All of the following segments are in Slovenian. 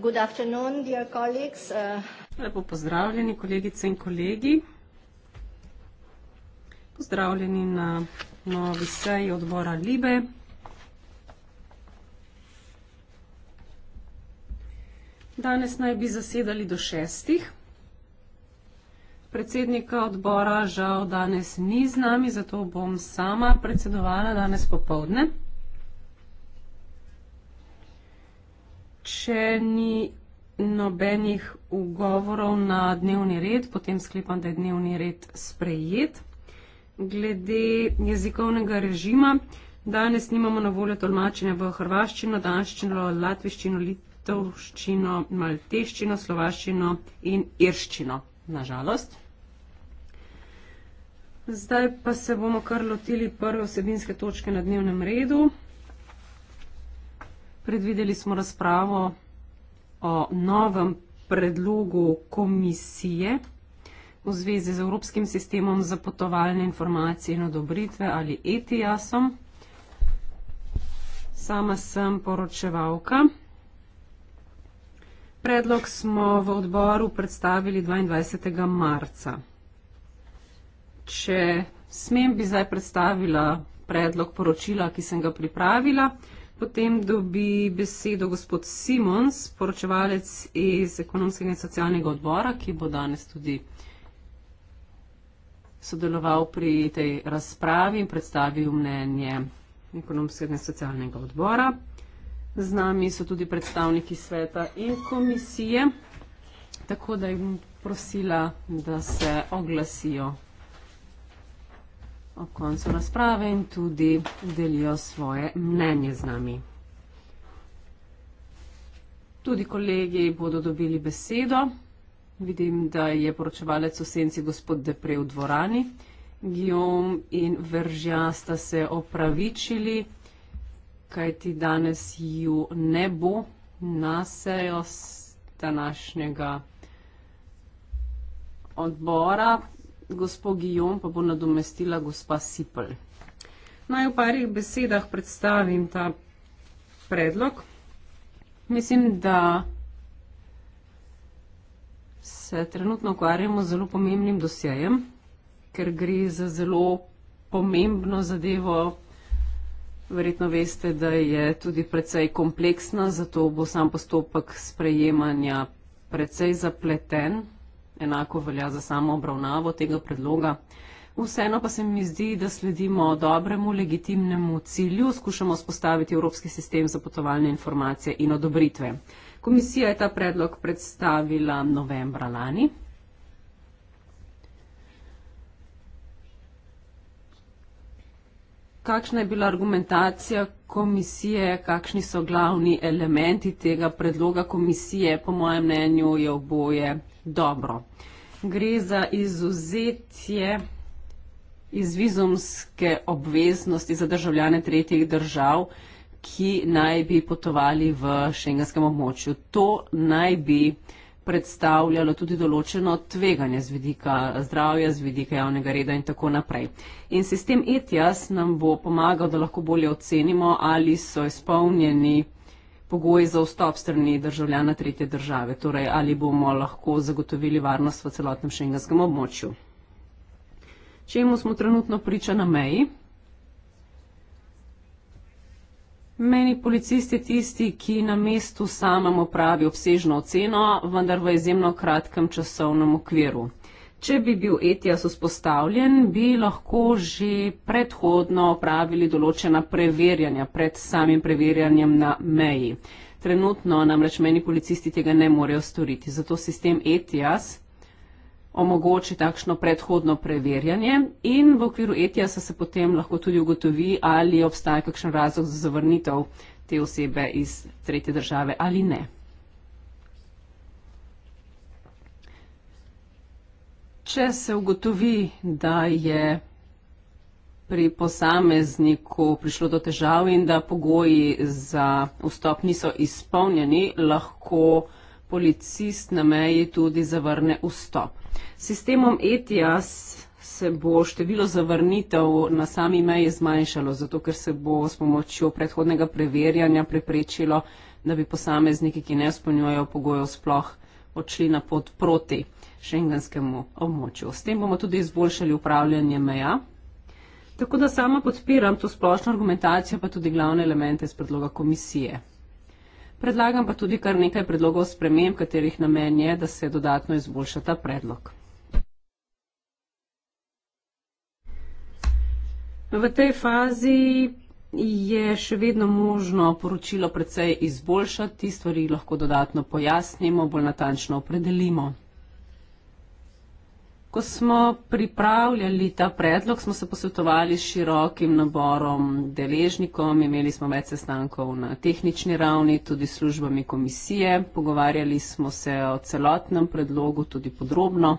Good afternoon, dear colleagues. Uh, Lepo pozdravljeni, kolegice in kolegi. Pozdravljeni na novi seji odbora Libe. Danes naj bi zasedali do šestih. Predsednika odbora žal danes ni z nami, zato bom sama predsedovala danes popovdne. še ni nobenih ugovorov na dnevni red, potem sklepam, da je dnevni red sprejet. Glede jezikovnega režima, danes nimamo na voljo tolmačenja v hrvaščino, danščino, latviščino, litovščino, malteščino, slovaščino in irščino, nažalost. Zdaj pa se bomo kar lotili prve osebinske točke na dnevnem redu. Predvideli smo razpravo o novem predlogu komisije v zvezi z Evropskim sistemom za potovalne informacije in odobritve ali ETIASom. Sama sem poročevalka. Predlog smo v odboru predstavili 22. marca. Če smem, bi zdaj predstavila predlog poročila, ki sem ga pripravila. Potem dobi besedo gospod Simons, poročevalec iz ekonomskega in socialnega odbora, ki bo danes tudi sodeloval pri tej razpravi in predstavil mnenje ekonomskega in socialnega odbora. Z nami so tudi predstavniki sveta in komisije, tako da jim prosila, da se oglasijo ob koncu razprave in tudi delijo svoje mnenje z nami. Tudi kolegi bodo dobili besedo. Vidim, da je poročevalec v senci gospod Depre v dvorani. Gijom in Veržja sta se opravičili, kajti danes ju ne bo nasejo z današnjega odbora gospo Gijom, pa bo nadomestila gospa Sipel. Naj v parih besedah predstavim ta predlog. Mislim, da se trenutno ukvarjamo z zelo pomembnim dosjejem, ker gre za zelo pomembno zadevo. Verjetno veste, da je tudi precej kompleksna, zato bo sam postopek sprejemanja precej zapleten, enako velja za samo obravnavo tega predloga. Vseeno pa se mi zdi, da sledimo dobremu, legitimnemu cilju, skušamo spostaviti evropski sistem za potovalne informacije in odobritve. Komisija je ta predlog predstavila novembra lani. Kakšna je bila argumentacija komisije, kakšni so glavni elementi tega predloga komisije, po mojem mnenju je oboje dobro. Gre za izuzetje iz vizumske obveznosti za državljane tretjih držav, ki naj bi potovali v šengenskem območju. To naj bi predstavljalo tudi določeno tveganje z vidika zdravja, z vidika javnega reda in tako naprej. In sistem ETIAS nam bo pomagal, da lahko bolje ocenimo, ali so izpolnjeni pogoji za vstop strani državljana tretje države, torej ali bomo lahko zagotovili varnost v celotnem šengenskem območju. Čemu smo trenutno priča na meji? Meni policisti tisti, ki na mestu samem opravi obsežno oceno, vendar v izjemno kratkem časovnem okviru. Če bi bil ETIAS vzpostavljen, bi lahko že predhodno opravili določena preverjanja pred samim preverjanjem na meji. Trenutno namreč meni policisti tega ne morejo storiti, zato sistem ETIAS omogoči takšno predhodno preverjanje in v okviru ETIAS se potem lahko tudi ugotovi, ali obstaja kakšen razlog za zavrnitev te osebe iz tretje države ali ne. Če se ugotovi, da je pri posamezniku prišlo do težav in da pogoji za vstop niso izpolnjeni, lahko policist na meji tudi zavrne vstop. Sistemom ETIAS se bo število zavrnitev na sami meji zmanjšalo, zato ker se bo s pomočjo predhodnega preverjanja preprečilo, da bi posamezniki, ki ne izpolnjujejo pogojev, sploh odšli na pot proti šengenskemu območju. S tem bomo tudi izboljšali upravljanje meja. Tako da sama podpiram to splošno argumentacijo, pa tudi glavne elemente iz predloga komisije. Predlagam pa tudi kar nekaj predlogov sprememb, katerih namen je, da se dodatno izboljša ta predlog. V tej fazi je še vedno možno poročilo precej izboljšati, stvari lahko dodatno pojasnimo, bolj natančno opredelimo. Ko smo pripravljali ta predlog, smo se posvetovali s širokim naborom deležnikov, imeli smo več sestankov na tehnični ravni, tudi s službami komisije, pogovarjali smo se o celotnem predlogu tudi podrobno.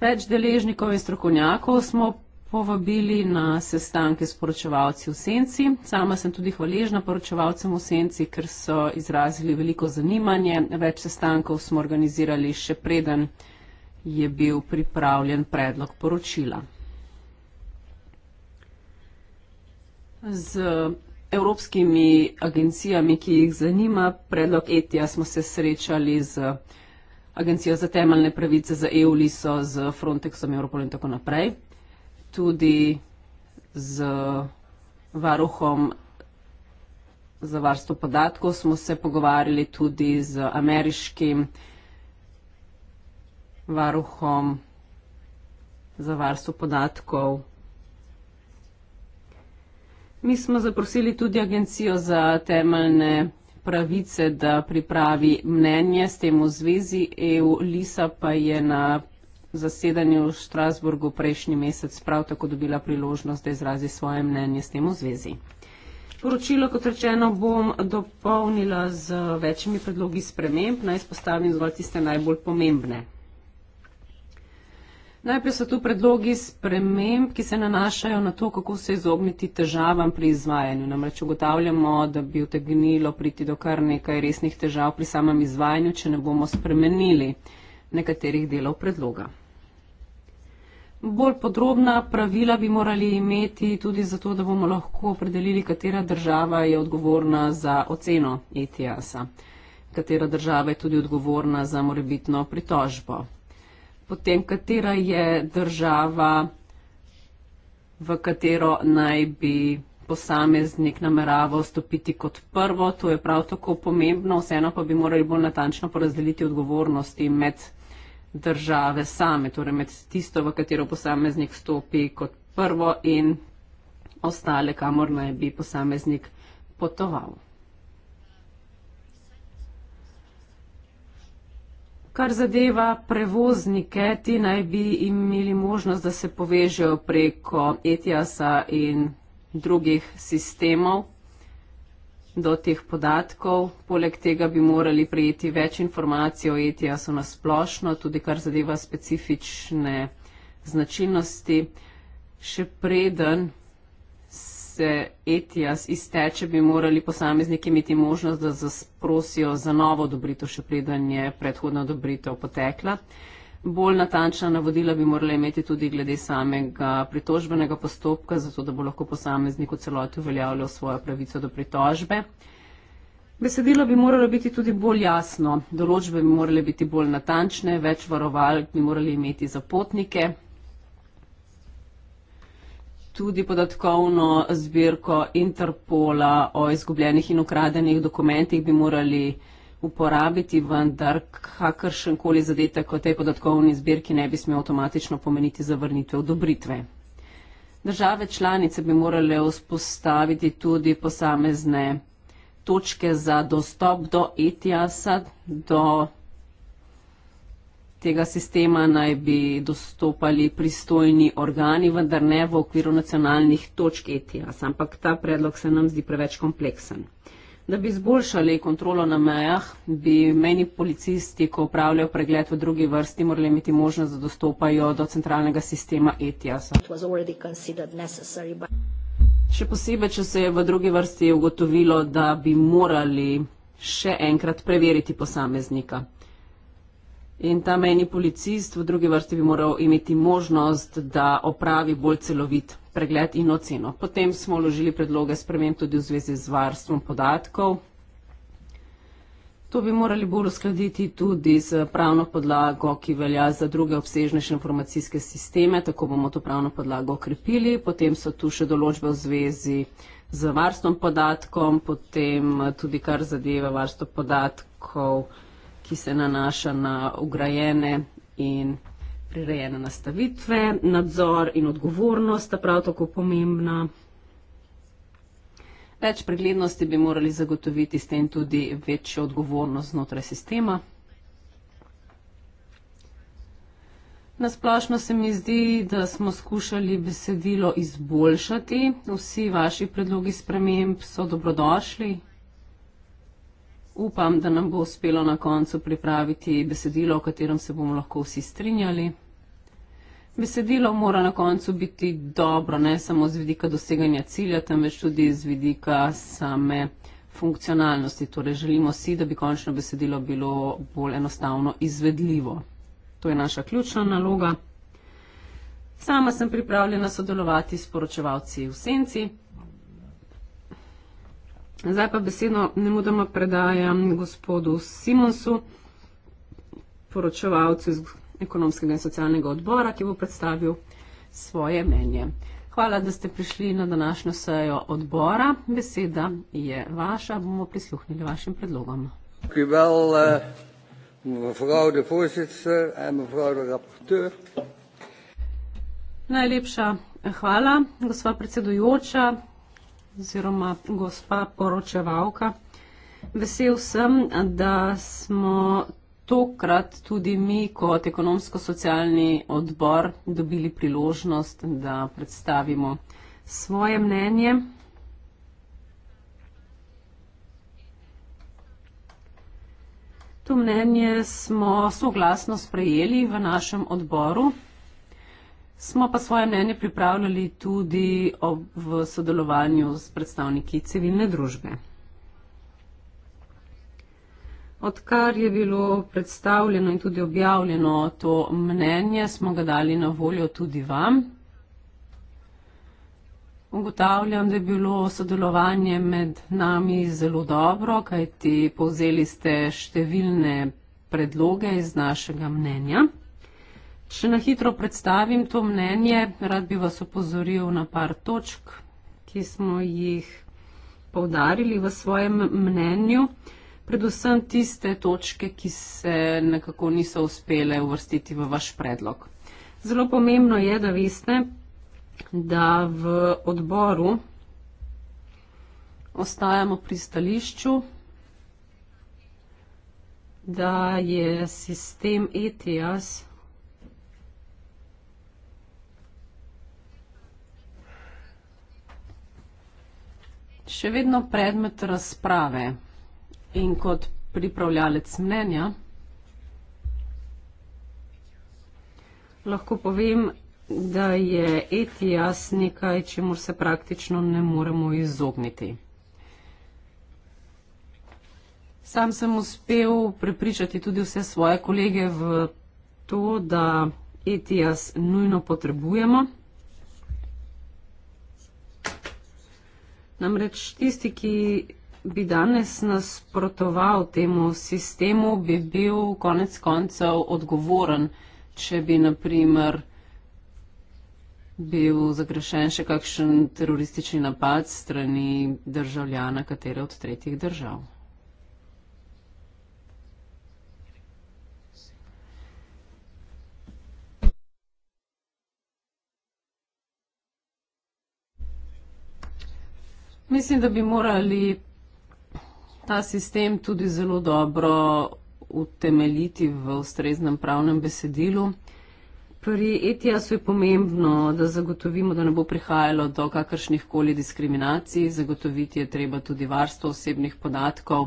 Več deležnikov in strokovnjakov smo povabili na sestanke s poročevalci v Senci. Sama sem tudi hvaležna poročevalcem v Senci, ker so izrazili veliko zanimanje. Več sestankov smo organizirali še preden je bil pripravljen predlog poročila. Z evropskimi agencijami, ki jih zanima predlog ETIA, smo se srečali z Agencijo za temeljne pravice, za EULISO, z Frontexom, Europolom in tako naprej tudi z varuhom za varstvo podatkov, smo se pogovarjali tudi z ameriškim varuhom za varstvo podatkov. Mi smo zaprosili tudi Agencijo za temeljne pravice, da pripravi mnenje s tem v zvezi. EU Lisa pa je na zasedanju v Štrasburgu prejšnji mesec prav tako dobila priložnost, da izrazi svoje mnenje s tem v zvezi. Poročilo, kot rečeno, bom dopolnila z večjimi predlogi sprememb. Naj spostavim zgolj tiste najbolj pomembne. Najprej so tu predlogi sprememb, ki se nanašajo na to, kako se izogniti težavam pri izvajanju. Namreč ugotavljamo, da bi utegnilo priti do kar nekaj resnih težav pri samem izvajanju, če ne bomo spremenili nekaterih delov predloga. Bolj podrobna pravila bi morali imeti tudi zato, da bomo lahko opredelili, katera država je odgovorna za oceno ETS-a, katera država je tudi odgovorna za morebitno pritožbo. Potem, katera je država, v katero naj bi posameznik nameraval stopiti kot prvo, to je prav tako pomembno, vseeno pa bi morali bolj natančno porazdeliti odgovornosti med državami države same, torej med tisto, v katero posameznik stopi kot prvo in ostale, kamor naj bi posameznik potoval. Kar zadeva prevoznike, ti naj bi imeli možnost, da se povežejo preko ETIAS-a in drugih sistemov, do teh podatkov. Poleg tega bi morali prijeti več informacij o ETS-u na splošno, tudi kar zadeva specifične značilnosti. Še preden se ETS izteče, bi morali posamezniki imeti možnost, da zasprosijo za novo odobritev, še preden je predhodna odobritev potekla bolj natančna navodila bi morali imeti tudi glede samega pritožbenega postopka, zato da bo lahko posameznik v celoti uveljavljal svojo pravico do pritožbe. Besedilo bi moralo biti tudi bolj jasno, določbe bi morale biti bolj natančne, več varoval bi morali imeti za potnike. Tudi podatkovno zbirko Interpola o izgubljenih in ukradenih dokumentih bi morali imeti uporabiti, vendar kakršen koli zadetek v tej podatkovni zbirki ne bi smel avtomatično pomeniti zavrnitve odobritve. Države članice bi morale vzpostaviti tudi posamezne točke za dostop do ETIAS-a, do tega sistema naj bi dostopali pristojni organi, vendar ne v okviru nacionalnih točk ETIAS, ampak ta predlog se nam zdi preveč kompleksen. Da bi izboljšali kontrolo na mejah, bi meni policisti, ko upravljajo pregled v drugi vrsti, morali imeti možnost, da dostopajo do centralnega sistema ETIAS. Še posebej, če se je v drugi vrsti ugotovilo, da bi morali še enkrat preveriti posameznika. In ta meni policist v drugi vrsti bi moral imeti možnost, da opravi bolj celovit pregled in oceno. Potem smo vložili predloge sprememb tudi v zvezi z varstvom podatkov. To bi morali bolj uskladiti tudi z pravno podlago, ki velja za druge obsežnejše informacijske sisteme, tako bomo to pravno podlago okrepili. Potem so tu še določbe v zvezi z varstvom podatkom, potem tudi kar zadeva varstvo podatkov, ki se nanaša na ugrajene in prirejene nastavitve, nadzor in odgovornost sta prav tako pomembna. Več preglednosti bi morali zagotoviti s tem tudi večjo odgovornost znotraj sistema. Nasplošno se mi zdi, da smo skušali besedilo izboljšati. Vsi vaši predlogi sprememb so dobrodošli. Upam, da nam bo uspelo na koncu pripraviti besedilo, o katerem se bomo lahko vsi strinjali. Besedilo mora na koncu biti dobro, ne samo z vidika doseganja cilja, temveč tudi z vidika same funkcionalnosti. Torej, želimo si, da bi končno besedilo bilo bolj enostavno izvedljivo. To je naša ključna naloga. Sama sem pripravljena sodelovati s poročevalci v senci. Zdaj pa besedo ne mudoma predajam gospodu Simonsu, poročevalcu iz gospodu ekonomskega in socialnega odbora, ki bo predstavil svoje mnenje. Hvala, da ste prišli na današnjo sejo odbora. Beseda je vaša, bomo prisluhnili vašim predlogom. Najlepša hvala, gospa predsedujoča oziroma gospa poročevalka. Vesel sem, da smo tokrat tudi mi kot ekonomsko-socialni odbor dobili priložnost, da predstavimo svoje mnenje. To mnenje smo soglasno sprejeli v našem odboru. Smo pa svoje mnenje pripravljali tudi ob, v sodelovanju s predstavniki civilne družbe. Odkar je bilo predstavljeno in tudi objavljeno to mnenje, smo ga dali na voljo tudi vam. Ugotavljam, da je bilo sodelovanje med nami zelo dobro, kajti povzeli ste številne predloge iz našega mnenja. Če na hitro predstavim to mnenje, rad bi vas opozoril na par točk, ki smo jih poudarili v svojem mnenju predvsem tiste točke, ki se nekako niso uspele uvrstiti v vaš predlog. Zelo pomembno je, da veste, da v odboru ostajamo pri stališču, da je sistem ETIAS. Še vedno predmet razprave in kot pripravljalec mnenja. Lahko povem, da je etijas nekaj, čemu se praktično ne moremo izogniti. Sam sem uspel prepričati tudi vse svoje kolege v to, da etijas nujno potrebujemo. Namreč tisti, ki bi danes nasprotoval temu sistemu, bi bil konec koncev odgovoren, če bi naprimer bil zagrešen še kakšen teroristični napad strani državljana katere od tretjih držav. Mislim, da bi morali ta sistem tudi zelo dobro utemeljiti v ustreznem pravnem besedilu. Pri ETIAS-u je pomembno, da zagotovimo, da ne bo prihajalo do kakršnih koli diskriminacij, zagotoviti je treba tudi varstvo osebnih podatkov,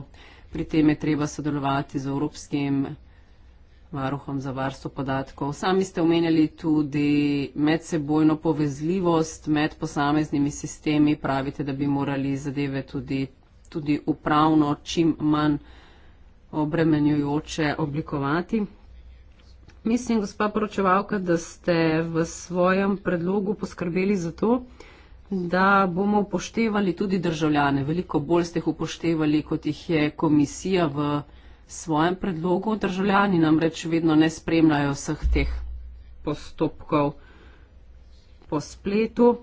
pri tem je treba sodelovati z Evropskim varuhom za varstvo podatkov. Sami ste omenjali tudi medsebojno povezljivost med posameznimi sistemi, pravite, da bi morali zadeve tudi tudi upravno čim manj obremenjujoče oblikovati. Mislim, gospa poročevalka, da ste v svojem predlogu poskrbeli za to, da bomo upoštevali tudi državljane. Veliko bolj ste jih upoštevali, kot jih je komisija v svojem predlogu. Državljani namreč vedno ne spremljajo vseh teh postopkov po spletu.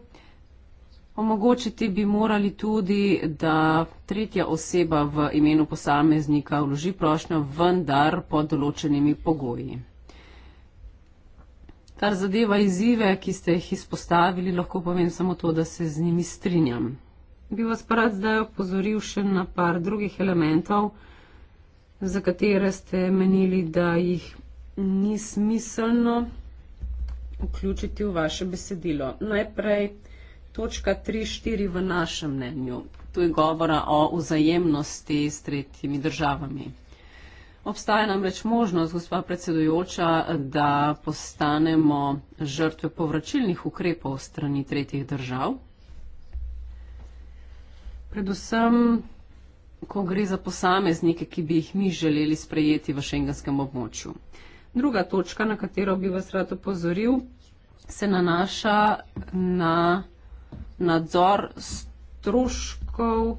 Omogočiti bi morali tudi, da tretja oseba v imenu posameznika vloži prošnjo, vendar pod določenimi pogoji. Kar zadeva izzive, ki ste jih izpostavili, lahko povem samo to, da se z njimi strinjam. Bi vas pa rad zdaj opozoril še na par drugih elementov, za katere ste menili, da jih ni smiselno vključiti v vaše besedilo. Najprej točka 3.4 v našem mnenju. Tu je govora o vzajemnosti s tretjimi državami. Obstaja namreč možnost, gospa predsedujoča, da postanemo žrtve povračilnih ukrepov strani tretjih držav. Predvsem, ko gre za posameznike, ki bi jih mi želeli sprejeti v šengenskem območju. Druga točka, na katero bi vas rad opozoril, se nanaša na nadzor stroškov,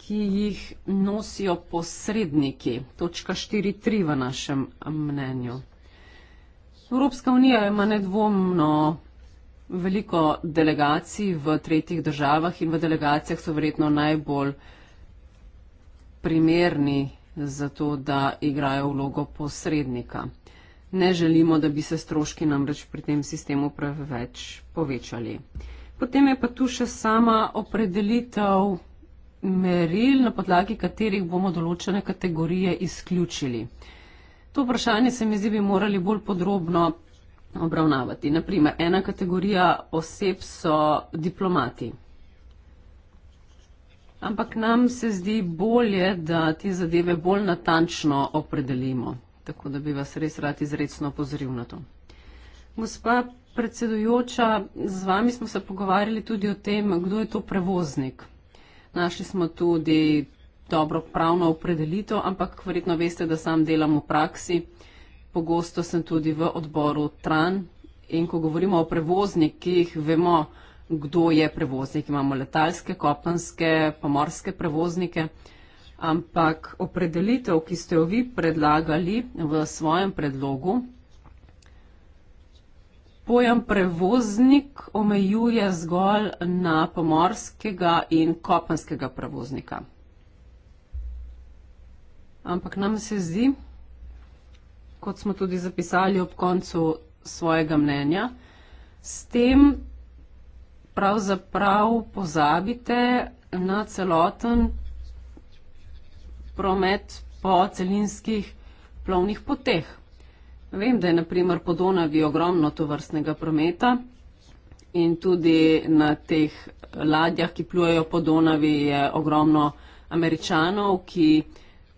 ki jih nosijo posredniki. Točka 4.3 v našem mnenju. Evropska unija ima nedvomno veliko delegacij v tretjih državah in v delegacijah so verjetno najbolj primerni za to, da igrajo vlogo posrednika. Ne želimo, da bi se stroški namreč pri tem sistemu preveč povečali. Potem je pa tu še sama opredelitev meril, na podlagi katerih bomo določene kategorije izključili. To vprašanje se mi zdi, bi morali bolj podrobno obravnavati. Naprimer, ena kategorija oseb so diplomati. Ampak nam se zdi bolje, da te zadeve bolj natančno opredelimo. Tako da bi vas res rad izredno opozoril na to. Gospa predsedujoča, z vami smo se pogovarjali tudi o tem, kdo je to prevoznik. Našli smo tudi dobro pravno opredelitev, ampak verjetno veste, da sam delam v praksi. Pogosto sem tudi v odboru TRAN in ko govorimo o prevoznikih, vemo, kdo je prevoznik. Imamo letalske, kopenske, pomorske prevoznike, ampak opredelitev, ki ste jo vi predlagali v svojem predlogu, pojem prevoznik omejuje zgolj na pomorskega in kopenskega prevoznika. Ampak nam se zdi, kot smo tudi zapisali ob koncu svojega mnenja, s tem pravzaprav pozabite na celoten promet po celinskih plovnih poteh. Vem, da je naprimer po Donavi ogromno tovrstnega prometa in tudi na teh ladjah, ki plujejo po Donavi, je ogromno američanov, ki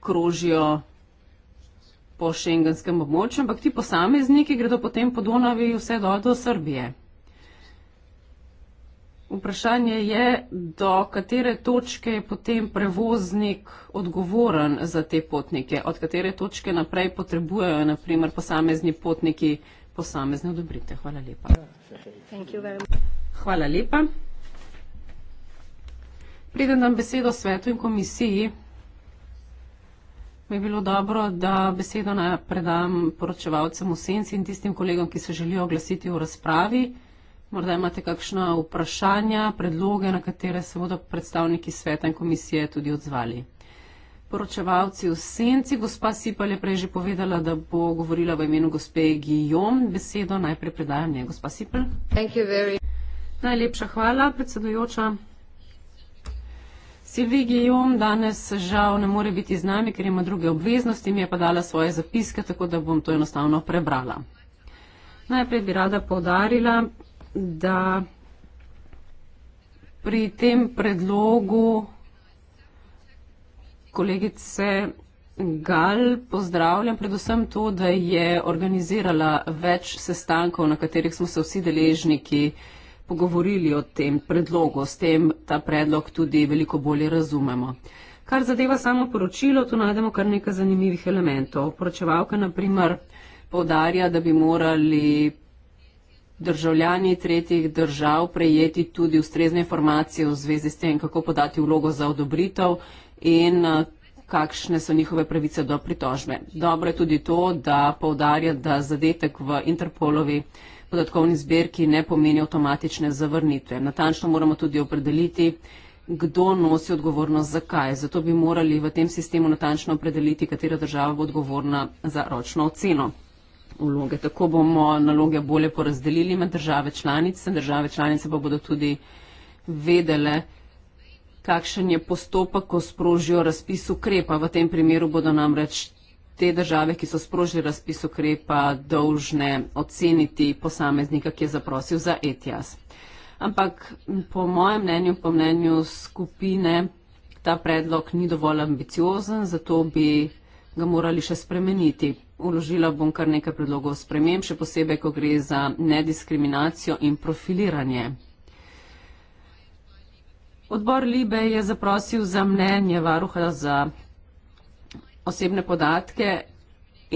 krožijo po šengenskem območju, ampak ti posamezniki gredo potem po Donavi vse do, do Srbije. Vprašanje je, do katere točke je potem prevoznik odgovoren za te potnike, od katere točke naprej potrebujejo naprimer posamezni potniki posamezne odobrite. Hvala lepa. Hvala lepa. Preden dam besedo svetu in komisiji, bi bilo dobro, da besedo predam poročevalcem v senci in tistim kolegom, ki se želijo oglasiti v razpravi. Morda imate kakšno vprašanje, predloge, na katere se bodo predstavniki sveta in komisije tudi odzvali. Poročevalci v senci, gospa Sipal je prej že povedala, da bo govorila v imenu gospe Gijom. Besedo najprej predajam njej, gospa Sipal. Najlepša hvala, predsedujoča. Silvi Gijom danes žal ne more biti z nami, ker ima druge obveznosti, mi je pa dala svoje zapiske, tako da bom to enostavno prebrala. Najprej bi rada povdarila, da pri tem predlogu kolegice Gal pozdravljam predvsem to, da je organizirala več sestankov, na katerih smo se vsi deležniki pogovorili o tem predlogu, s tem ta predlog tudi veliko bolje razumemo. Kar zadeva samo poročilo, tu najdemo kar nekaj zanimivih elementov. Poročevalka, na primer, povdarja, da bi morali državljani tretjih držav prejeti tudi ustrezne informacije v zvezi s tem, kako podati vlogo za odobritev in eh, kakšne so njihove pravice do pritožbe. Dobro je tudi to, da povdarja, da zadetek v Interpolovi podatkovni zbirki ne pomeni avtomatične zavrnitve. Natančno moramo tudi opredeliti, kdo nosi odgovornost za kaj. Zato bi morali v tem sistemu natančno opredeliti, katera država bo odgovorna za ročno oceno vloge. Tako bomo naloge bolje porazdelili med države članice. Države članice pa bodo tudi vedele, kakšen je postopek, ko sprožijo razpis ukrepa. V tem primeru bodo namreč te države, ki so sprožili razpis ukrepa, dolžne oceniti posameznika, ki je zaprosil za ETIAS. Ampak po mojem mnenju, po mnenju skupine, ta predlog ni dovolj ambiciozen, zato bi ga morali še spremeniti. Uložila bom kar nekaj predlogov sprememb, še posebej, ko gre za nediskriminacijo in profiliranje. Odbor Libe je zaprosil za mnenje varuha za osebne podatke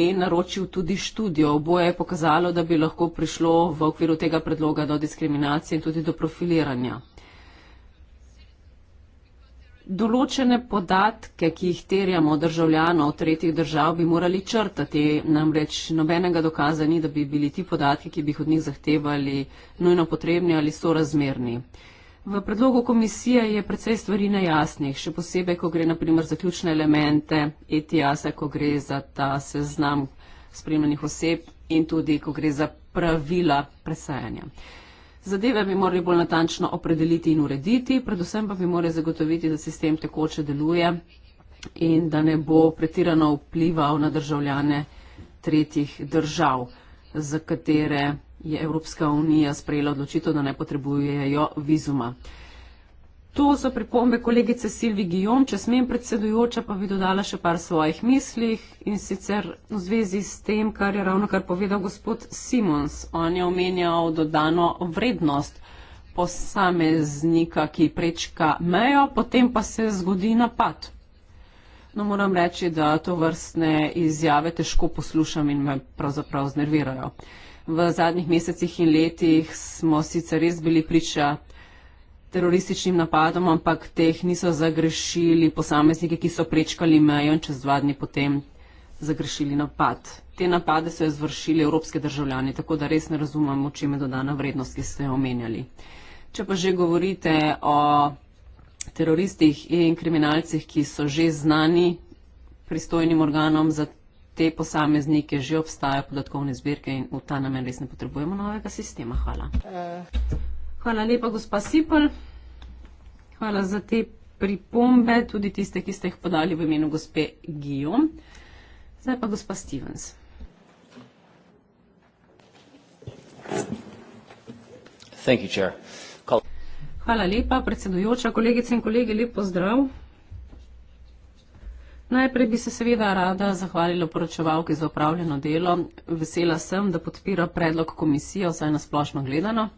in naročil tudi študijo. Oboje je pokazalo, da bi lahko prišlo v okviru tega predloga do diskriminacije in tudi do profiliranja določene podatke, ki jih terjamo državljanov tretjih držav, bi morali črtati. Namreč nobenega dokaza ni, da bi bili ti podatki, ki bi jih od njih zahtevali, nujno potrebni ali so razmerni. V predlogu komisije je precej stvari nejasnih, še posebej, ko gre naprimer za ključne elemente ETIAS-a, ko gre za ta seznam spremljenih oseb in tudi, ko gre za pravila presajanja. Zadeve bi morali bolj natančno opredeliti in urediti, predvsem pa bi morali zagotoviti, da sistem tekoče deluje in da ne bo pretirano vplival na državljane tretjih držav, za katere je Evropska unija sprejela odločitev, da ne potrebujejo vizuma. To so pripombe kolegice Silvi Gijom, če smem predsedujoča, pa bi dodala še par svojih mislih in sicer v zvezi s tem, kar je ravno kar povedal gospod Simons. On je omenjal dodano vrednost posameznika, ki prečka mejo, potem pa se zgodi napad. No, moram reči, da to vrstne izjave težko poslušam in me pravzaprav znervirajo. V zadnjih mesecih in letih smo sicer res bili priča terorističnim napadom, ampak teh niso zagrešili posamezniki, ki so prečkali mejo in čez dva dni potem zagrešili napad. Te napade so izvršili evropske državljani, tako da res ne razumemo, čime dodana vrednost, ki ste jo omenjali. Če pa že govorite o teroristih in kriminalcih, ki so že znani pristojnim organom za te posameznike, že obstajajo podatkovne zbirke in v ta namen res ne potrebujemo novega sistema. Hvala. Uh. Hvala lepa, gospa Sipol. Hvala za te pripombe, tudi tiste, ki ste jih podali v imenu gospe Gijo. Zdaj pa gospa Stevens. Thank you, chair. Call... Hvala lepa, predsedujoča, kolegice in kolegi, lep pozdrav. Najprej bi se seveda rada zahvalila poročevalki za upravljeno delo. Vesela sem, da podpira predlog komisije, vsaj na splošno gledano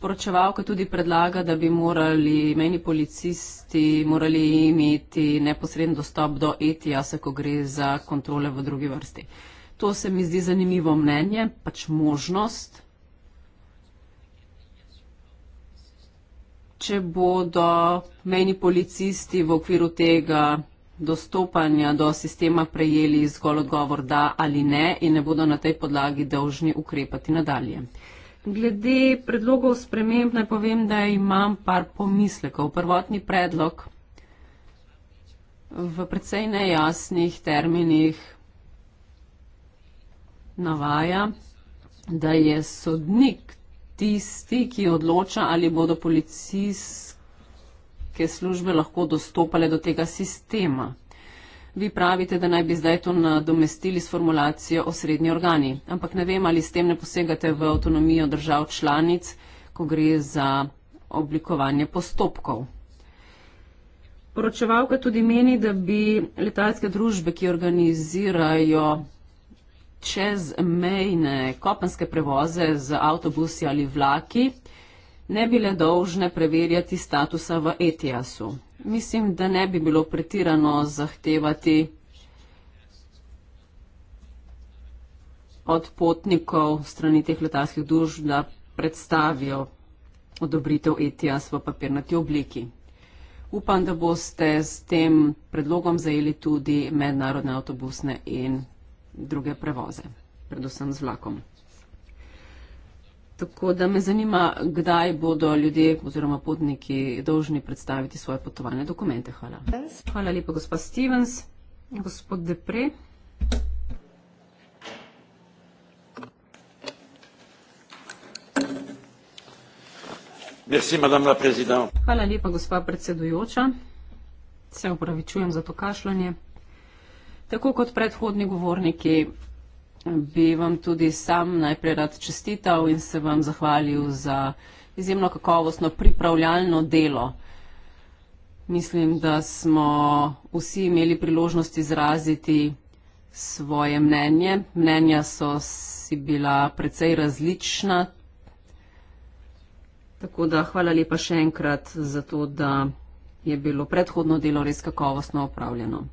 poročevalka tudi predlaga, da bi morali meni policisti morali imeti neposreden dostop do ETIAS-a, ko gre za kontrole v drugi vrsti. To se mi zdi zanimivo mnenje, pač možnost. Če bodo meni policisti v okviru tega dostopanja do sistema prejeli zgolj odgovor da ali ne in ne bodo na tej podlagi dolžni ukrepati nadalje. Glede predlogov sprememb naj povem, da imam par pomislekov. Prvotni predlog v precej nejasnih terminih navaja, da je sodnik tisti, ki odloča, ali bodo policijske službe lahko dostopale do tega sistema. Vi pravite, da naj bi zdaj to nadomestili s formulacijo osrednji organi. Ampak ne vem, ali s tem ne posegate v avtonomijo držav članic, ko gre za oblikovanje postopkov. Poročevalka tudi meni, da bi letalske družbe, ki organizirajo čezmejne kopenske prevoze z avtobusi ali vlaki, ne bile dolžne preverjati statusa v ETIAS-u. Mislim, da ne bi bilo pretirano zahtevati od potnikov strani teh letalskih družb, da predstavijo odobritev ETIAS v papirnati obliki. Upam, da boste s tem predlogom zajeli tudi mednarodne avtobusne in druge prevoze, predvsem z vlakom. Tako da me zanima, kdaj bodo ljudje oziroma potniki dolžni predstaviti svoje potovalne dokumente. Hvala. Hvala lepa, gospod Stevens. Gospod Depre. Merci, Hvala lepa, gospa predsedujoča. Se upravičujem za to kašljanje. Tako kot predhodni govorniki, bi vam tudi sam najprej rad čestital in se vam zahvalil za izjemno kakovostno pripravljalno delo. Mislim, da smo vsi imeli priložnost izraziti svoje mnenje. Mnenja so si bila precej različna. Tako da hvala lepa še enkrat za to, da je bilo predhodno delo res kakovostno opravljeno.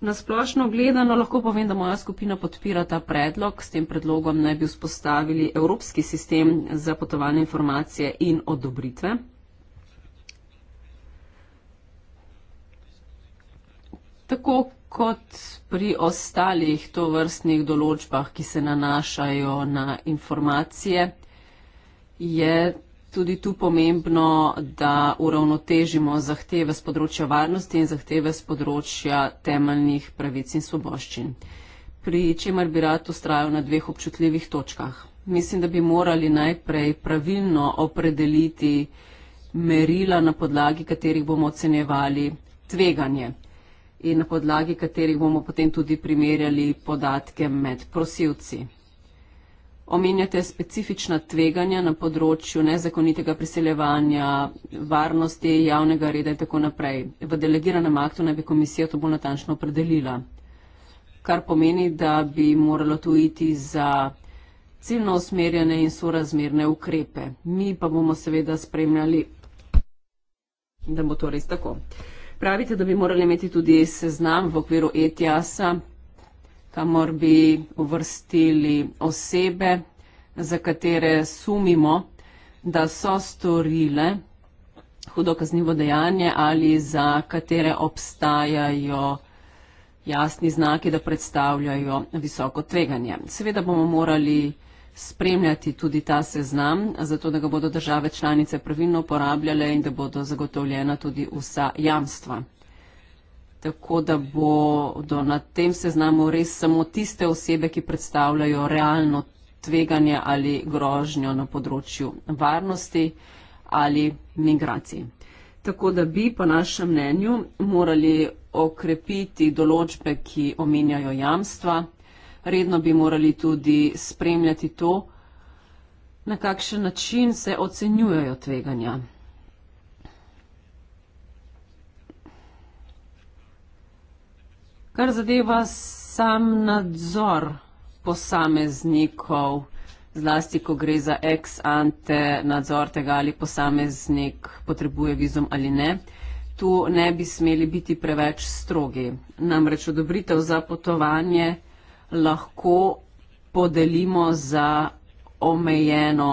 Nasplošno gledano lahko povem, da moja skupina podpira ta predlog. S tem predlogom naj bi vzpostavili evropski sistem za potovalne informacije in odobritve. Tako kot pri ostalih tovrstnih določbah, ki se nanašajo na informacije, je tudi tu pomembno, da uravnotežimo zahteve z področja varnosti in zahteve z področja temeljnih pravic in svoboščin. Pri čemer bi rad ustrajal na dveh občutljivih točkah. Mislim, da bi morali najprej pravilno opredeliti merila, na podlagi katerih bomo ocenjevali tveganje in na podlagi katerih bomo potem tudi primerjali podatke med prosilci omenjate specifična tveganja na področju nezakonitega priseljevanja, varnosti, javnega reda in tako naprej. V delegiranem aktu naj bi komisija to bolj natančno opredelila, kar pomeni, da bi moralo tu iti za ciljno usmerjene in sorazmerne ukrepe. Mi pa bomo seveda spremljali, da bo to res tako. Pravite, da bi morali imeti tudi seznam v okviru ETIAS-a kamor bi uvrstili osebe, za katere sumimo, da so storile hudo kaznivo dejanje ali za katere obstajajo jasni znaki, da predstavljajo visoko tveganje. Seveda bomo morali spremljati tudi ta seznam, zato da ga bodo države članice pravilno uporabljale in da bodo zagotovljena tudi vsa jamstva tako da bodo na tem seznamu res samo tiste osebe, ki predstavljajo realno tveganje ali grožnjo na področju varnosti ali migracij. Tako da bi, po našem mnenju, morali okrepiti določbe, ki omenjajo jamstva, redno bi morali tudi spremljati to, na kakšen način se ocenjujejo tveganja. Kar zadeva sam nadzor posameznikov, zlasti ko gre za ex ante nadzor tega, ali posameznik potrebuje vizum ali ne, tu ne bi smeli biti preveč strogi. Namreč odobritev za potovanje lahko podelimo za omejeno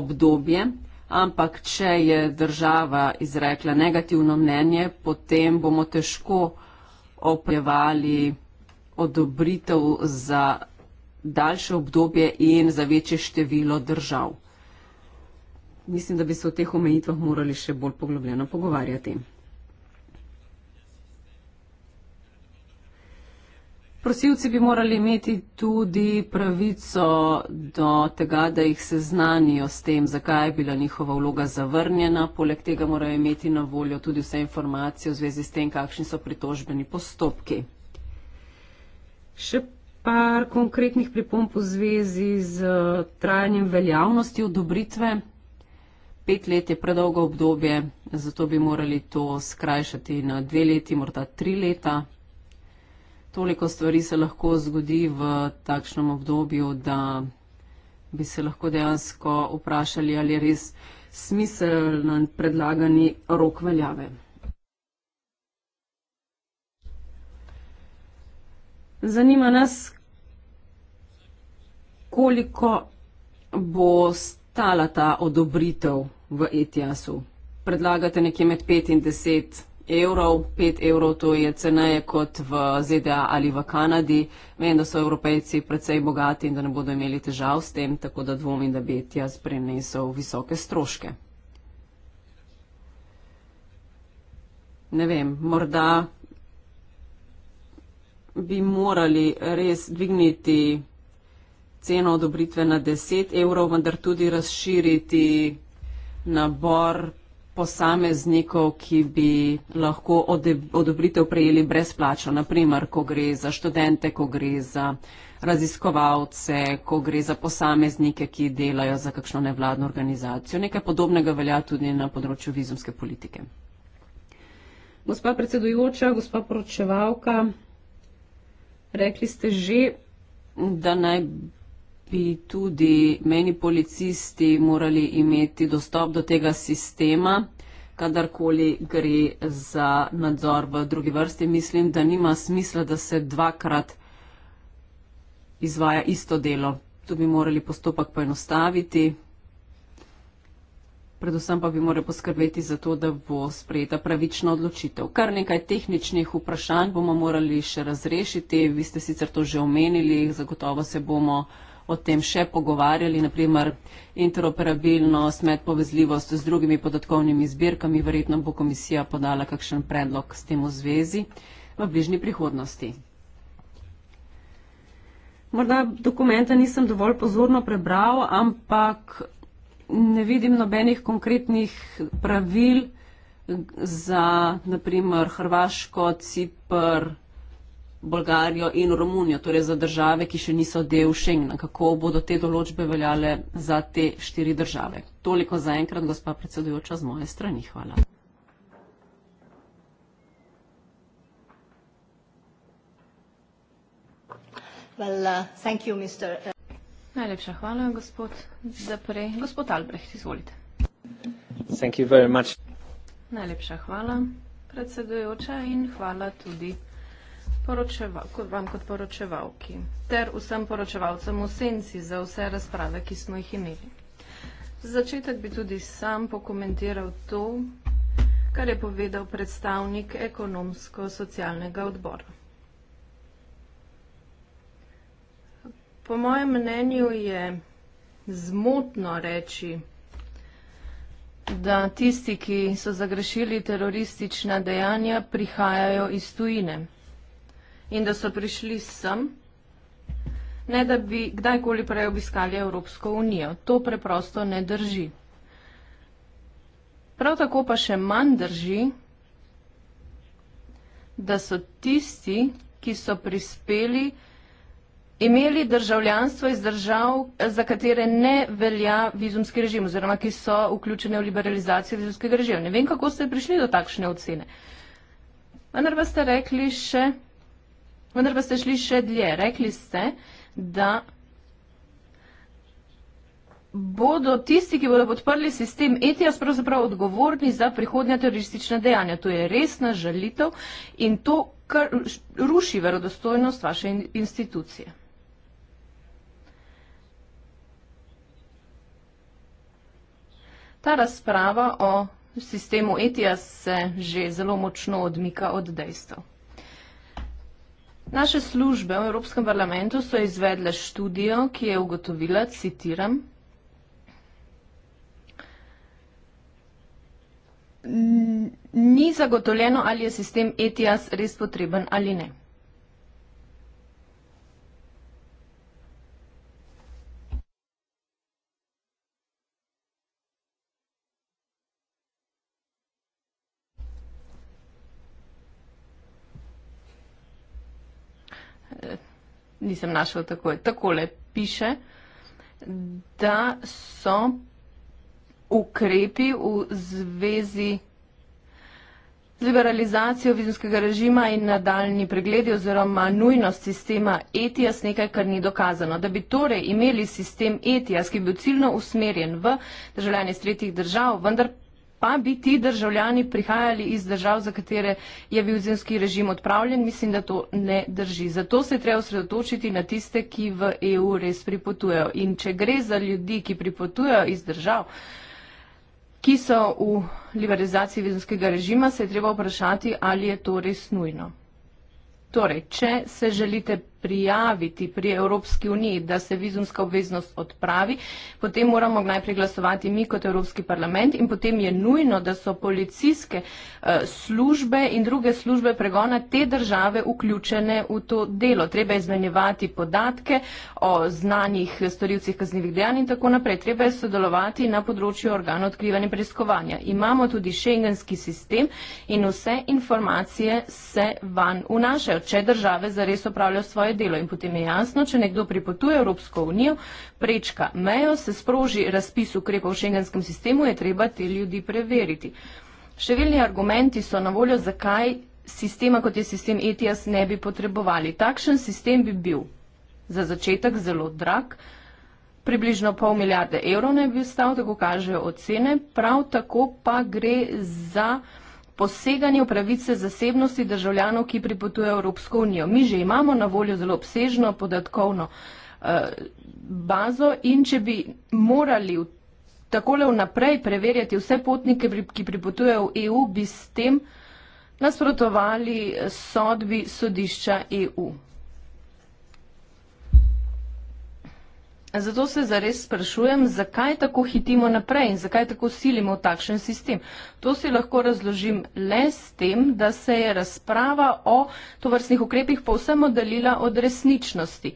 obdobje, ampak če je država izrekla negativno mnenje, potem bomo težko oprevali odobritev za daljše obdobje in za večje število držav. Mislim, da bi se o teh omejitvah morali še bolj poglobljeno pogovarjati. Prosilci bi morali imeti tudi pravico do tega, da jih seznanijo s tem, zakaj je bila njihova vloga zavrnjena. Poleg tega morajo imeti na voljo tudi vse informacije v zvezi s tem, kakšni so pritožbeni postopki. Še par konkretnih pripomp v zvezi z eh, trajanjem veljavnosti odobritve. Pet let je predolgo obdobje, zato bi morali to skrajšati na dve leti, morda tri leta toliko stvari se lahko zgodi v takšnem obdobju, da bi se lahko dejansko vprašali, ali je res smiselno predlagani rok veljave. Zanima nas, koliko bo stala ta odobritev v ETS-u. Predlagate nekje med pet in deset evrov, 5 evrov, to je ceneje kot v ZDA ali v Kanadi. Vem, da so evropejci precej bogati in da ne bodo imeli težav s tem, tako da dvomim, da bi jaz prenesel visoke stroške. Ne vem, morda bi morali res dvigniti ceno odobritve na 10 evrov, vendar tudi razširiti nabor posameznikov, ki bi lahko odobritev prejeli brezplačno, naprimer, ko gre za študente, ko gre za raziskovalce, ko gre za posameznike, ki delajo za kakšno nevladno organizacijo. Nekaj podobnega velja tudi na področju vizumske politike. Gospa predsedujoča, gospa poročevalka, rekli ste že, da naj bi tudi meni policisti morali imeti dostop do tega sistema, kadarkoli gre za nadzor v drugi vrsti. Mislim, da nima smisla, da se dvakrat izvaja isto delo. Tu bi morali postopek poenostaviti. Predvsem pa bi morali poskrbeti za to, da bo sprejeta pravična odločitev. Kar nekaj tehničnih vprašanj bomo morali še razrešiti. Vi ste sicer to že omenili, zagotovo se bomo o tem še pogovarjali, naprimer interoperabilnost med povezljivost z drugimi podatkovnimi zbirkami, verjetno bo komisija podala kakšen predlog s tem v zvezi v bližnji prihodnosti. Morda dokumenta nisem dovolj pozorno prebral, ampak ne vidim nobenih konkretnih pravil za naprimer Hrvaško, Cipr, Bolgarijo in Romunijo, torej za države, ki še niso del Schengena. Kako bodo te določbe veljale za te štiri države? Toliko za enkrat, gospa predsedujoča, z moje strani. Hvala. Well, uh, you, Mr. Uh, Najlepša hvala, gospod Zaprej. Gospod Albrecht, izvolite. Najlepša hvala, predsedujoča, in hvala tudi poročevalko, vam kot poročevalki ter vsem poročevalcem v senci za vse razprave, ki smo jih imeli. Začetek bi tudi sam pokomentiral to, kar je povedal predstavnik ekonomsko-socialnega odbora. Po mojem mnenju je zmotno reči, da tisti, ki so zagrešili teroristična dejanja, prihajajo iz tujine in da so prišli sem, ne da bi kdajkoli prej obiskali Evropsko unijo. To preprosto ne drži. Prav tako pa še manj drži, da so tisti, ki so prispeli, imeli državljanstvo iz držav, za katere ne velja vizumski režim oziroma ki so vključene v liberalizacijo vizumskega režima. Ne vem, kako ste prišli do takšne ocene. Vendar pa ste rekli še, Vendar pa ste šli še dlje. Rekli ste, da bodo tisti, ki bodo podprli sistem ETIAS, pravzaprav odgovorni za prihodnja teroristična dejanja. To je resna žalitev in to kar ruši verodostojnost vaše institucije. Ta razprava o sistemu ETIAS se že zelo močno odmika od dejstev. Naše službe v Evropskem parlamentu so izvedle študijo, ki je ugotovila, citiram, ni zagotovljeno, ali je sistem ETIAS res potreben ali ne. nisem našel takoj. Takole piše, da so ukrepi v zvezi z liberalizacijo vizumskega režima in nadaljni pregledi oziroma nujnost sistema ETIAS nekaj, kar ni dokazano. Da bi torej imeli sistem ETIAS, ki bi bil ciljno usmerjen v državljanje iz tretjih držav, vendar pa bi ti državljani prihajali iz držav, za katere je vizumski režim odpravljen, mislim, da to ne drži. Zato se treba osredotočiti na tiste, ki v EU res pripotujejo. In če gre za ljudi, ki pripotujejo iz držav, ki so v liberalizaciji vizumskega režima, se je treba vprašati, ali je to res nujno. Torej, če se želite prijaviti pri Evropski uniji, da se vizumska obveznost odpravi, potem moramo najprej glasovati mi kot Evropski parlament in potem je nujno, da so policijske eh, službe in druge službe pregona te države vključene v to delo. Treba je izmenjevati podatke o znanih storilcih kaznjivih dejanj in tako naprej. Treba je sodelovati na področju organov odkrivanja in preiskovanja. Imamo tudi šengenski sistem in vse informacije se van vnašajo, če države zares opravljajo svoje svoje delo. In potem je jasno, če nekdo pripotuje Evropsko unijo, prečka mejo, se sproži razpis ukrepov v šengenskem sistemu, je treba te ljudi preveriti. Številni argumenti so na voljo, zakaj sistema, kot je sistem ETS, ne bi potrebovali. Takšen sistem bi bil za začetek zelo drag, približno pol milijarde evrov ne bi stal, tako kažejo ocene, prav tako pa gre za poseganju pravice zasebnosti državljanov, ki pripotujejo Evropsko unijo. Mi že imamo na voljo zelo obsežno podatkovno eh, bazo in če bi morali takole vnaprej preverjati vse potnike, ki pripotujejo v EU, bi s tem nasprotovali eh, sodbi sodišča EU. Zato se zares sprašujem, zakaj tako hitimo naprej in zakaj tako silimo v takšen sistem. To si lahko razložim le s tem, da se je razprava o tovrstnih ukrepih povsem oddaljila od resničnosti.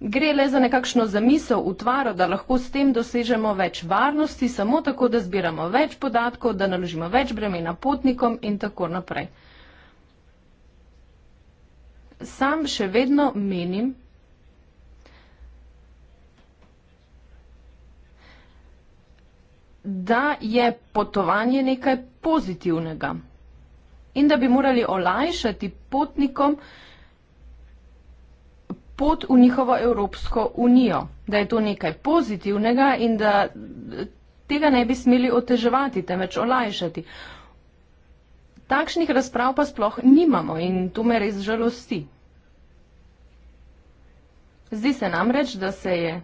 Gre le za nekakšno zamisel, utvaro, da lahko s tem dosežemo več varnosti, samo tako, da zbiramo več podatkov, da naložimo več bremena potnikom in tako naprej. Sam še vedno menim, da je potovanje nekaj pozitivnega in da bi morali olajšati potnikom pot v njihovo Evropsko unijo, da je to nekaj pozitivnega in da tega ne bi smeli oteževati, temveč olajšati. Takšnih razprav pa sploh nimamo in to me res žalosti. Zdi se namreč, da se je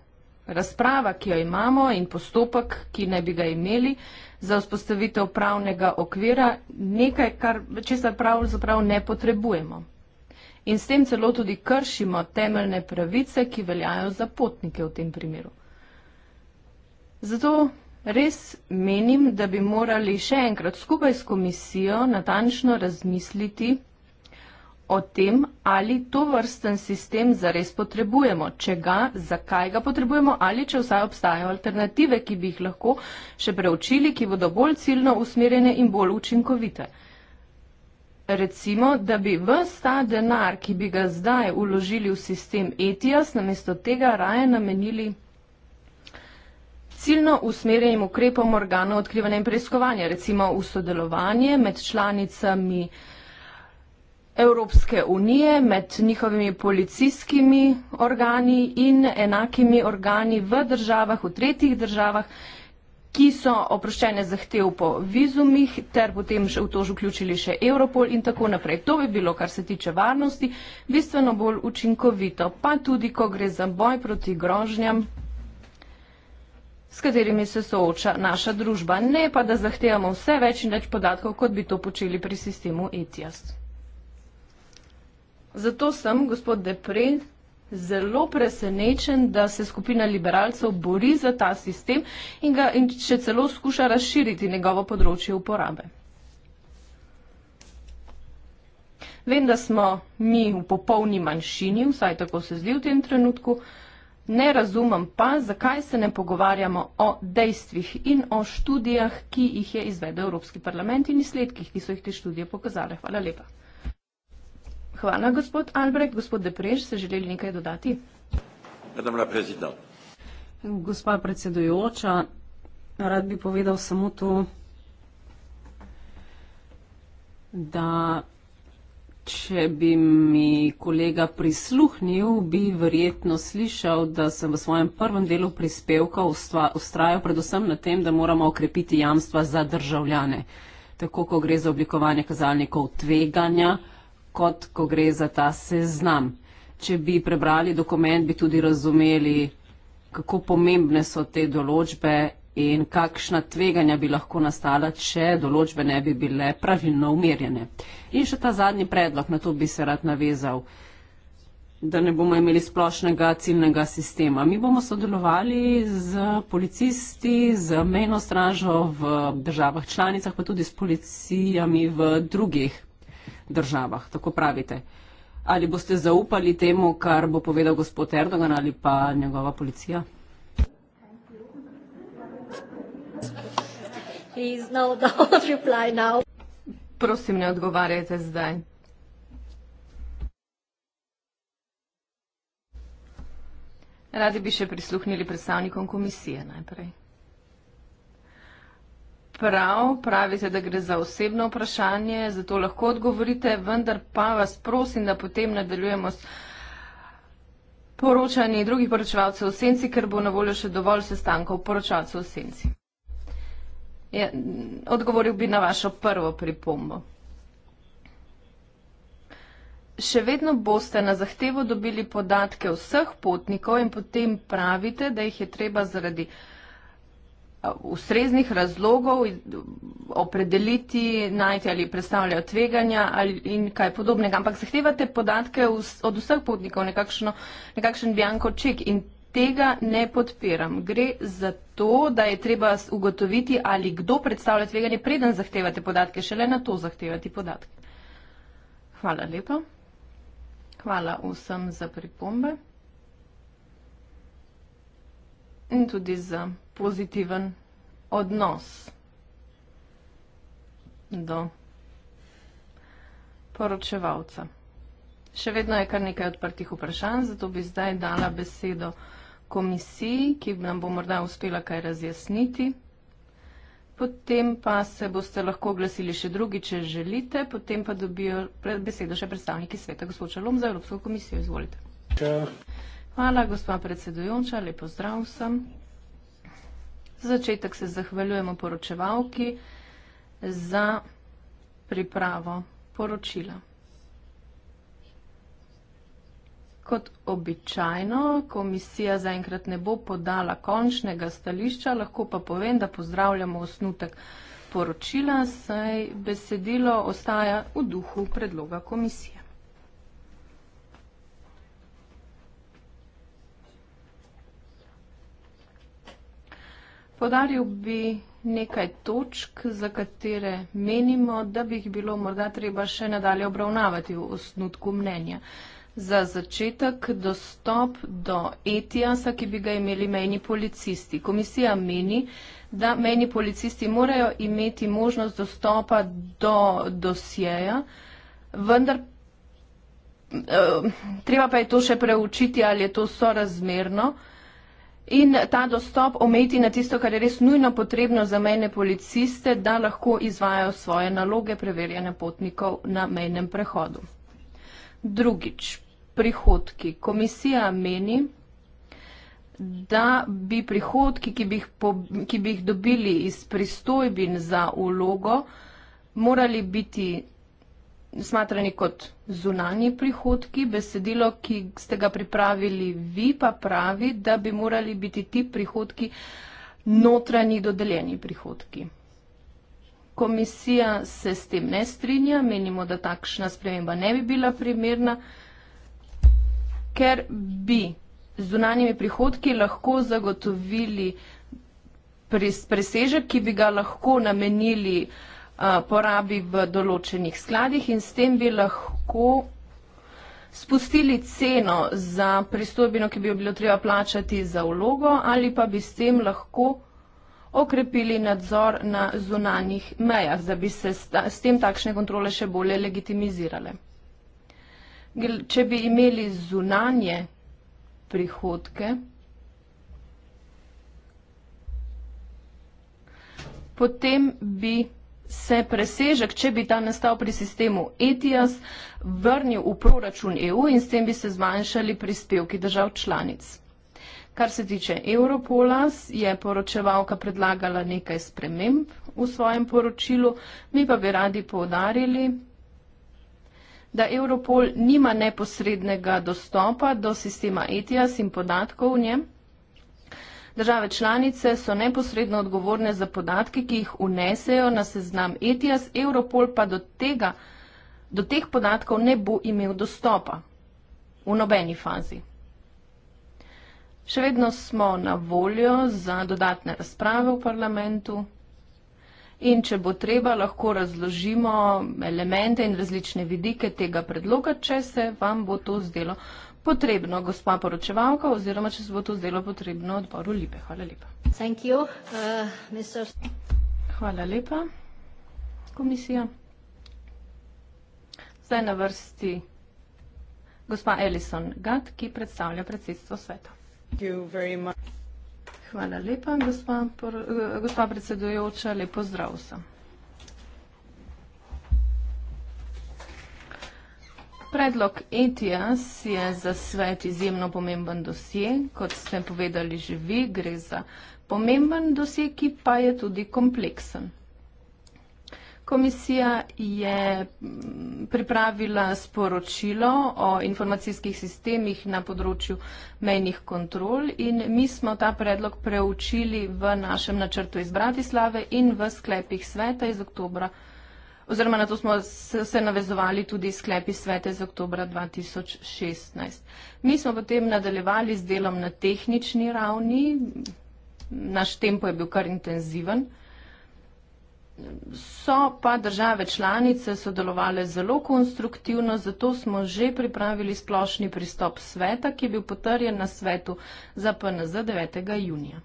Razprava, ki jo imamo in postopek, ki ne bi ga imeli za vzpostavitev pravnega okvira, nekaj, kar česar pravzaprav ne potrebujemo. In s tem celo tudi kršimo temeljne pravice, ki veljajo za potnike v tem primeru. Zato res menim, da bi morali še enkrat skupaj s komisijo natančno razmisliti, o tem, ali to vrsten sistem zares potrebujemo, če ga, zakaj ga potrebujemo ali če vsaj obstajajo alternative, ki bi jih lahko še preučili, ki bodo bolj ciljno usmerjene in bolj učinkovite. Recimo, da bi vsta denar, ki bi ga zdaj uložili v sistem ETIAS, namesto tega raje namenili ciljno usmerjenim ukrepom organov odkrivanja in preiskovanja, recimo v sodelovanje med članicami Evropske unije med njihovimi policijskimi organi in enakimi organi v državah, v tretjih državah, ki so oproščene zahtev po vizumih, ter potem še v tož vključili še Europol in tako naprej. To bi bilo, kar se tiče varnosti, bistveno bolj učinkovito, pa tudi, ko gre za boj proti grožnjam, s katerimi se sooča naša družba. Ne pa, da zahtevamo vse več in več podatkov, kot bi to počeli pri sistemu ETIAS. Zato sem, gospod Depre, zelo presenečen, da se skupina liberalcev bori za ta sistem in ga in še celo skuša razširiti njegovo področje uporabe. Vem, da smo mi v popolni manjšini, vsaj tako se zdi v tem trenutku, ne razumem pa, zakaj se ne pogovarjamo o dejstvih in o študijah, ki jih je izvedel Evropski parlament in izsledkih, ki so jih te študije pokazale. Hvala lepa. Hvala, gospod Albrecht. Gospod Depreš, ste želeli nekaj dodati? Gospa predsedujoča, rad bi povedal samo to, da če bi mi kolega prisluhnil, bi verjetno slišal, da sem v svojem prvem delu prispevka ustrajal predvsem na tem, da moramo okrepiti jamstva za državljane. Tako, ko gre za oblikovanje kazalnikov tveganja, kot ko gre za ta seznam. Če bi prebrali dokument, bi tudi razumeli, kako pomembne so te določbe in kakšna tveganja bi lahko nastala, če določbe ne bi bile pravilno umerjene. In še ta zadnji predlog, na to bi se rad navezal, da ne bomo imeli splošnega ciljnega sistema. Mi bomo sodelovali z policisti, z mejno stražo v državah članicah, pa tudi s policijami v drugih državah. Tako pravite. Ali boste zaupali temu, kar bo povedal gospod Erdogan ali pa njegova policija? Prosim, ne odgovarjajte zdaj. Radi bi še prisluhnili predstavnikom komisije najprej prav, pravite, da gre za osebno vprašanje, zato lahko odgovorite, vendar pa vas prosim, da potem nadaljujemo s poročanjem drugih poročevalcev v senci, ker bo na voljo še dovolj sestankov poročevalcev v senci. Ja, odgovoril bi na vašo prvo pripombo. Še vedno boste na zahtevo dobili podatke vseh potnikov in potem pravite, da jih je treba zaradi ustreznih razlogov opredeliti, najti ali predstavljajo tveganja ali in kaj podobnega. Ampak zahtevate podatke od vseh potnikov, nekakšno, nekakšen bianko ček in tega ne podpiram. Gre za to, da je treba ugotoviti, ali kdo predstavlja tveganje, preden zahtevate podatke, šele na to zahtevati podatke. Hvala lepa. Hvala vsem za pripombe in tudi za pozitiven odnos do poročevalca. Še vedno je kar nekaj odprtih vprašanj, zato bi zdaj dala besedo komisiji, ki nam bo morda uspela kaj razjasniti. Potem pa se boste lahko oglasili še drugi, če želite. Potem pa dobijo besedo še predstavniki sveta, gospod Čalom, za Evropsko komisijo. Izvolite. Ja. Hvala, gospa predsedujoča. Lep pozdrav vsem. Za začetek se zahvaljujemo poročevalki za pripravo poročila. Kot običajno, komisija zaenkrat ne bo podala končnega stališča, lahko pa povem, da pozdravljamo osnutek poročila, saj besedilo ostaja v duhu predloga komisije. Podaril bi nekaj točk, za katere menimo, da bi jih bilo morda treba še nadalje obravnavati v osnutku mnenja. Za začetek dostop do etijasa, ki bi ga imeli mejni policisti. Komisija meni, da mejni policisti morajo imeti možnost dostopa do dosjeja, vendar eh, treba pa je to še preučiti, ali je to sorazmerno in ta dostop omejiti na tisto, kar je res nujno potrebno za mejne policiste, da lahko izvajajo svoje naloge preverjanja potnikov na mejnem prehodu. Drugič, prihodki. Komisija meni, da bi prihodki, ki bi jih, po, ki bi jih dobili iz pristojbin za ulogo, morali biti smatrani kot zunanji prihodki. Besedilo, ki ste ga pripravili vi, pa pravi, da bi morali biti ti prihodki notranji dodeljeni prihodki. Komisija se s tem ne strinja, menimo, da takšna sprememba ne bi bila primerna, ker bi z zunanjimi prihodki lahko zagotovili presežek, ki bi ga lahko namenili uh, porabi v določenih skladih in s tem bi lahko spustili ceno za pristojbino, ki bi jo bilo treba plačati za vlogo ali pa bi s tem lahko okrepili nadzor na zunanjih mejah, da bi se s tem takšne kontrole še bolje legitimizirale. Če bi imeli zunanje prihodke, potem bi prihodke, se presežek, če bi ta nastal pri sistemu ETIAS, vrnil v proračun EU in s tem bi se zmanjšali prispevki držav članic. Kar se tiče Europola, je poročevalka predlagala nekaj sprememb v svojem poročilu, mi pa bi radi povdarili, da Europol nima neposrednega dostopa do sistema ETIAS in podatkov v njem. Države članice so neposredno odgovorne za podatke, ki jih unesejo na seznam ETIAS, Europol pa do, tega, do teh podatkov ne bo imel dostopa v nobeni fazi. Še vedno smo na voljo za dodatne razprave v parlamentu in če bo treba, lahko razložimo elemente in različne vidike tega predloga, če se vam bo to zdelo potrebno, gospa poročevalka, oziroma če se bo to zdelo potrebno odboru Lipe. Hvala lepa. Thank you, uh, Mr. Hvala lepa, komisija. Zdaj na vrsti gospa Ellison Gatt, ki predstavlja predsedstvo sveta. Hvala lepa, gospa, eh, gospa predsedujoča, lepo zdrav vsem. Predlog ETIAS je za svet izjemno pomemben dosje, kot ste povedali že vi, gre za pomemben dosje, ki pa je tudi kompleksen. Komisija je mm, pripravila sporočilo o informacijskih sistemih na področju mejnih kontrol in mi smo ta predlog preučili v našem načrtu iz Bratislave in v sklepih sveta iz oktobra oziroma na to smo se navezovali tudi sklepi svete iz oktobra 2016. Mi smo potem nadaljevali z delom na tehnični ravni, naš tempo je bil kar intenziven. So pa države članice sodelovali zelo konstruktivno, zato smo že pripravili splošni pristop sveta, ki je bil potrjen na svetu za PNZ 9. junija.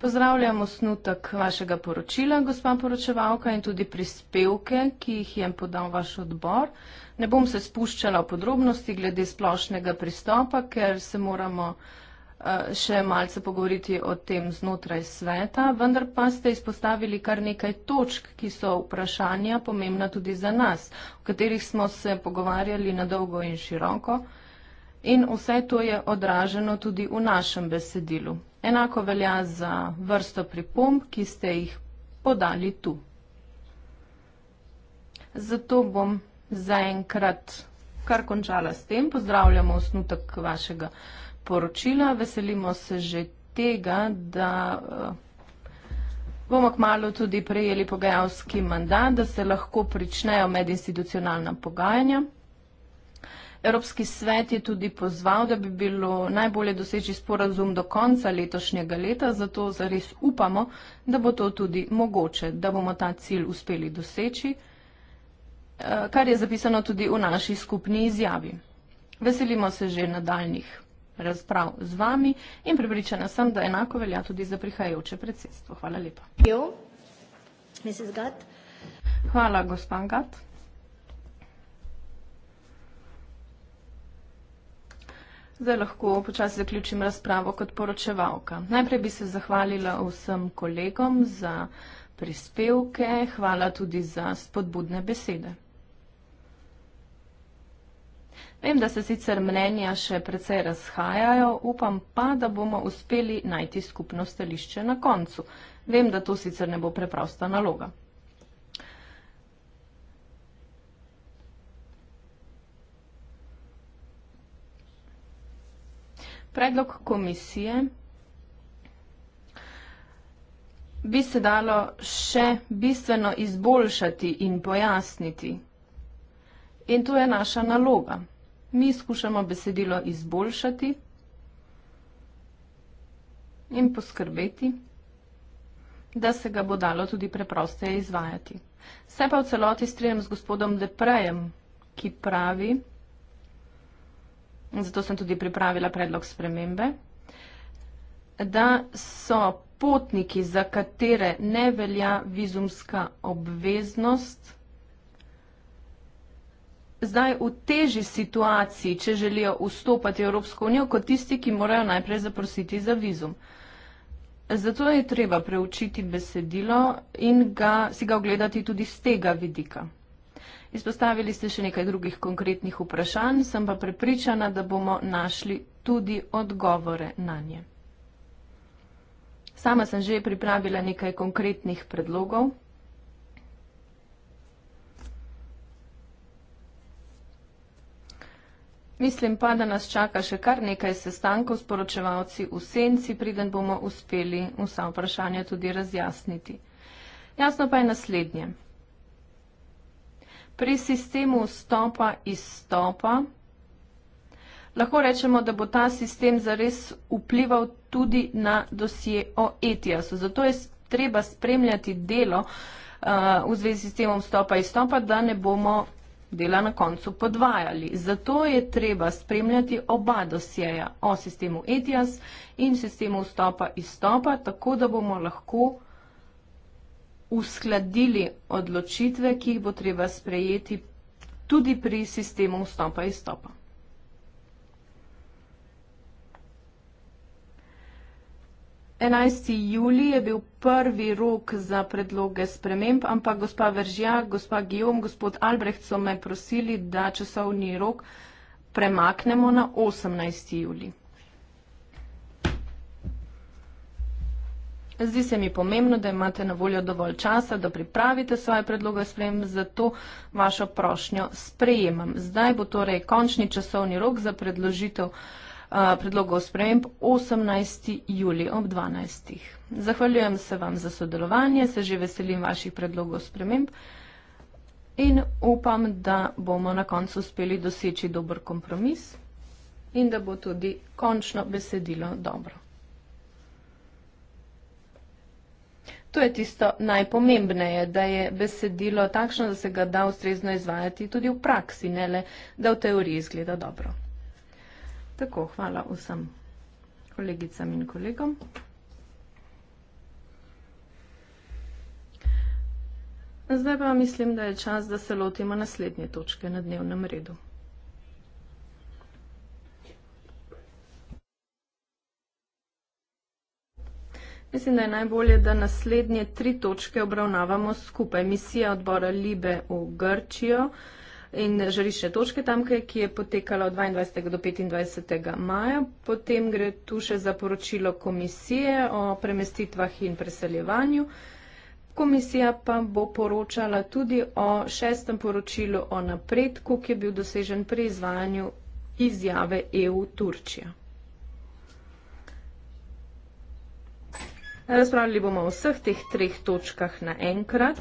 Pozdravljam osnutek vašega poročila, gospa poročevalka, in tudi prispevke, ki jih je podal vaš odbor. Ne bom se spuščala v podrobnosti glede splošnega pristopa, ker se moramo eh, še malce pogovoriti o tem znotraj sveta, vendar pa ste izpostavili kar nekaj točk, ki so vprašanja pomembna tudi za nas, o katerih smo se pogovarjali na dolgo in široko. In vse to je odraženo tudi v našem besedilu. Enako velja za vrsto pripomb, ki ste jih podali tu. Zato bom zaenkrat kar končala s tem. Pozdravljamo osnutek vašega poročila. Veselimo se že tega, da eh, bomo kmalo tudi prejeli pogajalski mandat, da se lahko pričnejo medinstitucionalna pogajanja. Evropski svet je tudi pozval, da bi bilo najbolje doseči sporazum do konca letošnjega leta, zato zares upamo, da bo to tudi mogoče, da bomo ta cilj uspeli doseči, eh, kar je zapisano tudi v naši skupni izjavi. Veselimo se že nadaljnih razprav z vami in pripričana sem, da enako velja tudi za prihajajoče predsedstvo. Hvala lepa. Hvala, gospod Gat. Zdaj lahko počasi zaključim razpravo kot poročevalka. Najprej bi se zahvalila vsem kolegom za prispevke, hvala tudi za spodbudne besede. Vem, da se sicer mnenja še precej razhajajo, upam pa, da bomo uspeli najti skupno stališče na koncu. Vem, da to sicer ne bo preprosta naloga. predlog komisije bi se dalo še bistveno izboljšati in pojasniti. In to je naša naloga. Mi skušamo besedilo izboljšati in poskrbeti, da se ga bo dalo tudi preprosteje izvajati. Se pa v celoti strinjam z gospodom Deprejem, ki pravi, da je to, zato sem tudi pripravila predlog spremembe, da so potniki, za katere ne velja vizumska obveznost, zdaj v teži situaciji, če želijo vstopati v Evropsko unijo, kot tisti, ki morajo najprej zaprositi za vizum. Zato je treba preučiti besedilo in ga, si ga ogledati tudi z tega vidika. Izpostavili ste še nekaj drugih konkretnih vprašanj, sem pa prepričana, da bomo našli tudi odgovore na nje. Sama sem že pripravila nekaj konkretnih predlogov. Mislim pa, da nas čaka še kar nekaj sestankov s poročevalci v senci, priden bomo uspeli vsa vprašanja tudi razjasniti. Jasno pa je naslednje pri sistemu vstopa izstopa. Lahko rečemo, da bo ta sistem zares vplival tudi na dosje o ETIAS-u. Zato je treba spremljati delo uh, v zvezi s temom stopa in stopa, da ne bomo dela na koncu podvajali. Zato je treba spremljati oba dosjeja o sistemu ETIAS in sistemu stopa in stopa, tako da bomo lahko uskladili odločitve, ki jih bo treba sprejeti tudi pri sistemu vstopa in stopa. Enajsti juli je bil prvi rok za predloge sprememb, ampak gospa Veržjak, gospa Gijom, gospod Albreht so me prosili, da časovni rok premaknemo na osemnajsti julij. Zdi se mi pomembno, da imate na voljo dovolj časa, da pripravite svoje predloge sprem, zato vašo prošnjo sprejemam. Zdaj bo torej končni časovni rok za predložitev eh, predlogov sprememb 18. juli ob 12. Zahvaljujem se vam za sodelovanje, se že veselim vaših predlogov sprememb in upam, da bomo na koncu uspeli doseči dober kompromis in da bo tudi končno besedilo dobro. To je tisto najpomembnejše, da je besedilo takšno, da se ga da ustrezno izvajati tudi v praksi, ne le da v teoriji izgleda dobro. Tako, hvala vsem kolegicam in kolegom. Zdaj pa mislim, da je čas, da se lotimo naslednje točke na dnevnem redu. Mislim, da je najbolje, da naslednje tri točke obravnavamo skupaj. Misija odbora Libe v Grčijo in žarišne točke tamkaj, ki je potekala od 22. do 25. maja. Potem gre tu še za poročilo komisije o premestitvah in preseljevanju. Komisija pa bo poročala tudi o šestem poročilu o napredku, ki je bil dosežen pri izvajanju izjave EU Turčija. Razpravljali bomo o vseh teh treh točkah naenkrat.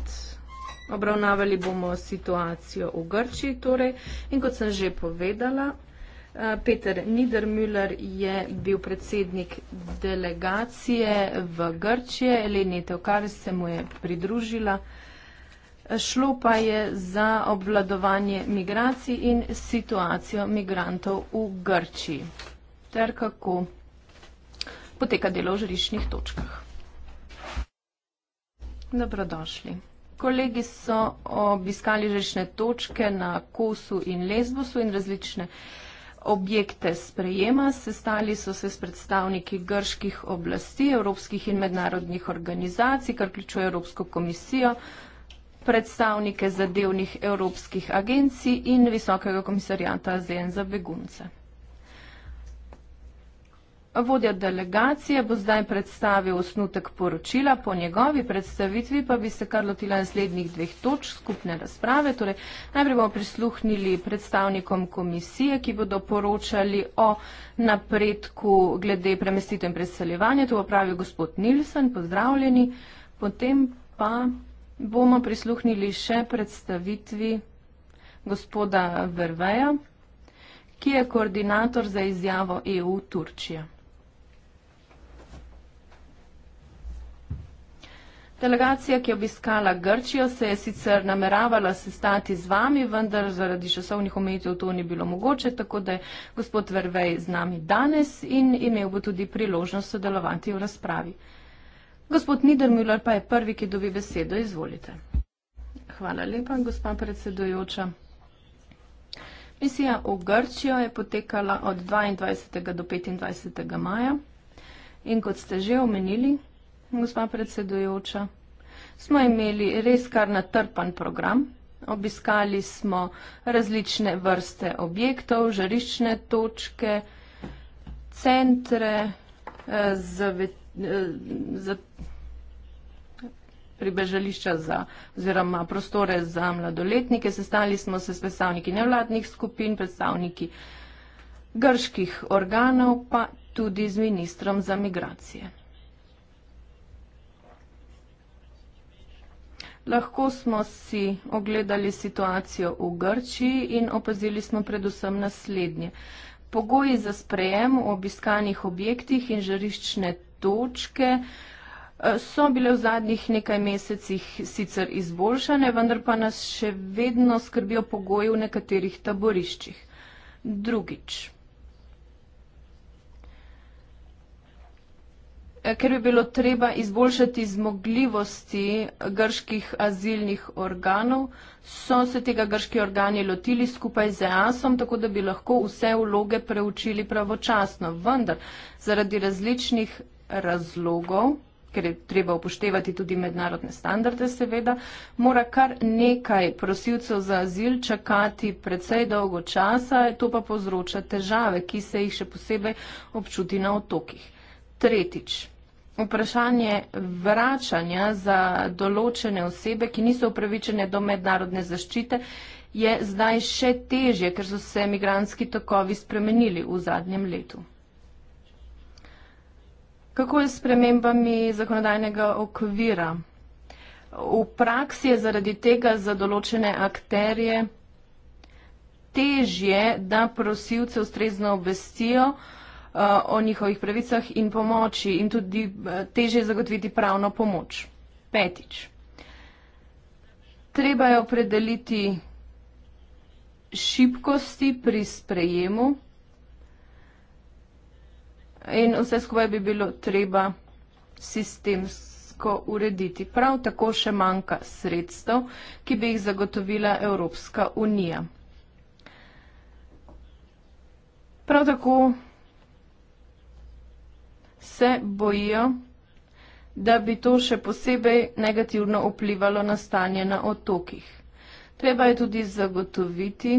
Obravnavali bomo situacijo v Grčiji. Torej. In kot sem že povedala, eh, Peter Niedermüller je bil predsednik delegacije v Grčiji, Eleni Teokar se mu je pridružila. Šlo pa je za obvladovanje migracij in situacijo migrantov v Grčiji ter kako poteka delo v žrišnih točkah. Dobrodošli. Kolegi so obiskali žične točke na Kosu in Lesbosu in različne objekte sprejema. Sestali so se s predstavniki grških oblasti, evropskih in mednarodnih organizacij, kar ključuje Evropsko komisijo, predstavnike zadevnih evropskih agencij in visokega komisarjata ZN za begunce. Vodja delegacije bo zdaj predstavil osnutek poročila, po njegovi predstavitvi pa bi se kar lotila naslednjih dveh točk skupne razprave. Torej, najprej bomo prisluhnili predstavnikom komisije, ki bodo poročali o napredku glede premestitev in preseljevanja. To bo pravil gospod Nilsen, pozdravljeni. Potem pa bomo prisluhnili še predstavitvi gospoda Verveja ki je koordinator za izjavo EU Turčija. Delegacija, ki je obiskala Grčijo, se je sicer nameravala sestati z vami, vendar zaradi časovnih omejitev to ni bilo mogoče, tako da je gospod Vervej z nami danes in imel bo tudi priložnost sodelovati v razpravi. Gospod Nidermüller pa je prvi, ki dobi besedo. Izvolite. Hvala lepa, gospa predsedujoča. Misija v Grčijo je potekala od 22. do 25. maja. In kot ste že omenili, gospa predsedujoča. Smo imeli res kar natrpan program. Obiskali smo različne vrste objektov, žariščne točke, centre eh, z, z, eh, z pribežališča za, oziroma prostore za mladoletnike. Sestali smo se s predstavniki nevladnih skupin, predstavniki grških organov, pa tudi z ministrom za migracije. Lahko smo si ogledali situacijo v Grčiji in opazili smo predvsem naslednje. Pogoji za sprejem v obiskanih objektih in žariščne točke eh, so bile v zadnjih nekaj mesecih sicer izboljšane, vendar pa nas še vedno skrbijo pogoji v nekaterih taboriščih. Drugič. Eh, ker bi bilo treba izboljšati zmogljivosti grških azilnih organov, so se tega grški organi lotili skupaj z EASOM, tako da bi lahko vse vloge preučili pravočasno. Vendar zaradi različnih razlogov, ker je treba upoštevati tudi mednarodne standarde, seveda, mora kar nekaj prosilcev za azil čakati predvsej dolgo časa, to pa povzroča težave, ki se jih še posebej občuti na otokih. Tretjič, vprašanje vračanja za določene osebe, ki niso upravičene do mednarodne zaščite, je zdaj še težje, ker so se migranski tokovi spremenili v zadnjem letu. Kako je s premembami zakonodajnega okvira? V praksi je zaradi tega za določene akterje težje, da prosilce ustrezno obvestijo, Eh, o njihovih pravicah in pomoči in tudi eh, teže zagotoviti pravno pomoč. Petič. Treba je opredeliti šibkosti pri sprejemu in vse skupaj bi bilo treba sistemsko urediti. Prav tako še manjka sredstev, ki bi jih zagotovila Evropska unija. Prav tako se bojijo, da bi to še posebej negativno vplivalo na stanje na otokih. Treba je tudi zagotoviti,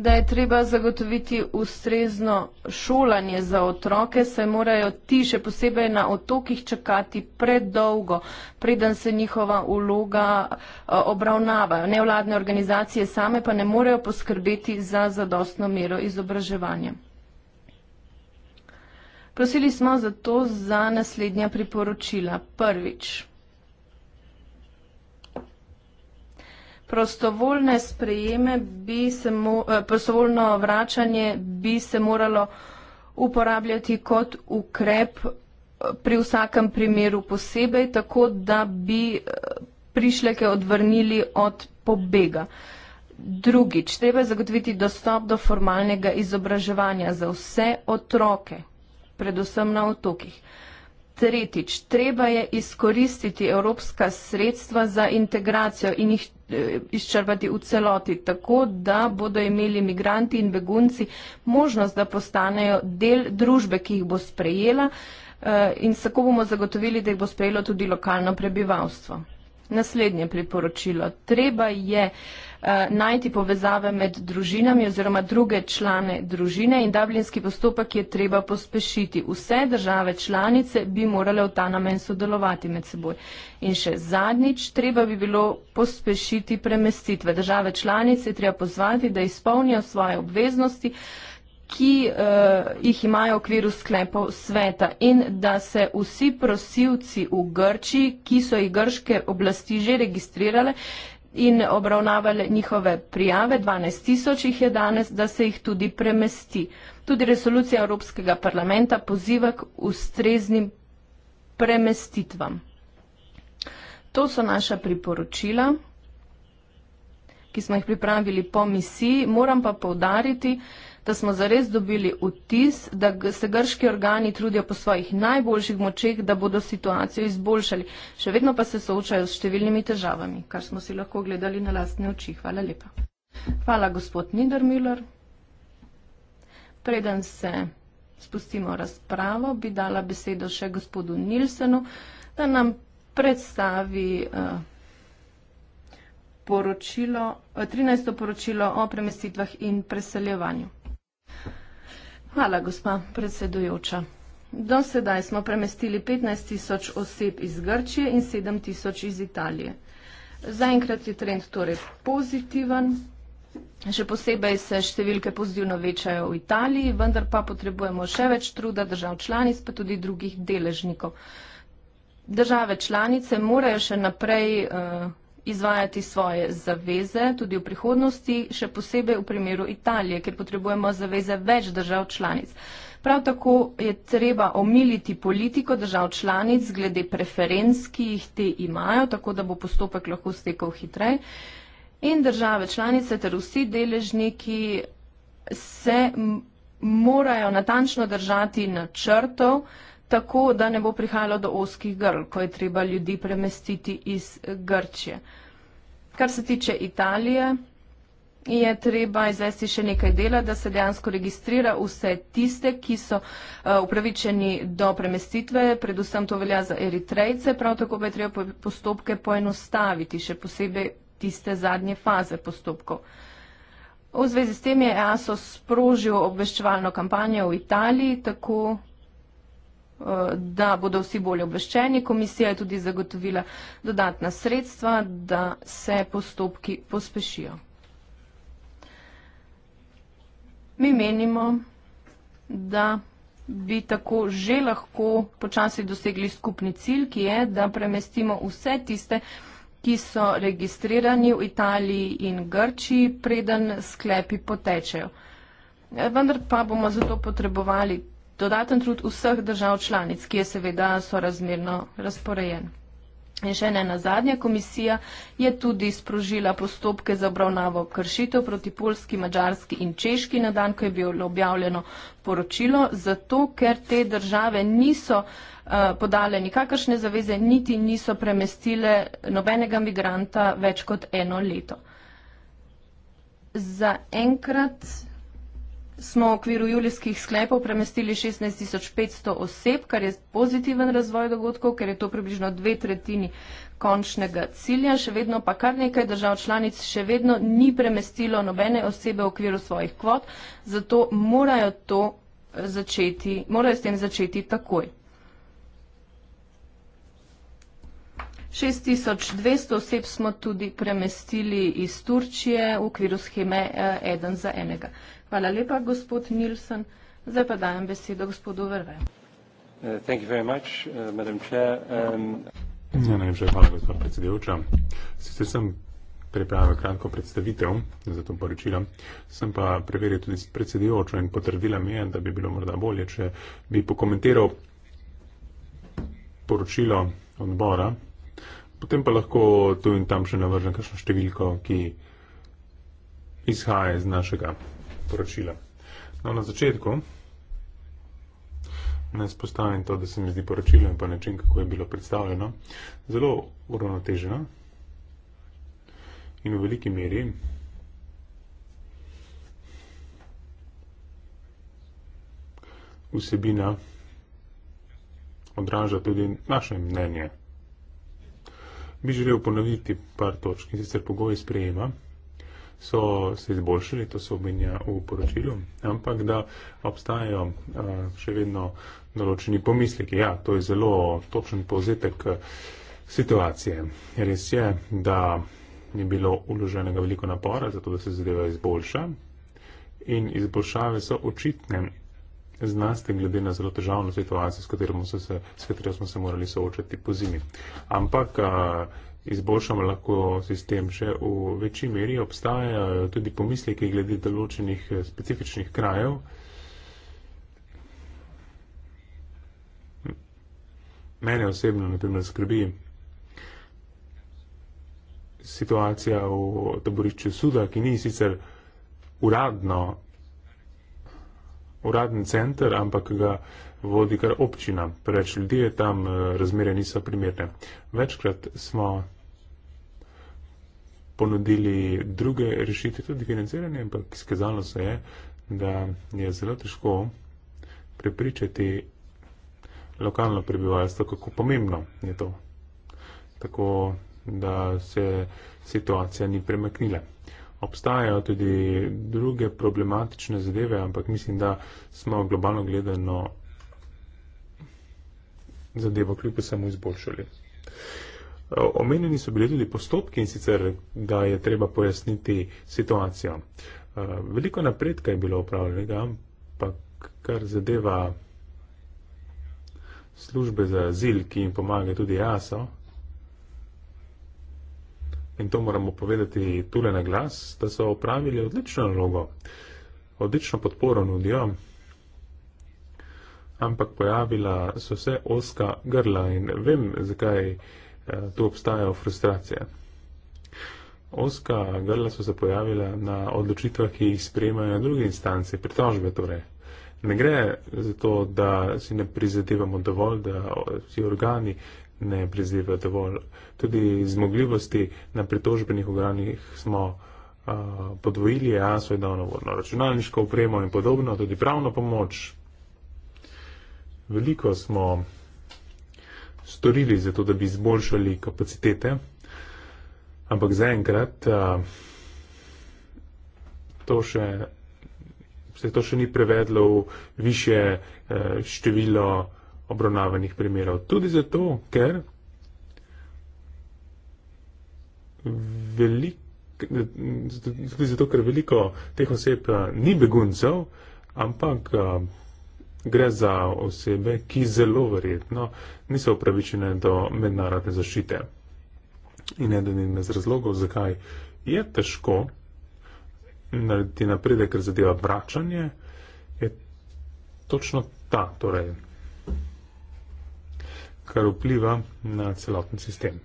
da je treba zagotoviti ustrezno šolanje za otroke, saj morajo ti še posebej na otokih čakati predolgo, preden se njihova uloga eh, obravnavajo. Nevladne organizacije same pa ne morejo poskrbeti za zadostno mero izobraževanja. Prosili smo zato za naslednja priporočila. Prvič. prostovoljne sprejeme bi se mo, eh, prostovoljno vračanje bi se moralo uporabljati kot ukrep eh, pri vsakem primeru posebej, tako da bi eh, prišleke odvrnili od pobega. Drugič, treba zagotoviti dostop do formalnega izobraževanja za vse otroke, predvsem na otokih. Uh, Tretjič, treba je izkoristiti evropska sredstva za integracijo in jih eh, izčrpati v celoti, tako da bodo imeli migranti in begunci možnost, da postanejo del družbe, ki jih bo sprejela eh, in tako bomo zagotovili, da jih bo sprejelo tudi lokalno prebivalstvo. Naslednje priporočilo. Treba je uh, Eh, najti povezave med družinami oziroma druge člane družine in dublinski postopek je treba pospešiti. Vse države članice bi morale v ta namen sodelovati med seboj. In še zadnjič, treba bi bilo pospešiti premestitve. Države članice treba pozvati, da izpolnijo svoje obveznosti ki eh, jih imajo v okviru sklepov sveta in da se vsi prosilci v Grčiji, ki so jih grške oblasti že registrirale, in obravnavali njihove prijave, 12 tisoč jih je danes, da se jih tudi premesti. Tudi resolucija Evropskega parlamenta poziva k ustreznim premestitvam. To so naša priporočila, ki smo jih pripravili po misiji. Moram pa povdariti, da da smo zares dobili vtis, da se grški organi trudijo po svojih najboljših močeh, da bodo situacijo izboljšali. Še vedno pa se soočajo s številnimi težavami, kar smo si lahko gledali na lastne oči. Hvala lepa. Hvala, gospod Nidermüller. Preden se spustimo razpravo, bi dala besedo še gospodu Nilsenu, da nam predstavi eh, poročilo, 13. Eh, poročilo o premestitvah in preseljevanju. Hvala, gospa predsedujoča. Do sedaj smo premestili 15 tisoč oseb iz Grčije in 7 tisoč iz Italije. Zaenkrat je trend torej pozitiven, še posebej se številke pozitivno večajo v Italiji, vendar pa potrebujemo še več truda držav članic, pa tudi drugih deležnikov. Države članice morajo še naprej uh, izvajati svoje zaveze tudi v prihodnosti, še posebej v primeru Italije, ker potrebujemo zaveze več držav članic. Prav tako je treba omiliti politiko držav članic glede preferenc, ki jih te imajo, tako da bo postopek lahko stekel hitreje. In države članice ter vsi deležniki se morajo natančno držati načrtov, tako, da ne bo prihajalo do oskih grl, ko je treba ljudi premestiti iz Grčije. Kar se tiče Italije, je treba izvesti še nekaj dela, da se dejansko registrira vse tiste, ki so eh, upravičeni do premestitve, predvsem to velja za eritrejce, prav tako pa je treba postopke poenostaviti, še posebej tiste zadnje faze postopkov. V zvezi s tem je EASO sprožil obveščevalno kampanjo v Italiji, tako da bodo vsi bolje obveščeni. Komisija je tudi zagotovila dodatna sredstva, da se postopki pospešijo. Mi menimo, da bi tako že lahko počasi dosegli skupni cilj, ki je, da premestimo vse tiste, ki so registrirani v Italiji in Grčiji, preden sklepi potečejo. Vendar pa bomo zato potrebovali dodaten trud vseh držav članic, ki je seveda sorazmerno razporejen. In še ena zadnja komisija je tudi sprožila postopke za obravnavo kršitev proti Polski, Mačarski in Češki na dan, ko je bilo objavljeno poročilo, zato ker te države niso uh, podale nikakršne zaveze, niti niso premestile nobenega migranta več kot eno leto. Za enkrat smo v okviru julijskih sklepov premestili 16.500 oseb, kar je pozitiven razvoj dogodkov, ker je to približno dve tretjini končnega cilja. Še vedno pa kar nekaj držav članic še vedno ni premestilo nobene osebe v okviru svojih kvot, zato morajo, eh, začeti, morajo s tem začeti takoj. 6200 oseb smo tudi premestili iz Turčije v okviru scheme 1 eh, za 1. Hvala lepa, gospod Nilsen. Zdaj pa dajem besedo gospodu Vrve. Uh, eh, eh, um... ja, Najlepša hvala, gospod predsedujoča. Sicer sem pripravil kratko predstavitev za to poročilo, sem pa preveril tudi predsedujočo in potrdila mi je, da bi bilo morda bolje, če bi pokomentiral poročilo odbora, potem pa lahko tu in tam še navržem kakšno številko, ki izhaja iz našega poročila. No, na začetku naj spostavim to, da se mi zdi poročilo in pa način, kako je bilo predstavljeno, zelo uravnoteženo in v veliki meri vsebina odraža tudi naše mnenje. Bi želel ponoviti par točk in sicer pogoje sprejema so se izboljšali, to se omenja v poročilu, ampak da obstajajo še vedno določeni pomisleki. Ja, to je zelo točen povzetek situacije. Res je, da je bilo uloženega veliko napora za to, da se zadeva izboljša in izboljšave so očitne. Znaste, glede na zelo težavno situacijo, s katero smo se, katero smo se morali soočati po zimi. Ampak a, izboljšamo lahko sistem še v večji meri. Obstajajo tudi pomisleki glede določenih eh, specifičnih krajev. Mene osebno, naprimer, skrbi situacija v taborišču Suda, ki ni sicer uradno uraden center, ampak ga vodi kar občina. Preveč ljudi je tam, eh, razmere niso primerne. Večkrat smo ponudili druge rešitve, tudi financiranje, ampak izkazalo se je, da je zelo težko prepričati lokalno prebivalstvo, kako pomembno je to. Tako da se situacija ni premaknila obstajajo tudi druge problematične zadeve, ampak mislim, da smo globalno gledano zadevo kljub vsemu izboljšali. Omenjeni so bili tudi postopki in sicer, da je treba pojasniti situacijo. Veliko napredka je bilo upravljenega, ampak kar zadeva službe za azil, ki jim pomaga tudi jaso, e in to moramo povedati tule na glas, da so opravili odlično nalogo, odlično podporo nudijo, ampak pojavila so se oska grla in vem, zakaj eh, tu obstajajo frustracije. Oska grla so se pojavila na odločitvah, ki jih sprejemajo druge instance, pritožbe torej. Ne gre za to, da si ne prizadevamo dovolj, da si organi ne prizivajo dovolj. Tudi zmogljivosti na pritožbenih ogranjih smo a, podvojili, ja, svoj donovodno računalniško upremo in podobno, tudi pravno pomoč. Veliko smo storili za to, da bi izboljšali kapacitete, ampak zaenkrat to še. Se to še ni prevedlo v više eh, število obravnavanih primerov. Tudi zato, ker veliko. Tudi zato, ker veliko teh oseb eh, ni beguncev, ampak eh, gre za osebe, ki zelo verjetno niso upravičene do mednarodne zaščite. In eden iz razlogov, zakaj je težko narediti napredek, ker zadeva vračanje, je točno ta. Torej, kar vpliva na celoten sistem.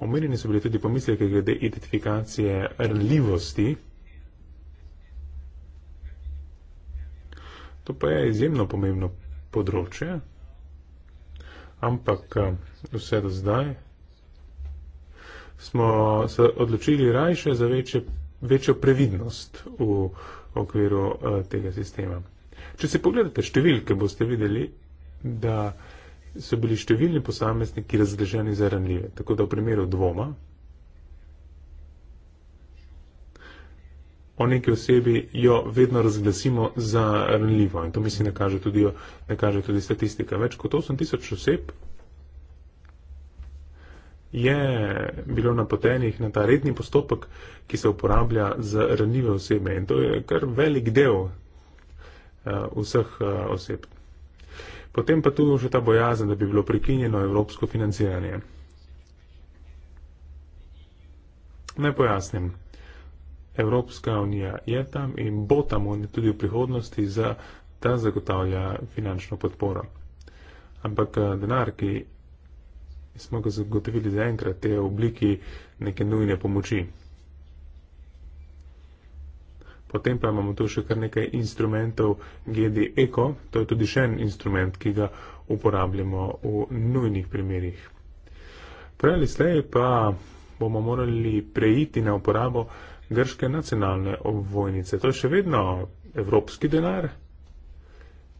Omenjeni so bili tudi pomisleke glede identifikacije rnljivosti. To pa je izjemno pomembno področje, ampak eh, vse do zdaj smo se odločili rajše za večje, večjo previdnost v okviru eh, tega sistema. Če si pogledate številke, boste videli, da so bili številni posamezniki razglašeni za ranljive. Tako da v primeru dvoma o neki osebi jo vedno razglasimo za ranljivo. In to mislim, da kaže tudi, tudi statistika. Več kot 8000 oseb je bilo napotenih na ta redni postopek, ki se uporablja za ranljive osebe. In to je kar velik del uh, vseh uh, oseb. Potem pa tu že ta bojazen, da bi bilo prekinjeno evropsko financiranje. Naj pojasnim. Evropska unija je tam in bo tam tudi v prihodnosti, za, da zagotavlja finančno podporo. Ampak eh, denar, ki smo ga zagotovili zaenkrat, je v obliki neke nujne pomoči. Potem pa imamo tu še kar nekaj instrumentov GD Eco, to je tudi še en instrument, ki ga uporabljamo v nujnih primerjih. Prej ali slej pa bomo morali preiti na uporabo grške nacionalne obvojnice. To je še vedno evropski denar,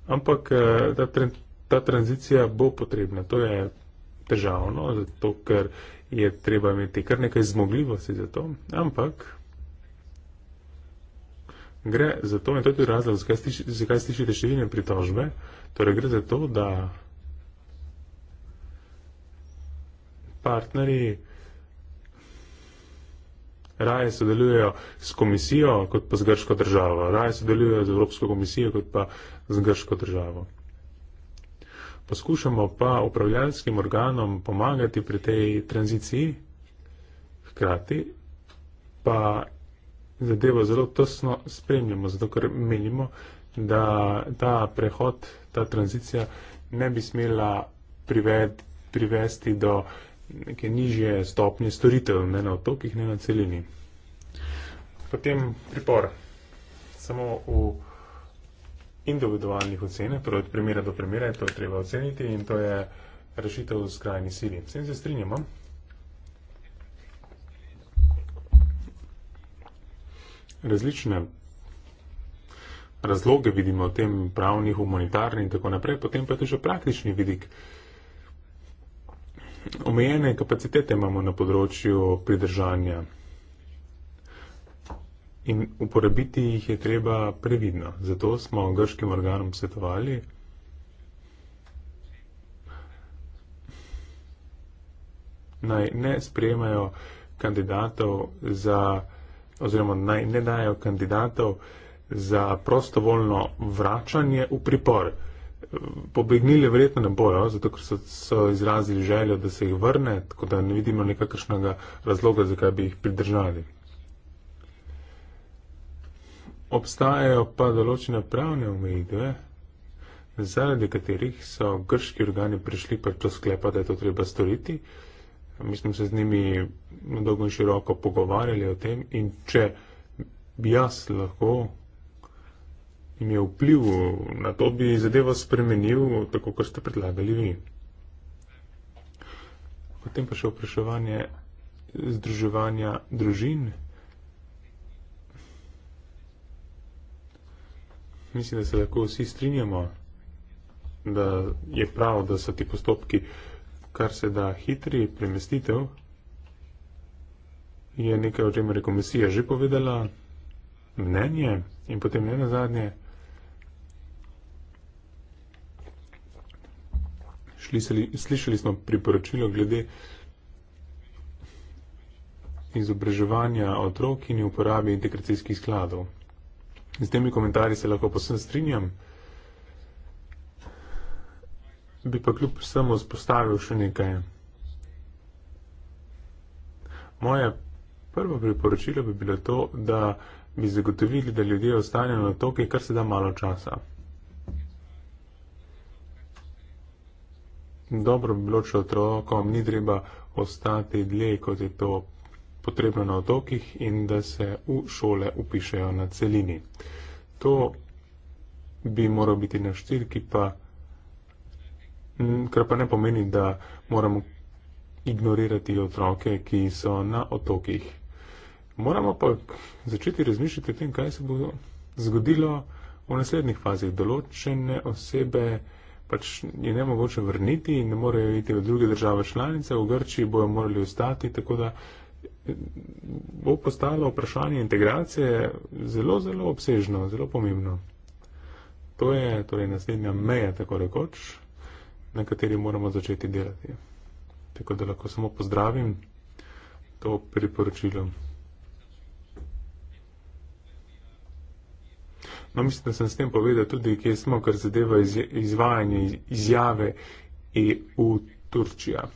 ampak eh, ta, tren, ta tranzicija bo potrebna. To je težavno, zato ker je treba imeti kar nekaj zmogljivosti za to, ampak gre za to, in to je tudi razlog, zakaj, sliši, zakaj slišite številne pritožbe. Torej, gre za to, da partnerji raje sodelujejo s komisijo, kot pa z grško državo. Raje sodelujejo z Evropsko komisijo, kot pa z grško državo. Poskušamo pa upravljalskim organom pomagati pri tej tranziciji, hkrati pa zadevo zelo tesno spremljamo, zato ker menimo, da ta prehod, ta tranzicija ne bi smela prived, privesti do neke nižje stopnje storitev, ne na otokih, ne na celini. Potem pripor. Samo v individualnih ocene, torej od primera do primera je to treba oceniti in to je rešitev v skrajni sili. Vsem se strinjamo. različne razloge vidimo v tem pravni, humanitarni in tako naprej, potem pa je to že praktični vidik. Omejene kapacitete imamo na področju pridržanja in uporabiti jih je treba previdno. Zato smo grškim organom svetovali, naj ne sprejemajo kandidatov za pridržanje oziroma naj ne dajo kandidatov za prostovoljno vračanje v pripor. Pobegnili verjetno ne bojo, zato ker so, so izrazili željo, da se jih vrne, tako da ne vidimo nekakršnega razloga, zakaj bi jih pridržali. Obstajajo pa določene pravne omejitve, zaradi katerih so grški organi prišli pač do sklepa, da je to treba storiti. Uh, Mi smo se z njimi dolgo in široko pogovarjali o tem in če bi jaz lahko imel vpliv na to, bi zadevo spremenil tako, kot ste predlagali vi. Potem pa še vpraševanje združevanja družin. Mislim, da se lahko vsi strinjamo, da je prav, da so ti postopki uh, kar se da hitri premestitev, je nekaj, o čemer je komisija že povedala, mnenje in potem ne nazadnje. Slišali smo priporočilo glede izobraževanja otrok in uporabe integracijskih skladov. Z temi komentarji se lahko posebej strinjam bi pa kljub vsemu spostavil še nekaj. Moje prvo priporočilo bi bilo to, da bi zagotovili, da ljudje ostanejo na otoki kar se da malo časa. Dobro bi bilo, če otrokom ni treba ostati dlje, kot je to potrebno na otokih in da se v šole upišejo na celini. To bi moral biti naš cilj, ki pa. Mm, kar pa ne pomeni, da moramo ignorirati otroke, ki so na otokih. Moramo pa začeti razmišljati o tem, kaj se bo zgodilo v naslednjih fazih. Določene osebe pač je ne mogoče vrniti in ne morejo iti v druge države članice, v Grčiji bojo morali ostati, tako da eh, bo postalo vprašanje integracije zelo, zelo obsežno, zelo pomembno. To je torej naslednja meja, tako rekoč na kateri moramo začeti delati. Tako da lahko samo pozdravim to priporočilo. No, mislim, da sem s tem povedal tudi, kje smo, kar zadeva iz, izvajanje izjave EU Turčija.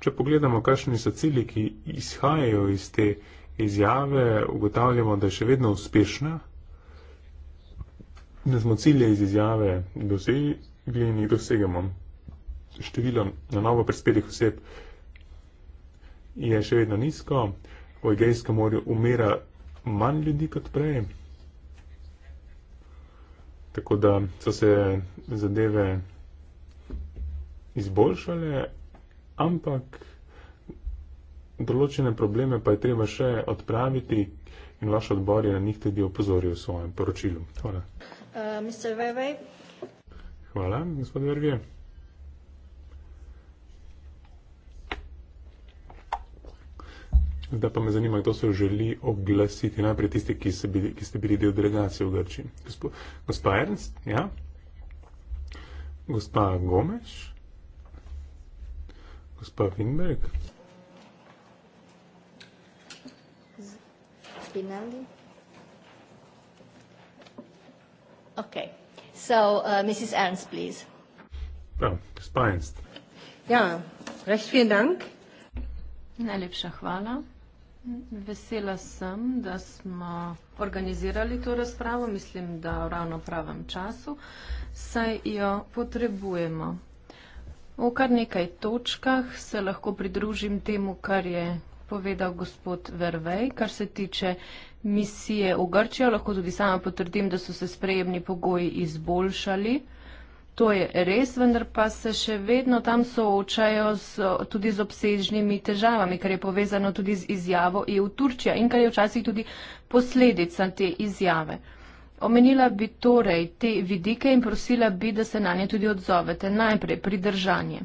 Če pogledamo, kakšni so cili, ki izhajajo iz te izjave, ugotavljamo, da je še vedno uspešna, da smo cilje iz izjave dosegli in jih dosegamo število na novo prispelih oseb je še vedno nizko. V Egejskem morju umira manj ljudi kot prej. Tako da so se zadeve izboljšale, ampak določene probleme pa je treba še odpraviti in vaš odbor je na njih tudi opozoril v svojem poročilu. Hvala. Uh, Hvala, gospod Vergije. Zdaj pa me zanima, kdo se želi oglasiti. Najprej tisti, ki, bili, ki ste bili del delegacije v Grčiji. Gospa Ernst, ja? Gospa Gomeš? Gospa Vinberg? Spinelli? Ok. So, uh, Mrs. Ernst, please. Ja, gospa Ernst. Ja, recht vielen Dank. Najlepša hvala. Vesela sem, da smo organizirali to razpravo, mislim, da v ravno pravem času, saj jo potrebujemo. V kar nekaj točkah se lahko pridružim temu, kar je povedal gospod Vervej, kar se tiče misije v Grčijo. Lahko tudi sama potrdim, da so se sprejemni pogoji izboljšali. To je res, vendar pa se še vedno tam soočajo z, tudi z obsežnimi težavami, kar je povezano tudi z izjavo EU Turčija in kar je včasih tudi posledica te izjave. Omenila bi torej te vidike in prosila bi, da se na nje tudi odzovete. Najprej pridržanje.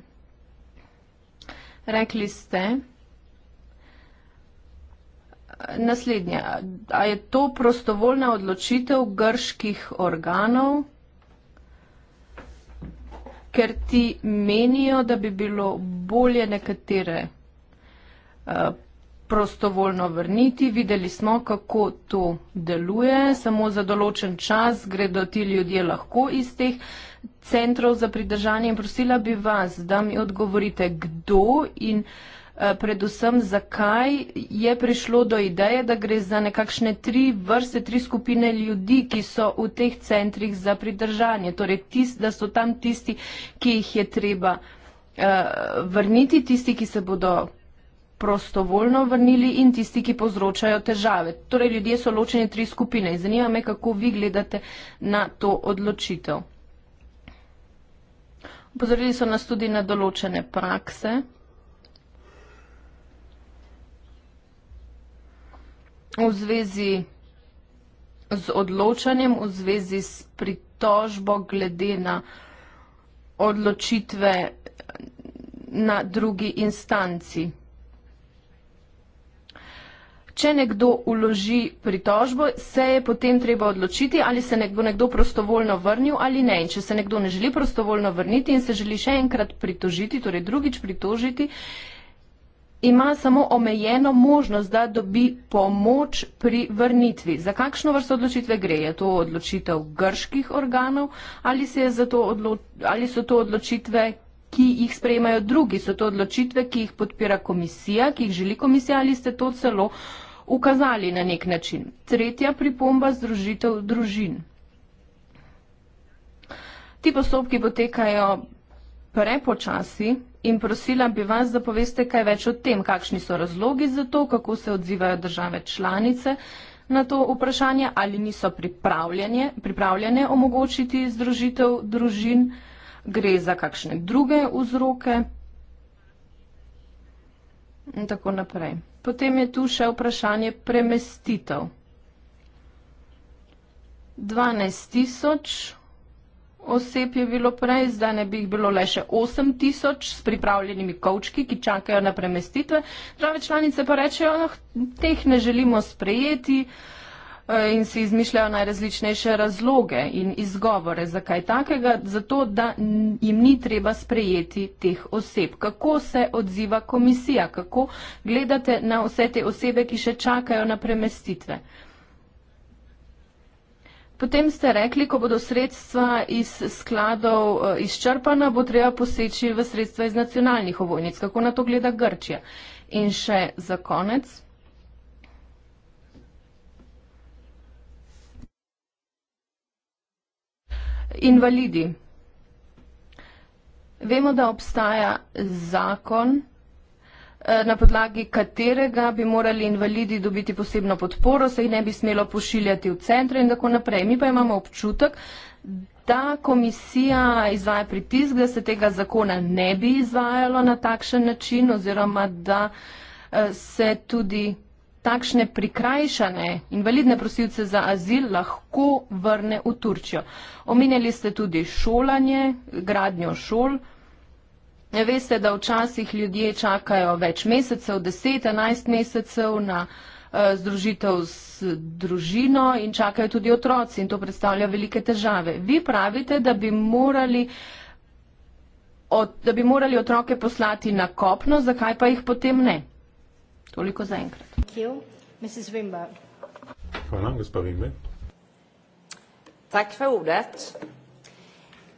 Rekli ste naslednje, a je to prostovoljna odločitev grških organov? ker ti menijo, da bi bilo bolje nekatere eh, prostovoljno vrniti. Videli smo, kako to deluje. Samo za določen čas gredo ti ljudje lahko iz teh centrov za pridržanje. In prosila bi vas, da mi odgovorite, kdo in kdo. Eh, predvsem zakaj je prišlo do ideje, da gre za nekakšne tri vrste, tri skupine ljudi, ki so v teh centrih za pridržanje. Torej, tist, da so tam tisti, ki jih je treba eh, vrniti, tisti, ki se bodo prostovoljno vrnili in tisti, ki povzročajo težave. Torej, ljudje so ločeni tri skupine. Zanima me, kako vi gledate na to odločitev. Pozorili so nas tudi na določene prakse. v zvezi z odločanjem, v zvezi s pritožbo glede na odločitve na drugi instanci. Če nekdo uloži pritožbo, se je potem treba odločiti, ali se bo nekdo prostovoljno vrnil ali ne. In če se nekdo ne želi prostovoljno vrniti in se želi še enkrat pritožiti, torej drugič pritožiti, ima samo omejeno možnost, da dobi pomoč pri vrnitvi. Za kakšno vrsto odločitve gre? Je to odločitev grških organov ali, to odloč ali so to odločitve, ki jih sprejemajo drugi? So to odločitve, ki jih podpira komisija, ki jih želi komisija ali ste to celo ukazali na nek način? Tretja pripomba združitev družin. Ti postopki potekajo prepočasi in prosila bi vas, da poveste kaj več o tem, kakšni so razlogi za to, kako se odzivajo države članice na to vprašanje, ali niso pripravljene omogočiti združitev družin, gre za kakšne druge vzroke in tako naprej. Potem je tu še vprašanje premestitev. 12 tisoč oseb je bilo prej, zdaj ne bi jih bilo le še 8 tisoč s pripravljenimi kočki, ki čakajo na premestitve. Države članice pa rečejo, da ah, teh ne želimo sprejeti eh, in si izmišljajo najrazličnejše razloge in izgovore, zakaj takega, zato da jim ni treba sprejeti teh oseb. Kako se odziva komisija, kako gledate na vse te osebe, ki še čakajo na premestitve? Potem ste rekli, ko bodo sredstva iz skladov eh, izčrpana, bo treba poseči v sredstva iz nacionalnih ovojnic. Kako na to gleda Grčija? In še za konec. Invalidi. Vemo, da obstaja zakon, Eh, na podlagi katerega bi morali invalidi dobiti posebno podporo, se jih ne bi smelo pošiljati v centre in tako naprej. Mi pa imamo občutek, da komisija izvaja pritisk, da se tega zakona ne bi izvajalo na takšen način oziroma da eh, se tudi takšne prikrajšane invalidne prosilce za azil lahko vrne v Turčjo. Omenjali ste tudi šolanje, gradnjo šol. Veste, da včasih ljudje čakajo več mesecev, 10-11 mesecev na eh, združitev s družino in čakajo tudi otroci in to predstavlja velike težave. Vi pravite, da bi morali, od, da bi morali otroke poslati na kopno, zakaj pa jih potem ne? Toliko za enkrat. Hvala, gospa Vimberg. Tak for ordet.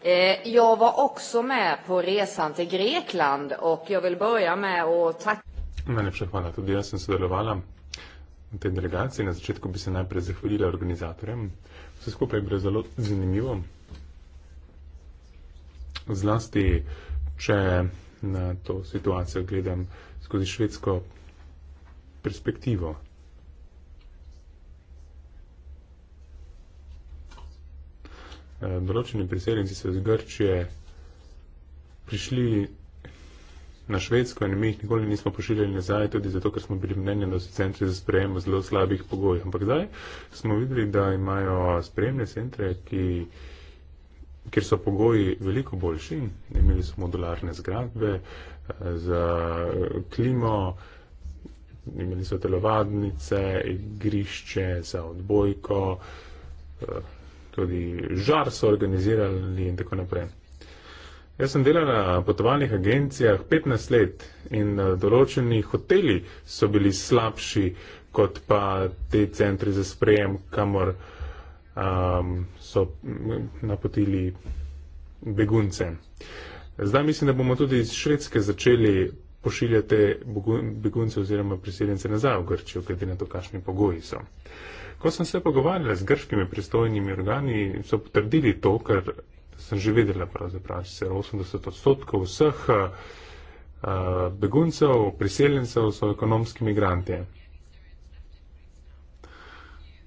Eh, jag var också med på resan till Grekland och jag vill börja med att tacka Najlepša hvala. Tudi jaz sem sodelovala v tej delegaciji. Na začetku bi se najprej zahvalila organizatorjem. Vse skupaj je bilo zelo zanimivo. Zlasti, če na to situacijo gledam skozi švedsko perspektivo. Eh, določeni priseljenci so iz Grčije prišli na Švedsko in mi jih nikoli nismo pošiljali nazaj, tudi zato, ker smo bili mnenja, da so centri za sprejem v zelo slabih pogojih. Ampak zdaj smo videli, da imajo sprejemne centre, ki, kjer so pogoji veliko boljši. Imeli smo modularne zgradbe eh, za klimo, imeli so telovadnice, igrišče za odbojko, eh, tudi žar so organizirali in tako naprej. Jaz sem delal na potovalnih agencijah 15 let in eh, določeni hoteli so bili slabši kot pa te centri za sprejem, kamor um, so napotili begunce. Zdaj mislim, da bomo tudi iz Švedske začeli pošiljati begunce oziroma priseljence nazaj v Grčijo, glede na to, kakšni pogoji so. Uh, Ko sem se pogovarjala z grškimi pristojnimi organi, so potrdili to, kar sem že videla, pravzaprav se 80 odstotkov vseh eh, beguncev, priseljencev so ekonomski migranti.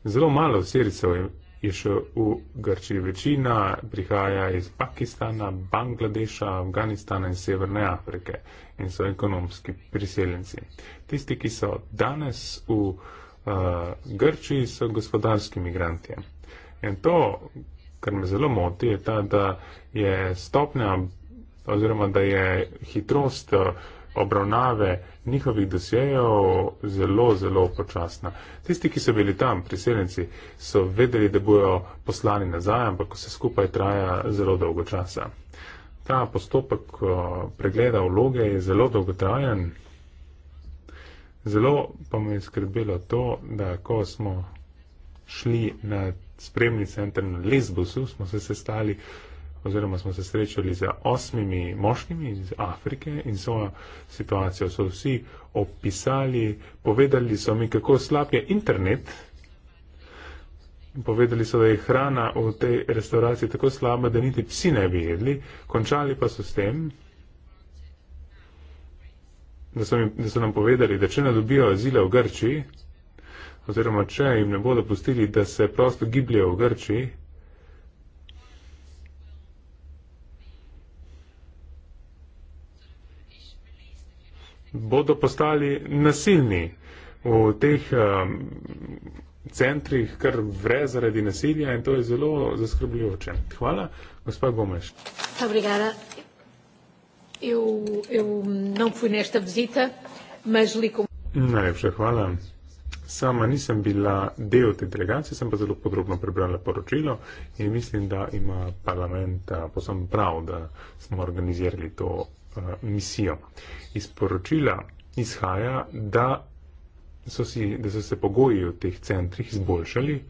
Zelo malo sircev je še v Grčiji. Večina prihaja iz Pakistana, Bangladeša, Afganistana in Severne Afrike in so ekonomski priseljenci. Tisti, ki so danes v Grčiji, Grčiji so gospodarski migranti. In to, kar me zelo moti, je ta, da je stopnja oziroma da je hitrost eh, obravnave njihovih dosjejev zelo, zelo počasna. Tisti, ki so bili tam, priseljenci, so vedeli, da bojo poslani nazaj, ampak vse skupaj traja zelo dolgo časa. Ta postopek eh, pregleda vloge je zelo dolgotrajen. Zelo pa me je skrbelo to, da ko smo šli na spremni center na Lesbosu, smo se sestali oziroma smo se srečali z osmimi moškimi iz Afrike in svojo situacijo so vsi opisali, povedali so mi, kako slab je internet. Povedali so, da je hrana v tej restauraciji tako slaba, da niti psi ne bi jedli. Končali pa so s tem, da so, mi, da so nam povedali, da če ne dobijo azile v Grčiji, oziroma če jim ne bodo pustili, da se prosto gibljajo v Grčiji, bodo postali nasilni v teh um, centrih, kar vre zaradi nasilja in to je zelo zaskrbljujoče. Hvala, gospod Gomeš. Obrigada eu, eu não fui nesta visita, mas li com... Najlepša hvala. Sama nisem bila del te delegacije, sem pa zelo podrobno prebrala poročilo in mislim, da ima parlament eh, posem prav, da smo organizirali to uh, misijo. Iz poročila izhaja, da so, si, da so se pogoji v teh centrih izboljšali,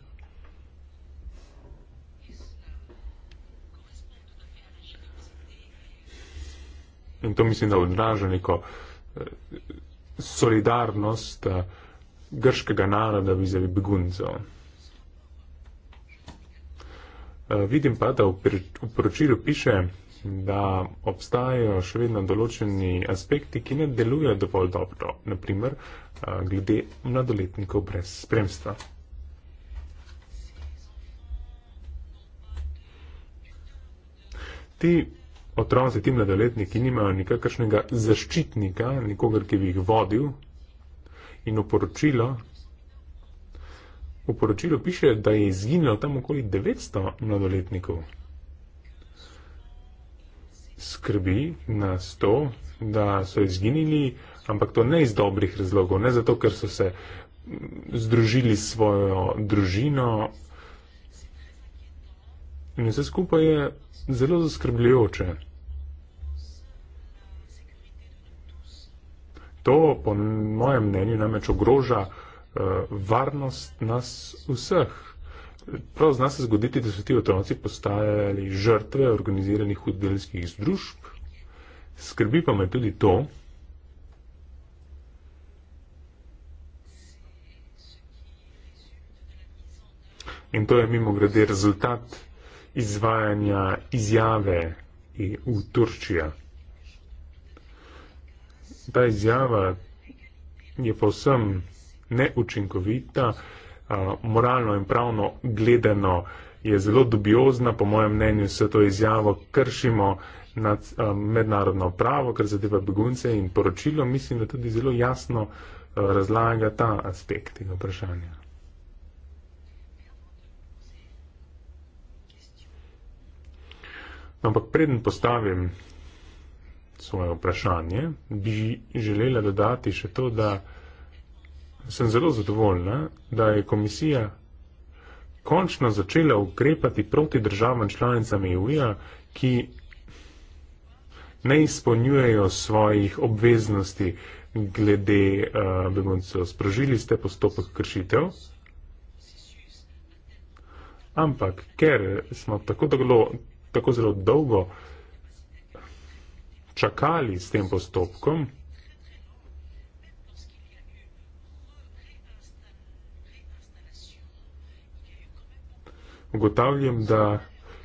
In to mislim, da odraža neko eh, solidarnost eh, grškega naroda vizavi beguncev. Eh, vidim pa, da v poročilu piše, da obstajajo še vedno določeni aspekti, ki ne delujejo dovolj dobro, naprimer glede mladoletnikov brez spremstva. Ti otroci, ti mladoletniki nimajo nikakršnega zaščitnika, nikogar, ki bi jih vodil. In v poročilo, v poročilo piše, da je izginilo tam okoli 900 mladoletnikov. Skrbi nas to, da so izginili, ampak to ne iz dobrih razlogov, ne zato, ker so se združili s svojo družino In vse skupaj je zelo zaskrbljujoče. To, po mojem mnenju, namreč ogroža uh, varnost nas vseh. Prav zna se zgoditi, da so ti otroci postajali žrtve organiziranih hudelskih združb. Skrbi pa me tudi to, in to je mimo grede rezultat izvajanja izjave v e Turčijo. Ta izjava je povsem neučinkovita, moralno in pravno gledano je zelo dubiozna, po mojem mnenju se to izjavo kršimo nad mednarodno pravo, kar zadeva begunce in poročilo, mislim, da tudi zelo jasno razlaga ta aspekt in vprašanja. Ampak preden postavim svoje vprašanje, bi želela dodati še to, da sem zelo zadovoljna, da je komisija končno začela ukrepati proti državam članicam EU-ja, ki ne izpolnjujejo svojih obveznosti glede uh, beguncev. Sprožili ste postopek kršitev, ampak ker smo tako dolgo, tako zelo dolgo čakali s tem postopkom, ugotavljam, da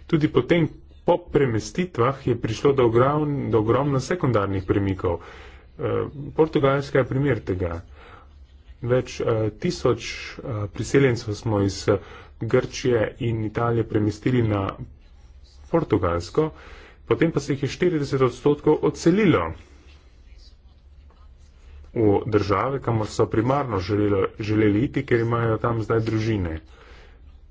tudi potem po premestitvah je prišlo do, ogrom, do ogromno sekundarnih premikov. E, Portugalska je primer tega. Več e, tisoč e, priseljencev smo iz Grčije in Italije premestili na Portugalsko, potem pa se jih je 40 odstotkov odselilo v države, kamor so primarno želelo, želeli iti, ker imajo tam zdaj družine.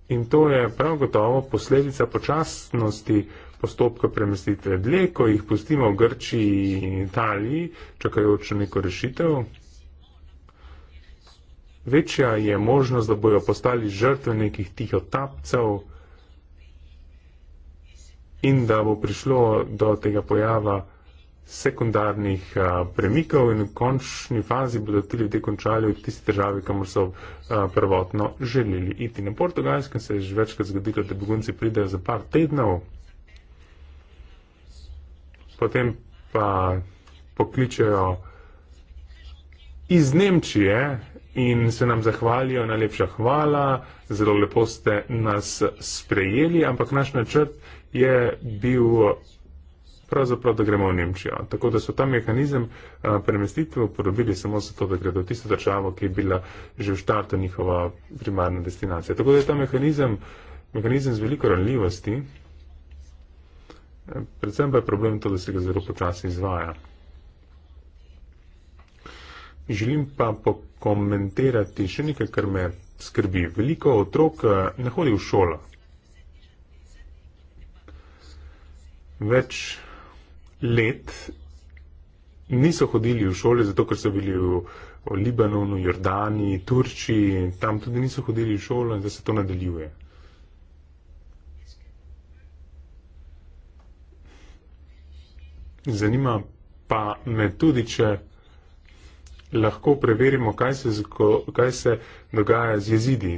In to je prav gotovo posledica počasnosti postopka premestitve. Dlje, ko jih pustimo v Grčiji in Italiji, čakajoč na neko rešitev, večja je možnost, da bojo postali žrtve nekih tihotapcev, tapcev, in da bo prišlo do tega pojava sekundarnih a, premikov in v končni fazi bodo ti ljudje končali v tisti državi, kamor so a, prvotno želeli iti. Na portugalskem se je že večkrat zgodilo, da begunci pridejo za par tednov, potem pa pokličejo iz Nemčije in se nam zahvalijo, najlepša hvala, zelo lepo ste nas sprejeli, ampak naš načrt je bil pravzaprav, da gremo v Nemčijo. Tako da so ta mehanizem premestitve uporabili samo zato, da gredo v tisto državo, ki je bila že v štartu njihova primarna destinacija. Tako da je ta mehanizem, mehanizem z veliko ranljivosti, predvsem pa je problem to, da se ga zelo počasi izvaja. Želim pa pokomentirati še nekaj, kar me skrbi. Veliko otrok ne hodi v šolo. več let niso hodili v šole, zato ker so bili v, v Libanonu, Jordani, Turčiji, tam tudi niso hodili v šolo in da se to nadaljuje. Zanima pa me tudi, če lahko preverimo, kaj se, kaj se dogaja z jezidi,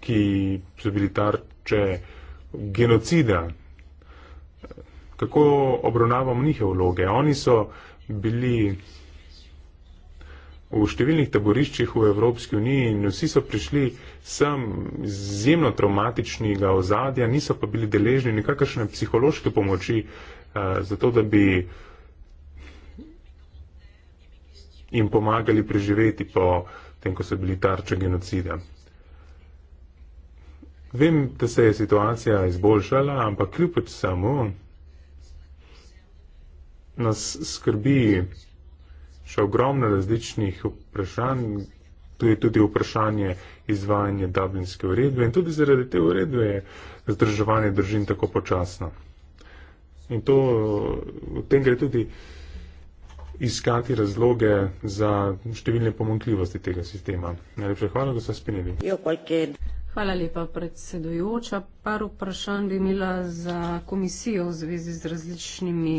ki so bili tarče genocida kako obravnavamo njihove vloge. Oni so bili v številnih taboriščih v Evropski uniji in vsi so prišli sem izjemno traumatičnega ozadja, niso pa bili deležni nekakšne psihološke pomoči, eh, zato da bi jim pomagali preživeti po tem, ko so bili tarče genocida. Vem, da se je situacija izboljšala, ampak kljub temu, nas skrbi še ogromno različnih vprašanj, tu je tudi vprašanje izvajanja Dublinske uredbe in tudi zaradi te uredbe je zdrževanje držin tako počasno. In to, v tem gre tudi iskati razloge za številne pomankljivosti tega sistema. Najlepše hvala, da ste spinili. Hvala lepa, predsedujoča. Par vprašanj bi imela za komisijo v zvezi z različnimi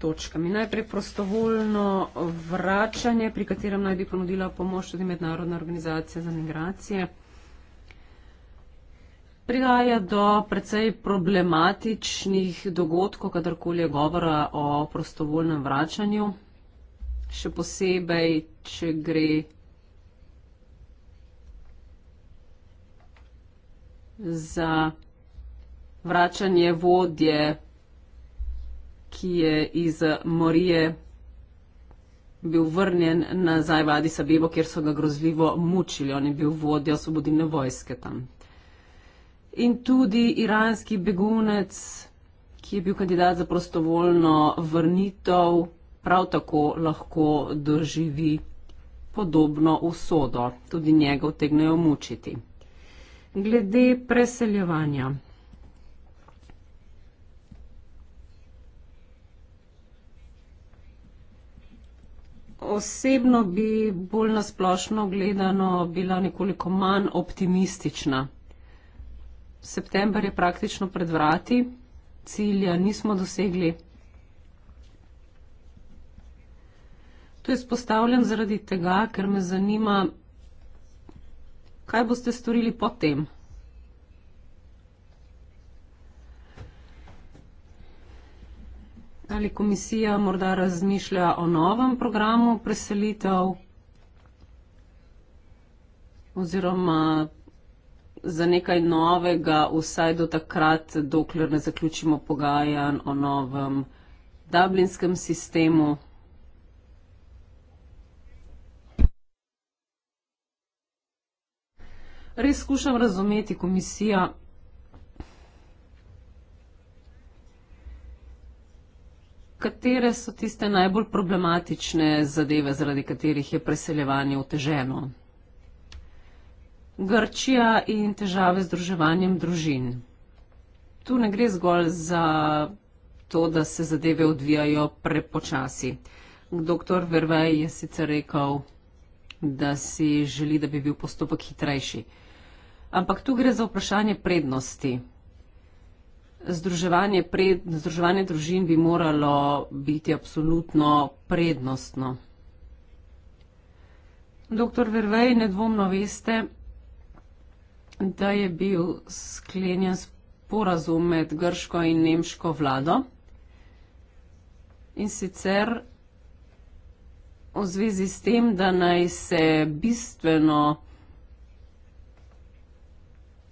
točkami. Najprej prostovoljno vračanje, pri katerem naj bi ponudila pomoč tudi Mednarodna organizacija za migracije. Prihaja do precej problematičnih dogodkov, kadarkoli je govora o prostovoljnem vračanju, še posebej, če gre za vračanje vodje ki je iz Morije bil vrnjen nazaj v Adisabebo, kjer so ga grozljivo mučili. On je bil vodja osvobodilne vojske tam. In tudi iranski begunec, ki je bil kandidat za prostovoljno vrnitev, prav tako lahko doživi podobno usodo. Tudi njega utegnejo mučiti. Glede preseljevanja. osebno bi bolj nasplošno gledano bila nekoliko manj optimistična. September je praktično pred vrati, cilja nismo dosegli. To je spostavljen zaradi tega, ker me zanima, kaj boste storili potem. Ali komisija morda razmišlja o novem programu preselitev oziroma za nekaj novega vsaj do takrat, dokler ne zaključimo pogajanj o novem dublinskem sistemu? Res skušam razumeti komisija. katere so tiste najbolj problematične zadeve, zaradi katerih je preseljevanje oteženo? Grčija in težave z druževanjem družin. Tu ne gre zgolj za to, da se zadeve odvijajo prepočasi. Doktor Vervej je sicer rekel, da si želi, da bi bil postopek hitrejši. Ampak tu gre za vprašanje prednosti. Združevanje, pred, združevanje družin bi moralo biti absolutno prednostno. Doktor Vervej, nedvomno veste, da je bil sklenjen sporazum med grško in nemško vlado in sicer v zvezi s tem, da naj se bistveno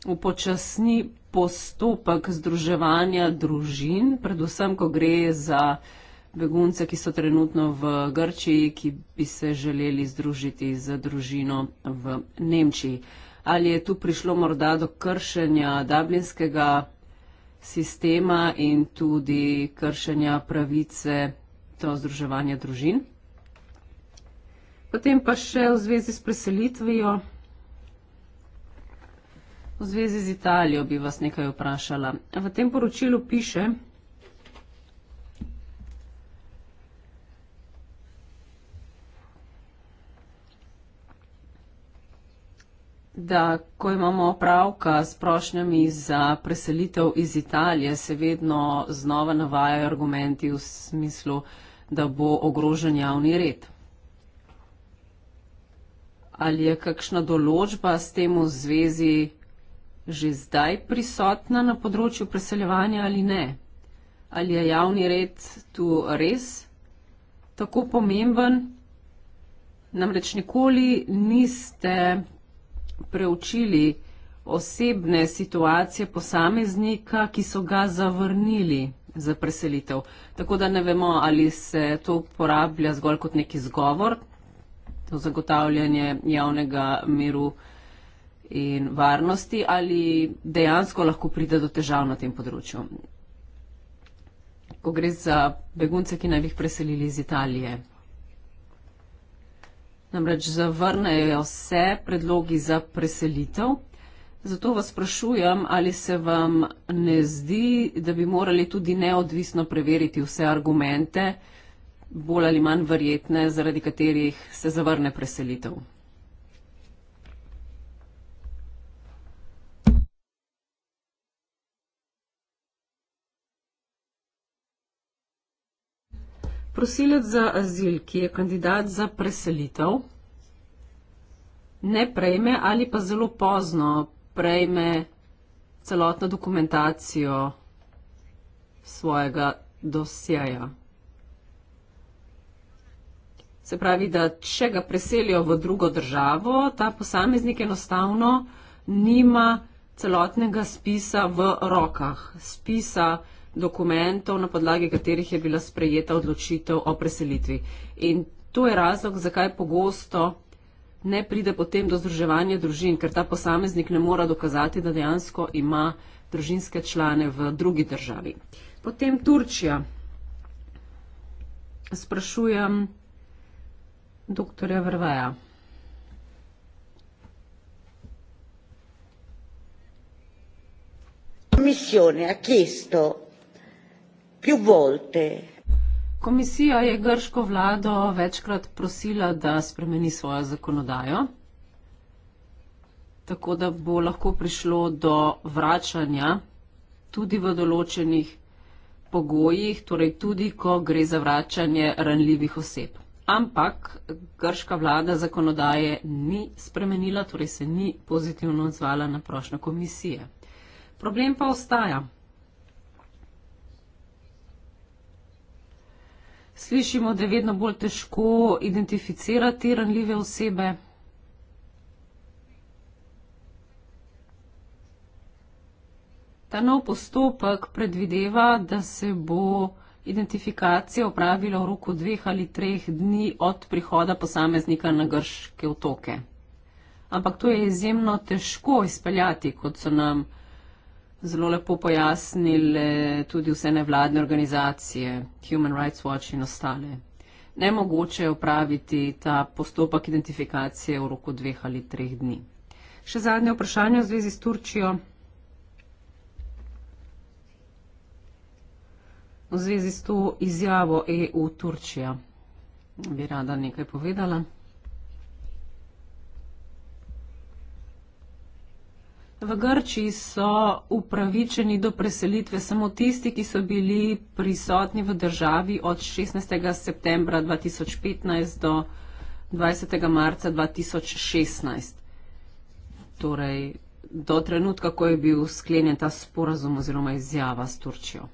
upočasni postopek združevanja družin, predvsem, ko gre za begunce, ki so trenutno v Grčiji, ki bi se želeli združiti z družino v Nemčiji. Ali je tu prišlo morda do kršenja dublinskega sistema in tudi kršenja pravice to združevanje družin? Potem pa še v zvezi s preselitvijo. V zvezi z Italijo bi vas nekaj vprašala. V tem poročilu piše, da ko imamo opravka s prošnjami za preselitev iz Italije, se vedno znova navajajo argumenti v smislu, da bo ogrožen javni red. Ali je kakšna določba s tem v zvezi? že zdaj prisotna na področju preseljevanja ali ne? Ali je javni red tu res tako pomemben? Namreč nikoli niste preučili osebne situacije posameznika, ki so ga zavrnili za preselitev. Tako da ne vemo, ali se to uporablja zgolj kot neki zgovor, to zagotavljanje javnega miru in varnosti ali dejansko lahko pride do težav na tem področju. Ko gre za begunce, ki naj bi jih preselili iz Italije. Namreč zavrnejo vse predlogi za preselitev. Zato vas sprašujem, ali se vam ne zdi, da bi morali tudi neodvisno preveriti vse argumente, bolj ali manj verjetne, zaradi katerih se zavrne preselitev. Prosilec za azil, ki je kandidat za preselitev, ne prejme ali pa zelo pozno prejme celotno dokumentacijo svojega dosjeja. Se pravi, da če ga preselijo v drugo državo, ta posameznik enostavno nima celotnega spisa v rokah. Spisa, dokumentov, na podlagi katerih je bila sprejeta odločitev o preselitvi. In to je razlog, zakaj pogosto ne pride potem do združevanja družin, ker ta posameznik ne mora dokazati, da dejansko ima družinske člane v drugi državi. Potem Turčija. Sprašujem doktorja Vrveja. La Commissione ha chiesto più volte. Komisija je grško vlado večkrat prosila, da spremeni svojo zakonodajo, tako da bo lahko prišlo do vračanja tudi v določenih pogojih, torej tudi, ko gre za vračanje ranljivih oseb. Ampak grška vlada zakonodaje ni spremenila, torej se ni pozitivno odzvala na prošnjo komisije. Problem pa ostaja. Slišimo, da je vedno bolj težko identificirati ranljive osebe. Ta nov postopek predvideva, da se bo identifikacija opravila v roku dveh ali treh dni od prihoda posameznika na grške otoke. Ampak to je izjemno težko izpeljati, kot so nam zelo lepo pojasnile tudi vse nevladne organizacije, Human Rights Watch in ostale. Nemogoče je opraviti ta postopek identifikacije v roku dveh ali treh dni. Še zadnje vprašanje v zvezi s Turčijo. V zvezi s to izjavo EU-Turčija bi rada nekaj povedala. V Grčiji so upravičeni do preselitve samo tisti, ki so bili prisotni v državi od 16. septembra 2015 do 20. marca 2016. Torej, do trenutka, ko je bil sklenjen ta sporazum oziroma izjava s Turčijo.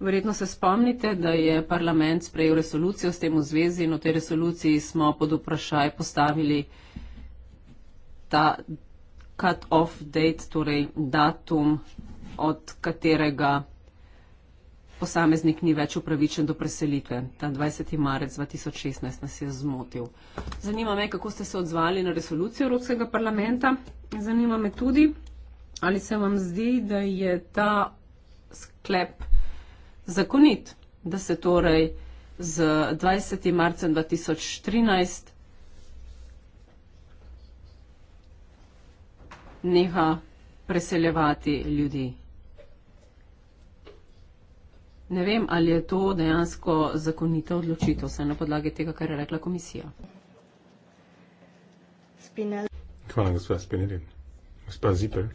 Verjetno se spomnite, da je parlament sprejel resolucijo s tem v zvezi in v tej resoluciji smo pod vprašaj postavili ta cut-off date, torej datum, od katerega posameznik ni več upravičen do preselitve. Ta 20. marec 2016 nas je zmotil. Zanima me, kako ste se odzvali na resolucijo Evropskega parlamenta. Zanima me tudi, ali se vam zdi, da je ta sklep zakonit, da se torej z 20. marcem 2013 neha preseljevati ljudi. Ne vem, ali je to dejansko zakonito odločitev, vse na podlagi tega, kar je rekla komisija. Spinel. Hvala, gospod Spinelli. Gospod Ziper.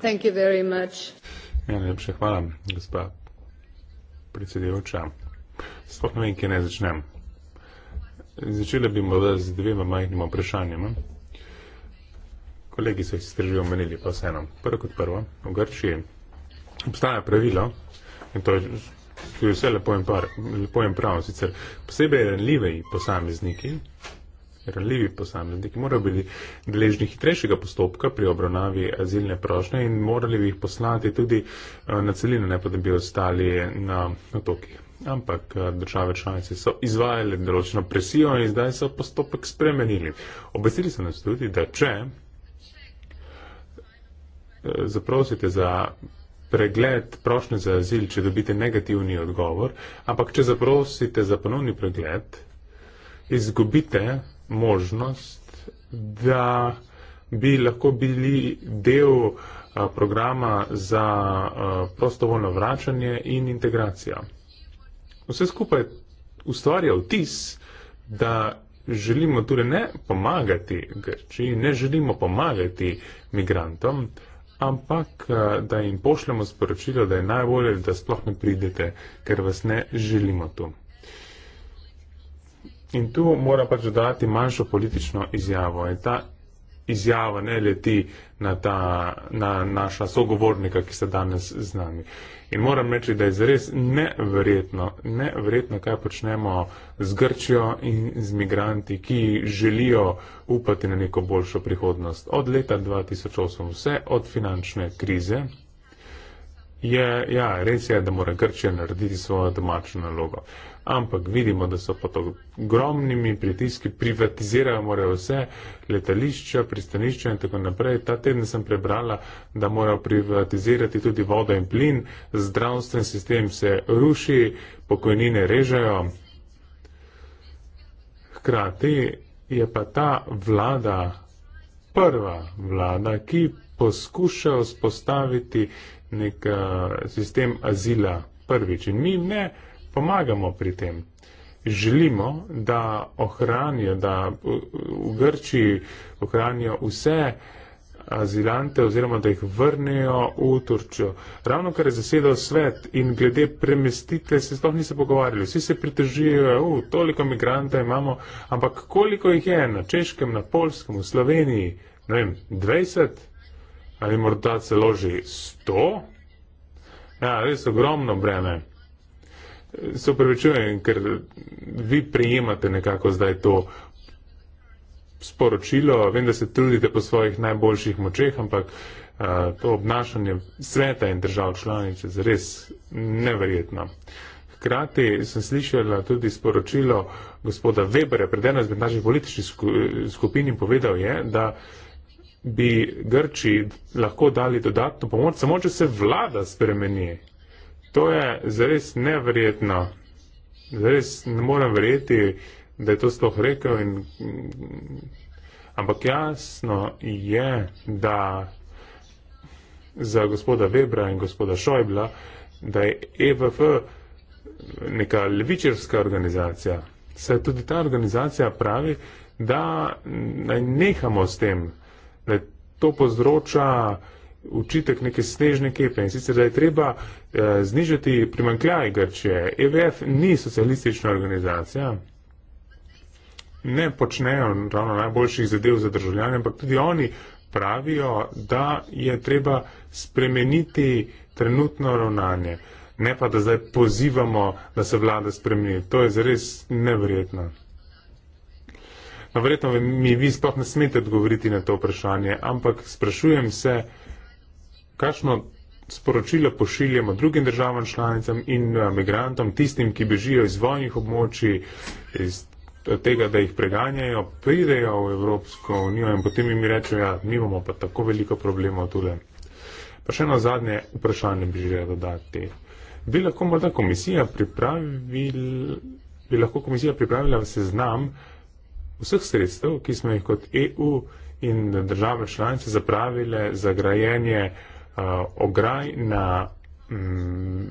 Thank you very much. Ja, najlepša hvala, gospod predsedujoča. Sploh ne vem, kje naj začnem. Začela bi morda z dvema majhnima vprašanjima kolegi so jih stržijo omenili, pa vseeno. Prvo kot prvo, v Grčiji obstaja pravilo in to je tudi vse lepo in, par, lepo in prav, sicer posebej ranljivi posamezniki, ranljivi posamezniki morajo biti deležni hitrejšega postopka pri obravnavi azilne prošnje in morali bi jih poslati tudi eh, na celino, ne pa da bi ostali na otokih. Ampak eh, države članice so izvajale določeno presijo in zdaj so postopek spremenili. Obvestili so nas tudi, da če Eh, zaprosite za pregled prošnje za azil, če dobite negativni odgovor, ampak če zaprosite za ponovni pregled, izgubite možnost, da bi lahko bili del eh, programa za eh, prostovoljno vračanje in integracijo. Vse skupaj ustvarja vtis, da želimo tudi torej ne pomagati Grčiji, ne želimo pomagati migrantom, ampak eh, da jim pošljemo sporočilo, da je najbolje, da sploh ne pridete, ker vas ne želimo tu. In tu mora pač dodati manjšo politično izjavo. In ta izjava ne leti na, ta, na naša sogovornika, ki ste danes z nami. In moram reči, da je zares neverjetno, neverjetno, kaj počnemo z Grčijo in z migranti, ki želijo upati na neko boljšo prihodnost. Od leta 2008 vse, od finančne krize Je, ja, res je, da mora Grčija narediti svojo domačo nalogo. Ampak vidimo, da so pod ogromnimi pritiski, privatizirajo morajo vse, letališča, pristanišča in tako naprej. Ta teden sem prebrala, da morajo privatizirati tudi vodo in plin, zdravstven sistem se ruši, pokojnine režajo. Hkrati je pa ta vlada prva vlada, ki poskuša vzpostaviti nek uh, sistem azila prvič in mi ne pomagamo pri tem. Želimo, da ohranijo, da eh, v Grčiji ohranijo vse azilante oziroma da jih vrnejo v Turčjo. Ravno kar je zasedal svet in glede premestitve se sploh niso pogovarjali. Vsi se pritožijo, ja, u, toliko migranta imamo, ampak koliko jih je na Češkem, na Polskem, v Sloveniji, ne vem, 20, ali morda celo že sto. Ja, res ogromno breme. Se upravičujem, ker vi prijemate nekako zdaj to sporočilo. Vem, da se trudite po svojih najboljših močeh, ampak a, eh, to obnašanje sveta in držav članic je res neverjetno. Hkrati sem slišala tudi sporočilo gospoda Webera, predeno izmed naših političnih skupin in povedal je, da bi Grči lahko dali dodatno pomoč, samo če se vlada spremeni. To je zares neverjetno. Zares ne morem verjeti, da je to sploh rekel. In, ampak jasno je, da za gospoda Webra in gospoda Šojbla, da je EVF neka levičarska organizacija. Se tudi ta organizacija pravi, da naj nehamo s tem. Ne, to povzroča učitek neke snežne kepe in sicer, da je treba eh, znižati primankljaj Grčije. EVF ni socialistična organizacija, ne počnejo ravno najboljših zadev za državljane, ampak tudi oni pravijo, da je treba spremeniti trenutno ravnanje, ne pa da zdaj pozivamo, da se vlada spremeni. To je zares neverjetno. Verjetno mi vi sploh ne smete odgovoriti na to vprašanje, ampak sprašujem se, kakšno sporočilo pošiljamo drugim državam članicam in eh, migrantom, tistim, ki bežijo iz vojnih območij, iz tega, da jih preganjajo, pridejo v Evropsko unijo in potem jim rečejo, ja, mi imamo pa tako veliko problemov tule. Pa še eno zadnje vprašanje bi želela dodati. Bi lahko morda komisija pripravila, bi lahko komisija pripravila seznam, vseh sredstev, ki smo jih kot EU in države članice zapravile za grajenje uh, ograj na um,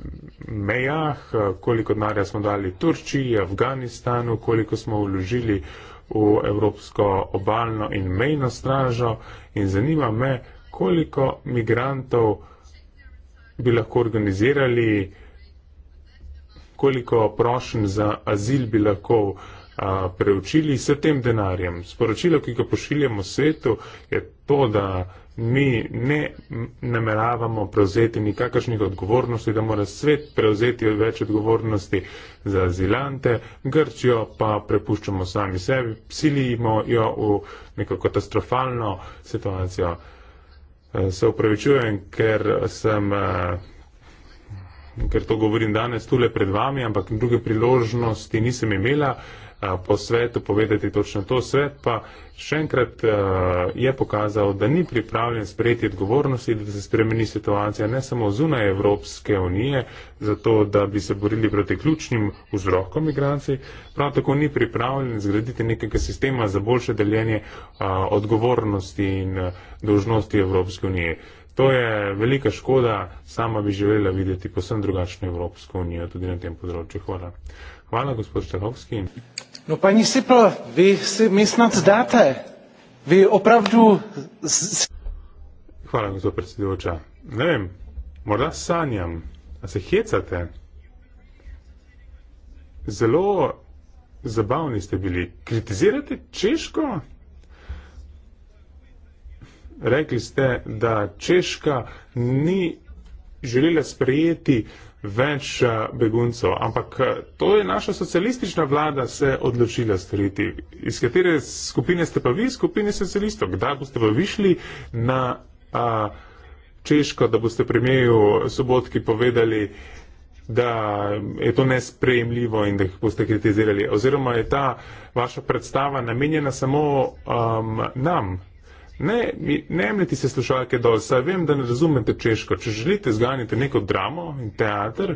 mejah, koliko denarja smo dali Turčiji, Afganistanu, koliko smo vložili v Evropsko obalno in mejno stražo in zanima me, koliko migrantov bi lahko organizirali, koliko prošen za azil bi lahko uh, a, preučili s tem denarjem. Sporočilo, ki ga pošiljamo svetu, je to, da mi ne nameravamo prevzeti nikakršnih odgovornosti, da mora svet prevzeti več odgovornosti za azilante, Grčijo pa prepuščamo sami sebi, silimo jo v neko katastrofalno situacijo. E, se upravičujem, ker sem, e, ker to govorim danes tule pred vami, ampak druge priložnosti nisem imela po svetu povedati točno to. Svet pa še enkrat je pokazal, da ni pripravljen sprejeti odgovornosti, da se spremeni situacija ne samo zunaj Evropske unije, zato da bi se borili proti ključnim vzrokom migracij, prav tako ni pripravljen zgraditi nekega sistema za boljše deljenje odgovornosti in dožnosti Evropske unije. To je velika škoda, sama bi želela videti posebno drugačno Evropsko unijo tudi na tem področju. Hvala. Hvala, gospod Štelovski. No, paní Sipl, vy si mi snad zdáte. Vy opravdu... Z... Hvala, gospod predsedujoča. Ne vem, morda sanjam. A se hecate? Zelo zabavni ste bili. Kritizirate Češko? Rekli ste, da Češka ni želela sprejeti več eh, beguncev. Ampak eh, to je naša socialistična vlada se odločila storiti. Iz katere skupine ste pa vi, skupine socialistov? Kdaj boste pa višli na a, Češko, da boste premijeju sobotki povedali, da je to nespremljivo in da jih boste kritizirali? Oziroma je ta vaša predstava namenjena samo um, nam? Ne, mi, ne mleti se slušalke dol, saj vem, da ne razumete češko. Če želite zganjati neko dramo in teater,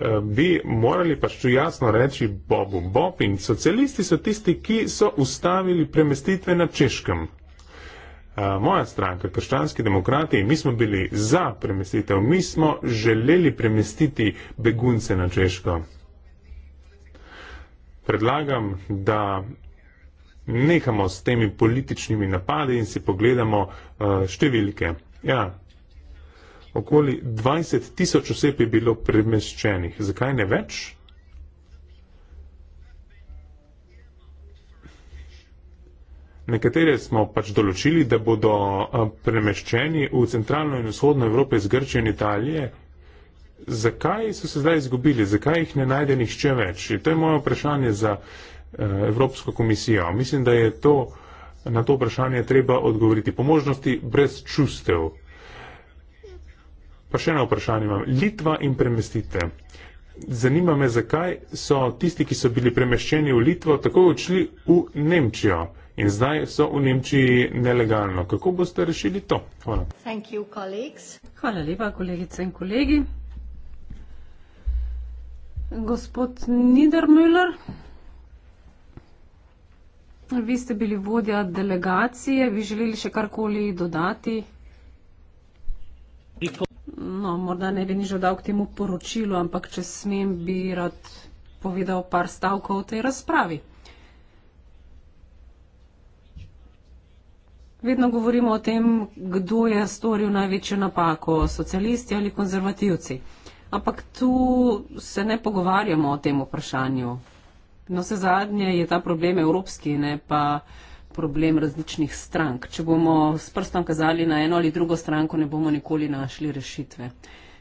eh, bi morali pač tu jasno reči Bobu. Bob in socialisti so tisti, ki so ustavili premestitve na češkem. Eh, moja stranka, krščanski demokrati, mi smo bili za premestitev, mi smo želeli premestiti begunce na češko. Predlagam, da nehamo s temi političnimi napadi in si pogledamo uh, številke. Ja. Okoli 20 tisoč oseb je bilo premeščenih. Zakaj ne več? Nekatere smo pač določili, da bodo eh, premeščeni v centralno in vzhodno Evropo iz Grčije in Italije. Zakaj so se zdaj izgubili? Zakaj jih ne najde nihče več? In to je moje vprašanje za uh, Eh, Evropsko komisijo. Mislim, da je to, na to vprašanje treba odgovoriti po možnosti brez čustev. Pa še eno vprašanje imam. Litva in premestite. Zanima me, zakaj so tisti, ki so bili premeščeni v Litvo, tako odšli v Nemčijo in zdaj so v Nemčiji nelegalno. Kako boste rešili to? Hvala. You, Hvala lepa, kolegice in kolegi. Gospod Niedermüller, Vi ste bili vodja delegacije, bi želeli še karkoli dodati? No, morda ne bi nič dodal k temu poročilu, ampak če smem, bi rad povedal par stavkov v tej razpravi. Vedno govorimo o tem, kdo je storil največjo napako, socialisti ali konzervativci. Ampak tu se ne pogovarjamo o tem vprašanju. No, vse zadnje je ta problem evropski, ne pa problem različnih strank. Če bomo s prstom kazali na eno ali drugo stranko, ne bomo nikoli našli rešitve.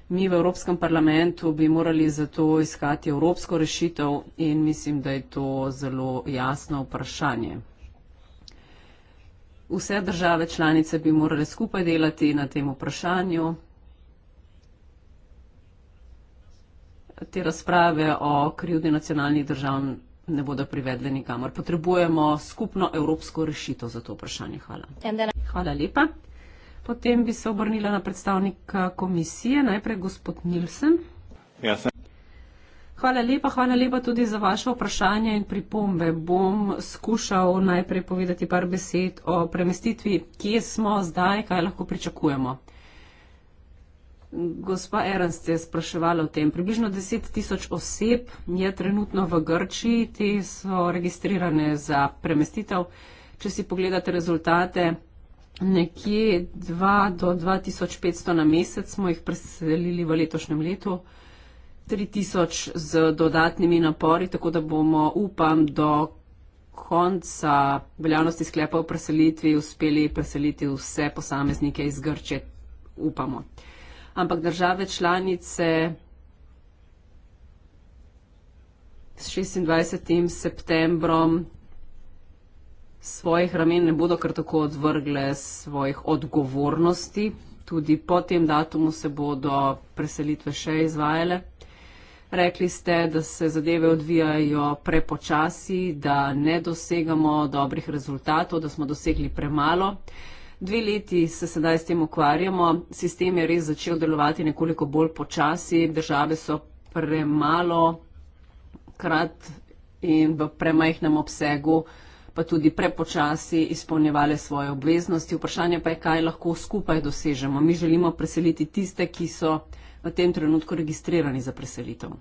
Mi v Evropskem parlamentu bi morali zato iskati evropsko rešitev in mislim, da je to zelo jasno vprašanje. Vse države članice bi morale skupaj delati na tem vprašanju. Te razprave o krivdi nacionalnih držav ne bodo privedle nikamor. Potrebujemo skupno evropsko rešitev za to vprašanje. Hvala. Hvala lepa. Potem bi se obrnila na predstavnika komisije. Najprej gospod Nilsen. Ja, hvala lepa, hvala lepa tudi za vaše vprašanje in pripombe. Bom skušal najprej povedati par besed o premestitvi, kje smo zdaj, kaj lahko pričakujemo. Gospa Ernst je spraševala o tem. Približno 10 tisoč oseb je trenutno v Grčiji, ti so registrirane za premestitev. Če si pogledate rezultate, nekje 2 do 2500 na mesec smo jih preselili v letošnjem letu, 3000 z dodatnimi napori, tako da bomo, upam, do konca veljavnosti sklepa o preselitvi uspeli preseliti vse posameznike iz Grče. Upamo ampak države članice s 26. septembrom svojih ramen ne bodo kar tako odvrgle svojih odgovornosti. Tudi po tem datumu se bodo preselitve še izvajale. Rekli ste, da se zadeve odvijajo prepočasi, da ne dosegamo dobrih rezultatov, da smo dosegli premalo. Uh, Dve leti se sedaj s tem ukvarjamo, sistem je res začel delovati nekoliko bolj počasi, države so premalo krat in v premajhnem obsegu, pa tudi prepočasi izpolnjevale svoje obveznosti. Vprašanje pa je, kaj lahko skupaj dosežemo. Mi želimo preseliti tiste, ki so v tem trenutku registrirani za preselitev.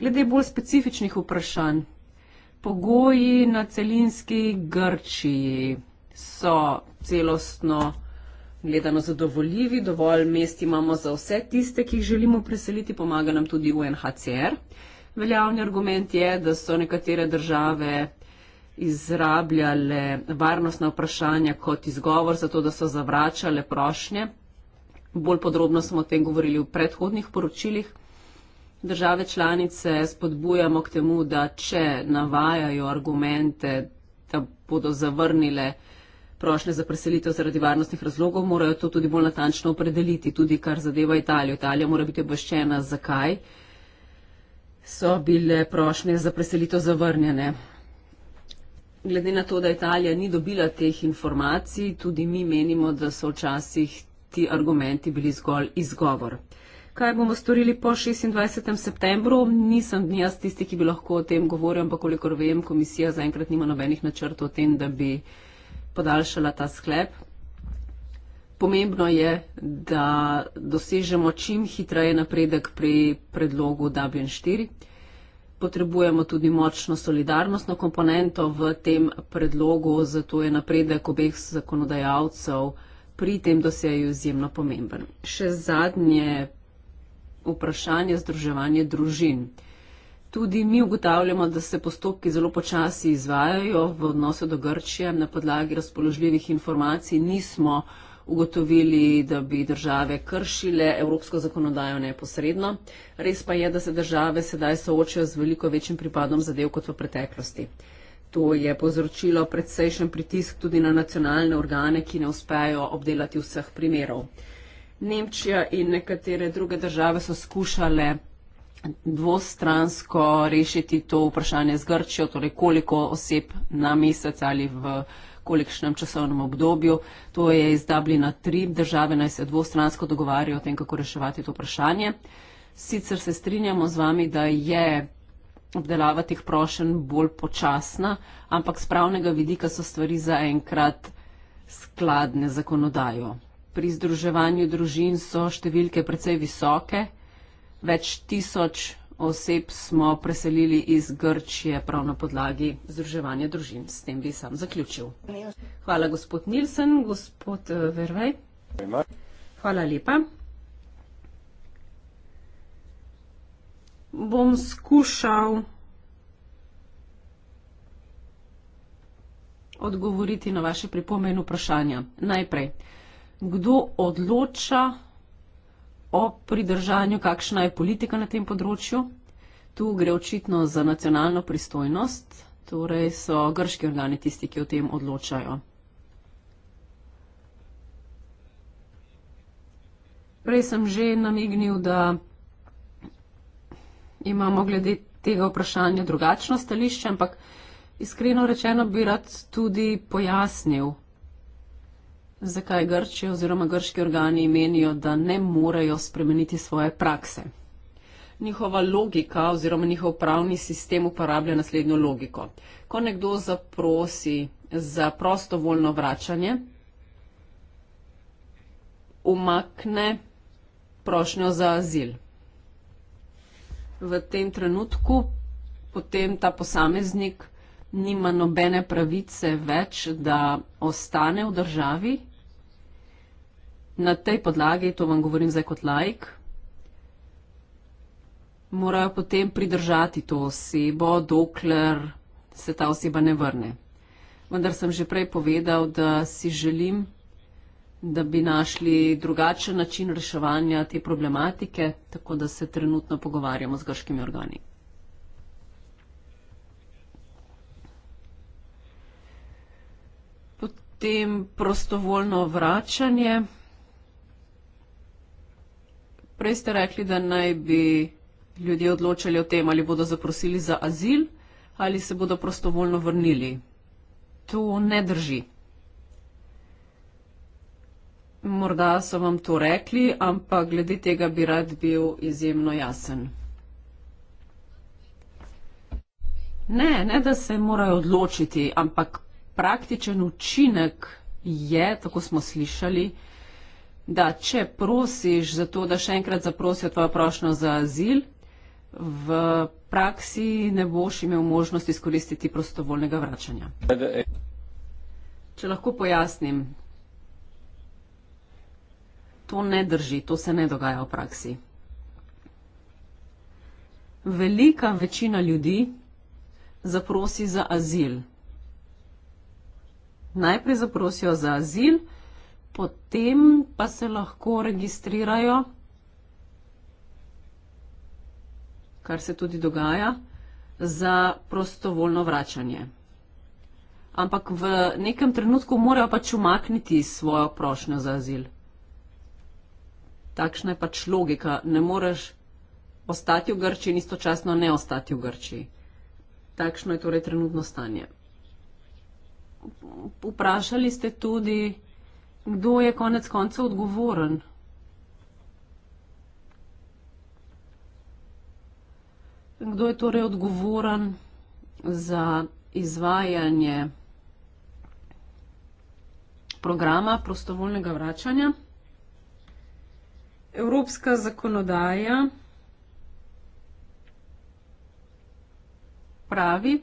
Glede bolj specifičnih vprašanj, pogoji na celinski Grčiji so celostno gledano zadovoljivi, dovolj mest imamo za vse tiste, ki jih želimo preseliti, pomaga nam tudi UNHCR. Veljavni argument je, da so nekatere države izrabljale varnostna vprašanja kot izgovor za to, da so zavračale prošnje. Bolj podrobno smo o tem govorili v predhodnih poročilih. Države članice spodbujamo k temu, da če navajajo argumente, da bodo zavrnile prošnje za preselitev zaradi varnostnih razlogov, morajo to tudi bolj natančno opredeliti, tudi kar zadeva Italijo. Italija mora biti obveščena, zakaj so bile prošnje za preselitev zavrnjene. Glede na to, da Italija ni dobila teh informacij, tudi mi menimo, da so včasih ti argumenti bili zgolj izgovor. Kaj bomo storili po 26. septembru? Nisem jaz tisti, ki bi lahko o tem govoril, ampak kolikor vem, komisija zaenkrat nima nobenih načrtov o tem, da bi podaljšala ta sklep. Pomembno je, da dosežemo čim hitreje napredek pri predlogu Dublin 4. Potrebujemo tudi močno solidarnostno komponento v tem predlogu, zato je napredek obeh zakonodajalcev pri tem dosežju izjemno pomemben. Še zadnje vprašanje združevanje družin. Tudi mi ugotavljamo, da se postopki zelo počasi izvajajo v odnosu do Grčije. Na podlagi razpoložljivih informacij nismo ugotovili, da bi države kršile evropsko zakonodajo neposredno. Res pa je, da se države sedaj soočajo z veliko večjim pripadom zadev kot v preteklosti. To je povzročilo predsejšen pritisk tudi na nacionalne organe, ki ne uspejo obdelati vseh primerov. Nemčija in nekatere druge države so skušale dvostransko rešiti to vprašanje z Grčijo, torej koliko oseb na mesec ali v kolikšnem časovnem obdobju. To je iz Dublina tri države, naj se dvostransko dogovarjajo o tem, kako reševati to vprašanje. Sicer se strinjamo z vami, da je obdelava teh prošen bolj počasna, ampak z pravnega vidika so stvari zaenkrat skladne zakonodajo. Pri združevanju družin so številke precej visoke več tisoč oseb smo preselili iz Grčije prav na podlagi združevanja družin. S tem bi sam zaključil. Hvala, gospod Nilsen, gospod eh, Vervej. Hvala lepa. Bom skušal odgovoriti na vaše pripombe in vprašanja. Najprej, kdo odloča ob pridržanju, kakšna je politika na tem področju. Tu gre očitno za nacionalno pristojnost, torej so grški organi tisti, ki o tem odločajo. Prej sem že namignil, da imamo glede tega vprašanja drugačno stališče, ampak iskreno rečeno bi rad tudi pojasnil. Zakaj Grčijo oziroma grški organi menijo, da ne morejo spremeniti svoje prakse? Njihova logika oziroma njihov pravni sistem uporablja naslednjo logiko. Ko nekdo zaprosi za prostovoljno vračanje, umakne prošnjo za azil. V tem trenutku potem ta posameznik nima nobene pravice več, da ostane v državi. Na tej podlagi, to vam govorim zdaj kot lajk, morajo potem pridržati to osebo, dokler se ta oseba ne vrne. Vendar sem že prej povedal, da si želim, da bi našli drugačen način reševanja te problematike, tako da se trenutno pogovarjamo z grškimi organi. potem prostovoljno vračanje. Prej ste rekli, da naj bi ljudje odločali o tem, ali bodo zaprosili za azil ali se bodo prostovoljno vrnili. To ne drži. Morda so vam to rekli, ampak glede tega bi rad bil izjemno jasen. Ne, ne da se morajo odločiti, ampak praktičen učinek je, tako smo slišali, da če prosiš za to, da še enkrat zaprosijo tvojo prošnjo za azil, v praksi ne boš imel možnosti izkoristiti prostovoljnega vračanja. Če lahko pojasnim, to ne drži, to se ne dogaja v praksi. Velika večina ljudi zaprosi za azil najprej zaprosijo za azil, potem pa se lahko registrirajo, kar se tudi dogaja, za prostovoljno vračanje. Ampak v nekem trenutku morajo pač umakniti svojo prošnjo za azil. Takšna je pač logika. Ne moreš ostati v Grči in istočasno ne ostati v Grči. Takšno je torej trenutno stanje vprašali ste tudi, kdo je konec koncev odgovoren. Kdo je torej odgovoren za izvajanje programa prostovoljnega vračanja? Evropska zakonodaja pravi,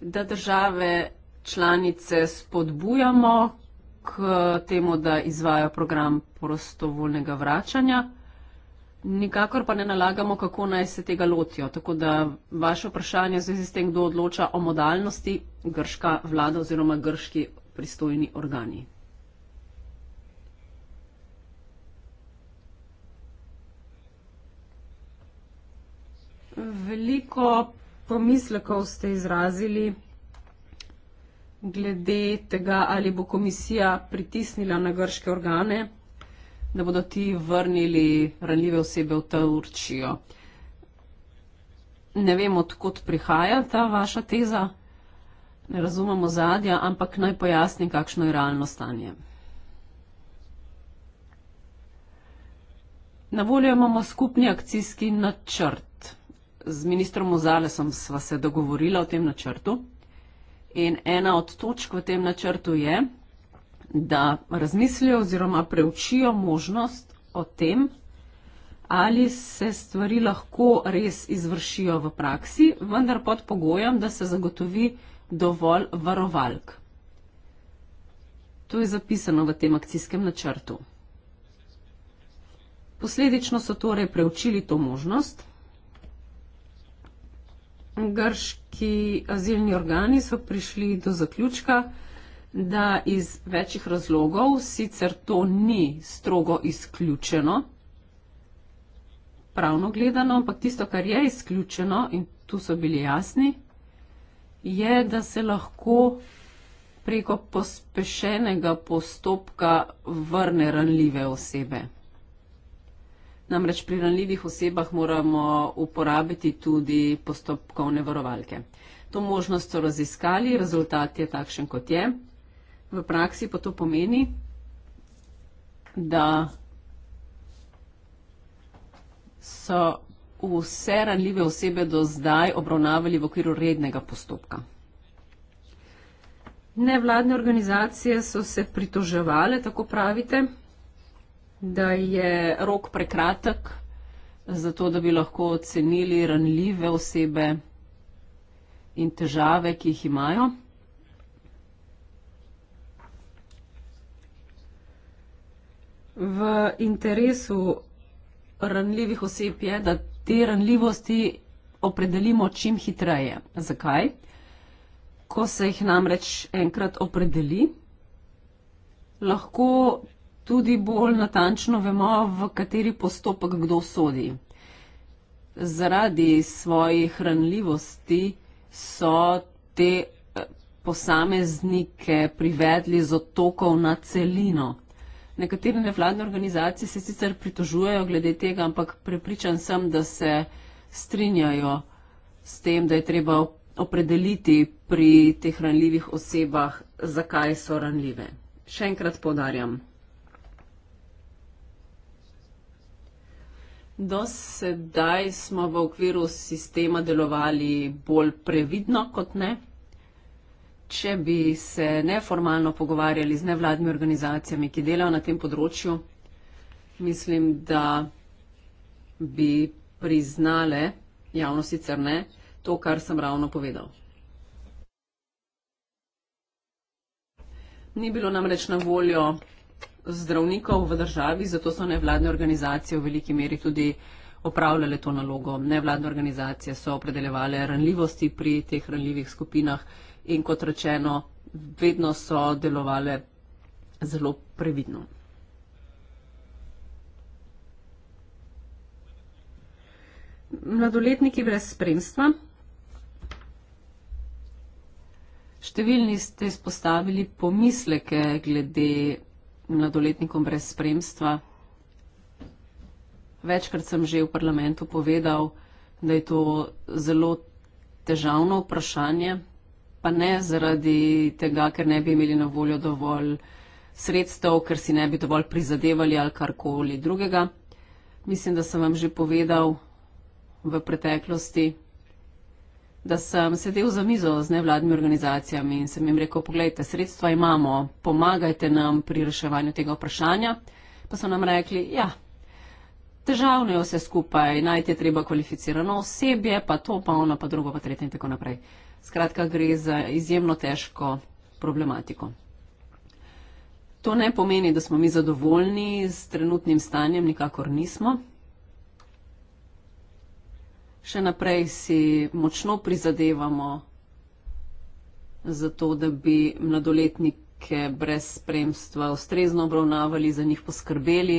da države članice spodbujamo k temu, da izvajo program prostovoljnega vračanja. Nikakor pa ne nalagamo, kako naj se tega lotijo. Tako da vaše vprašanje v zvezi s tem, kdo odloča o modalnosti, grška vlada oziroma grški pristojni organi. Veliko pomislekov ste izrazili glede tega, ali bo komisija pritisnila na grške organe, da bodo ti vrnili ranljive osebe v Turčijo. Ne vem, odkot prihaja ta vaša teza, ne razumemo zadja, ampak naj pojasnim, kakšno je realno stanje. Na voljo imamo skupni akcijski načrt. Z ministrom Ozalesom sva se dogovorila o tem načrtu. In ena od točk v tem načrtu je, da razmislijo oziroma preučijo možnost o tem, ali se stvari lahko res izvršijo v praksi, vendar pod pogojem, da se zagotovi dovolj varovalk. To je zapisano v tem akcijskem načrtu. Posledično so torej preučili to možnost Grški azilni organi so prišli do zaključka, da iz večjih razlogov sicer to ni strogo izključeno, pravno gledano, ampak tisto, kar je izključeno in tu so bili jasni, je, da se lahko preko pospešenega postopka vrne ranljive osebe. Namreč pri ranljivih osebah moramo uporabiti tudi postopkovne varovalke. To možnost so raziskali, rezultat je takšen, kot je. V praksi pa to pomeni, da so vse ranljive osebe do zdaj obravnavali v okviru rednega postopka. Nevladne organizacije so se pritoževale, tako pravite, da je rok prekratek, zato da bi lahko ocenili ranljive osebe in težave, ki jih imajo. V interesu ranljivih oseb je, da te ranljivosti opredelimo čim hitreje. Zakaj? Ko se jih namreč enkrat opredeli, lahko tudi bolj natančno vemo, v kateri postopek kdo sodi. Zaradi svojih hranljivosti so te eh, posameznike privedli z otokov na celino. Nekatere nevladne organizacije se sicer pritožujejo glede tega, ampak prepričan sem, da se strinjajo s tem, da je treba opredeliti pri teh ranljivih osebah, zakaj so ranljive. Še enkrat podarjam. Do sedaj smo v okviru sistema delovali bolj previdno kot ne. Če bi se neformalno pogovarjali z nevladnimi organizacijami, ki delajo na tem področju, mislim, da bi priznale, javno sicer ne, to, kar sem ravno povedal. Ni bilo namreč na voljo zdravnikov v državi, zato so nevladne organizacije v veliki meri tudi opravljale to nalogo. Nevladne organizacije so opredeljevale ranljivosti pri teh ranljivih skupinah in kot rečeno, vedno so delovale zelo previdno. Mladoletniki brez spremstva. Številni ste izpostavili pomisleke glede mladoletnikom brez spremstva. Večkrat sem že v parlamentu povedal, da je to zelo težavno vprašanje, pa ne zaradi tega, ker ne bi imeli na voljo dovolj sredstev, ker si ne bi dovolj prizadevali ali karkoli drugega. Mislim, da sem vam že povedal v preteklosti, da sem sedel za mizo z nevladnimi organizacijami in sem jim rekel, pogledajte, sredstva imamo, pomagajte nam pri reševanju tega vprašanja. Pa so nam rekli, ja, težavno je vse skupaj, najti je treba kvalificirano osebje, pa to, pa ono, pa drugo, pa tretje in tako naprej. Skratka, gre za izjemno težko problematiko. To ne pomeni, da smo mi zadovoljni s trenutnim stanjem, nikakor nismo še naprej si močno prizadevamo za to, da bi mladoletnike brez spremstva ustrezno obravnavali, za njih poskrbeli.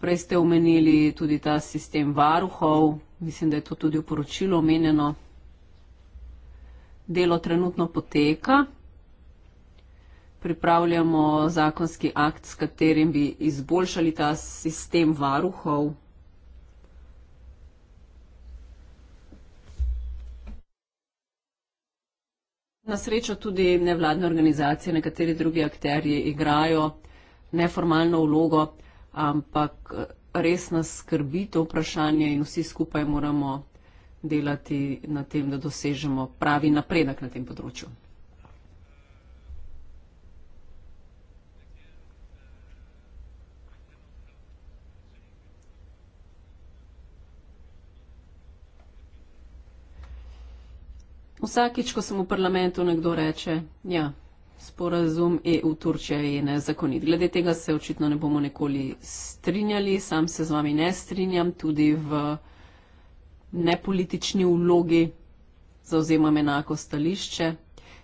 Prej ste omenili tudi ta sistem varuhov, mislim, da je to tudi v poročilu omenjeno. Delo trenutno poteka, pripravljamo zakonski akt, s katerim bi izboljšali ta sistem varuhov. Na srečo tudi nevladne organizacije, nekateri drugi akterji igrajo neformalno vlogo, ampak res nas skrbi to vprašanje in vsi skupaj moramo delati na tem, da dosežemo pravi napredek na tem področju. Vsakič, ko sem v parlamentu, nekdo reče, ja, sporazum EU-Turčija je nezakonit. Glede tega se očitno ne bomo nikoli strinjali, sam se z vami ne strinjam, tudi v nepolitični vlogi zauzemam enako stališče.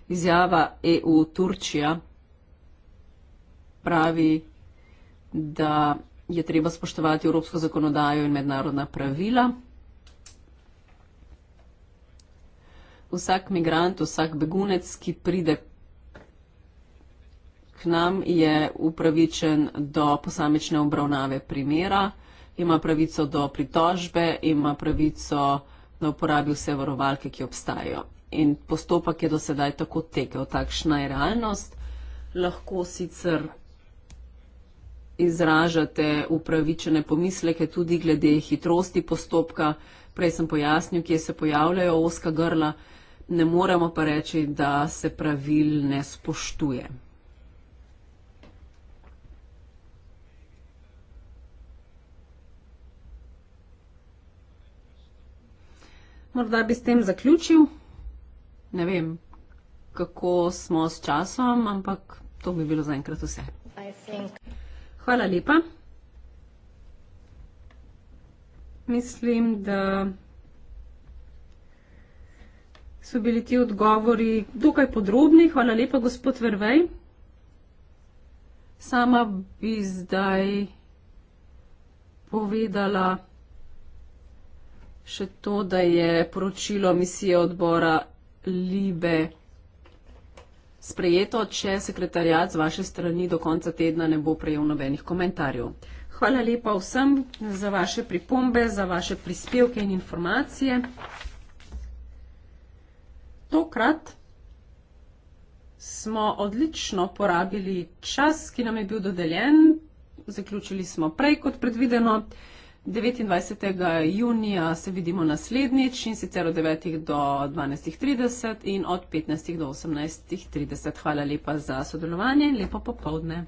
Izjava EU-Turčija pravi, da je treba spoštovati evropsko zakonodajo in mednarodna pravila. vsak migrant, vsak begunec, ki pride k nam, je upravičen do posamične obravnave primera, ima pravico do pritožbe, ima pravico, da uporabi vse varovalke, ki obstajajo. In postopek je do sedaj tako tekel. Takšna je realnost. Lahko sicer izražate upravičene pomisleke tudi glede hitrosti postopka. Prej sem pojasnil, kje se pojavljajo oska grla ne moremo pa reči, da se pravil ne spoštuje. Morda bi s tem zaključil. Ne vem, kako smo s časom, ampak to bi bilo zaenkrat vse. Hvala lepa. Mislim, da so bili ti odgovori dokaj podrobni. Hvala lepa, gospod Vervej. Sama bi zdaj povedala še to, da je poročilo misije odbora Libe sprejeto, če sekretarjat z vaše strani do konca tedna ne bo prejel nobenih komentarjev. Hvala lepa vsem za vaše pripombe, za vaše prispevke in informacije tokrat smo odlično porabili čas, ki nam je bil dodeljen. Zaključili smo prej kot predvideno. 29. junija se vidimo naslednjič in sicer od 9. do 12.30 in od 15. do 18.30. Hvala lepa za sodelovanje in lepo popovdne.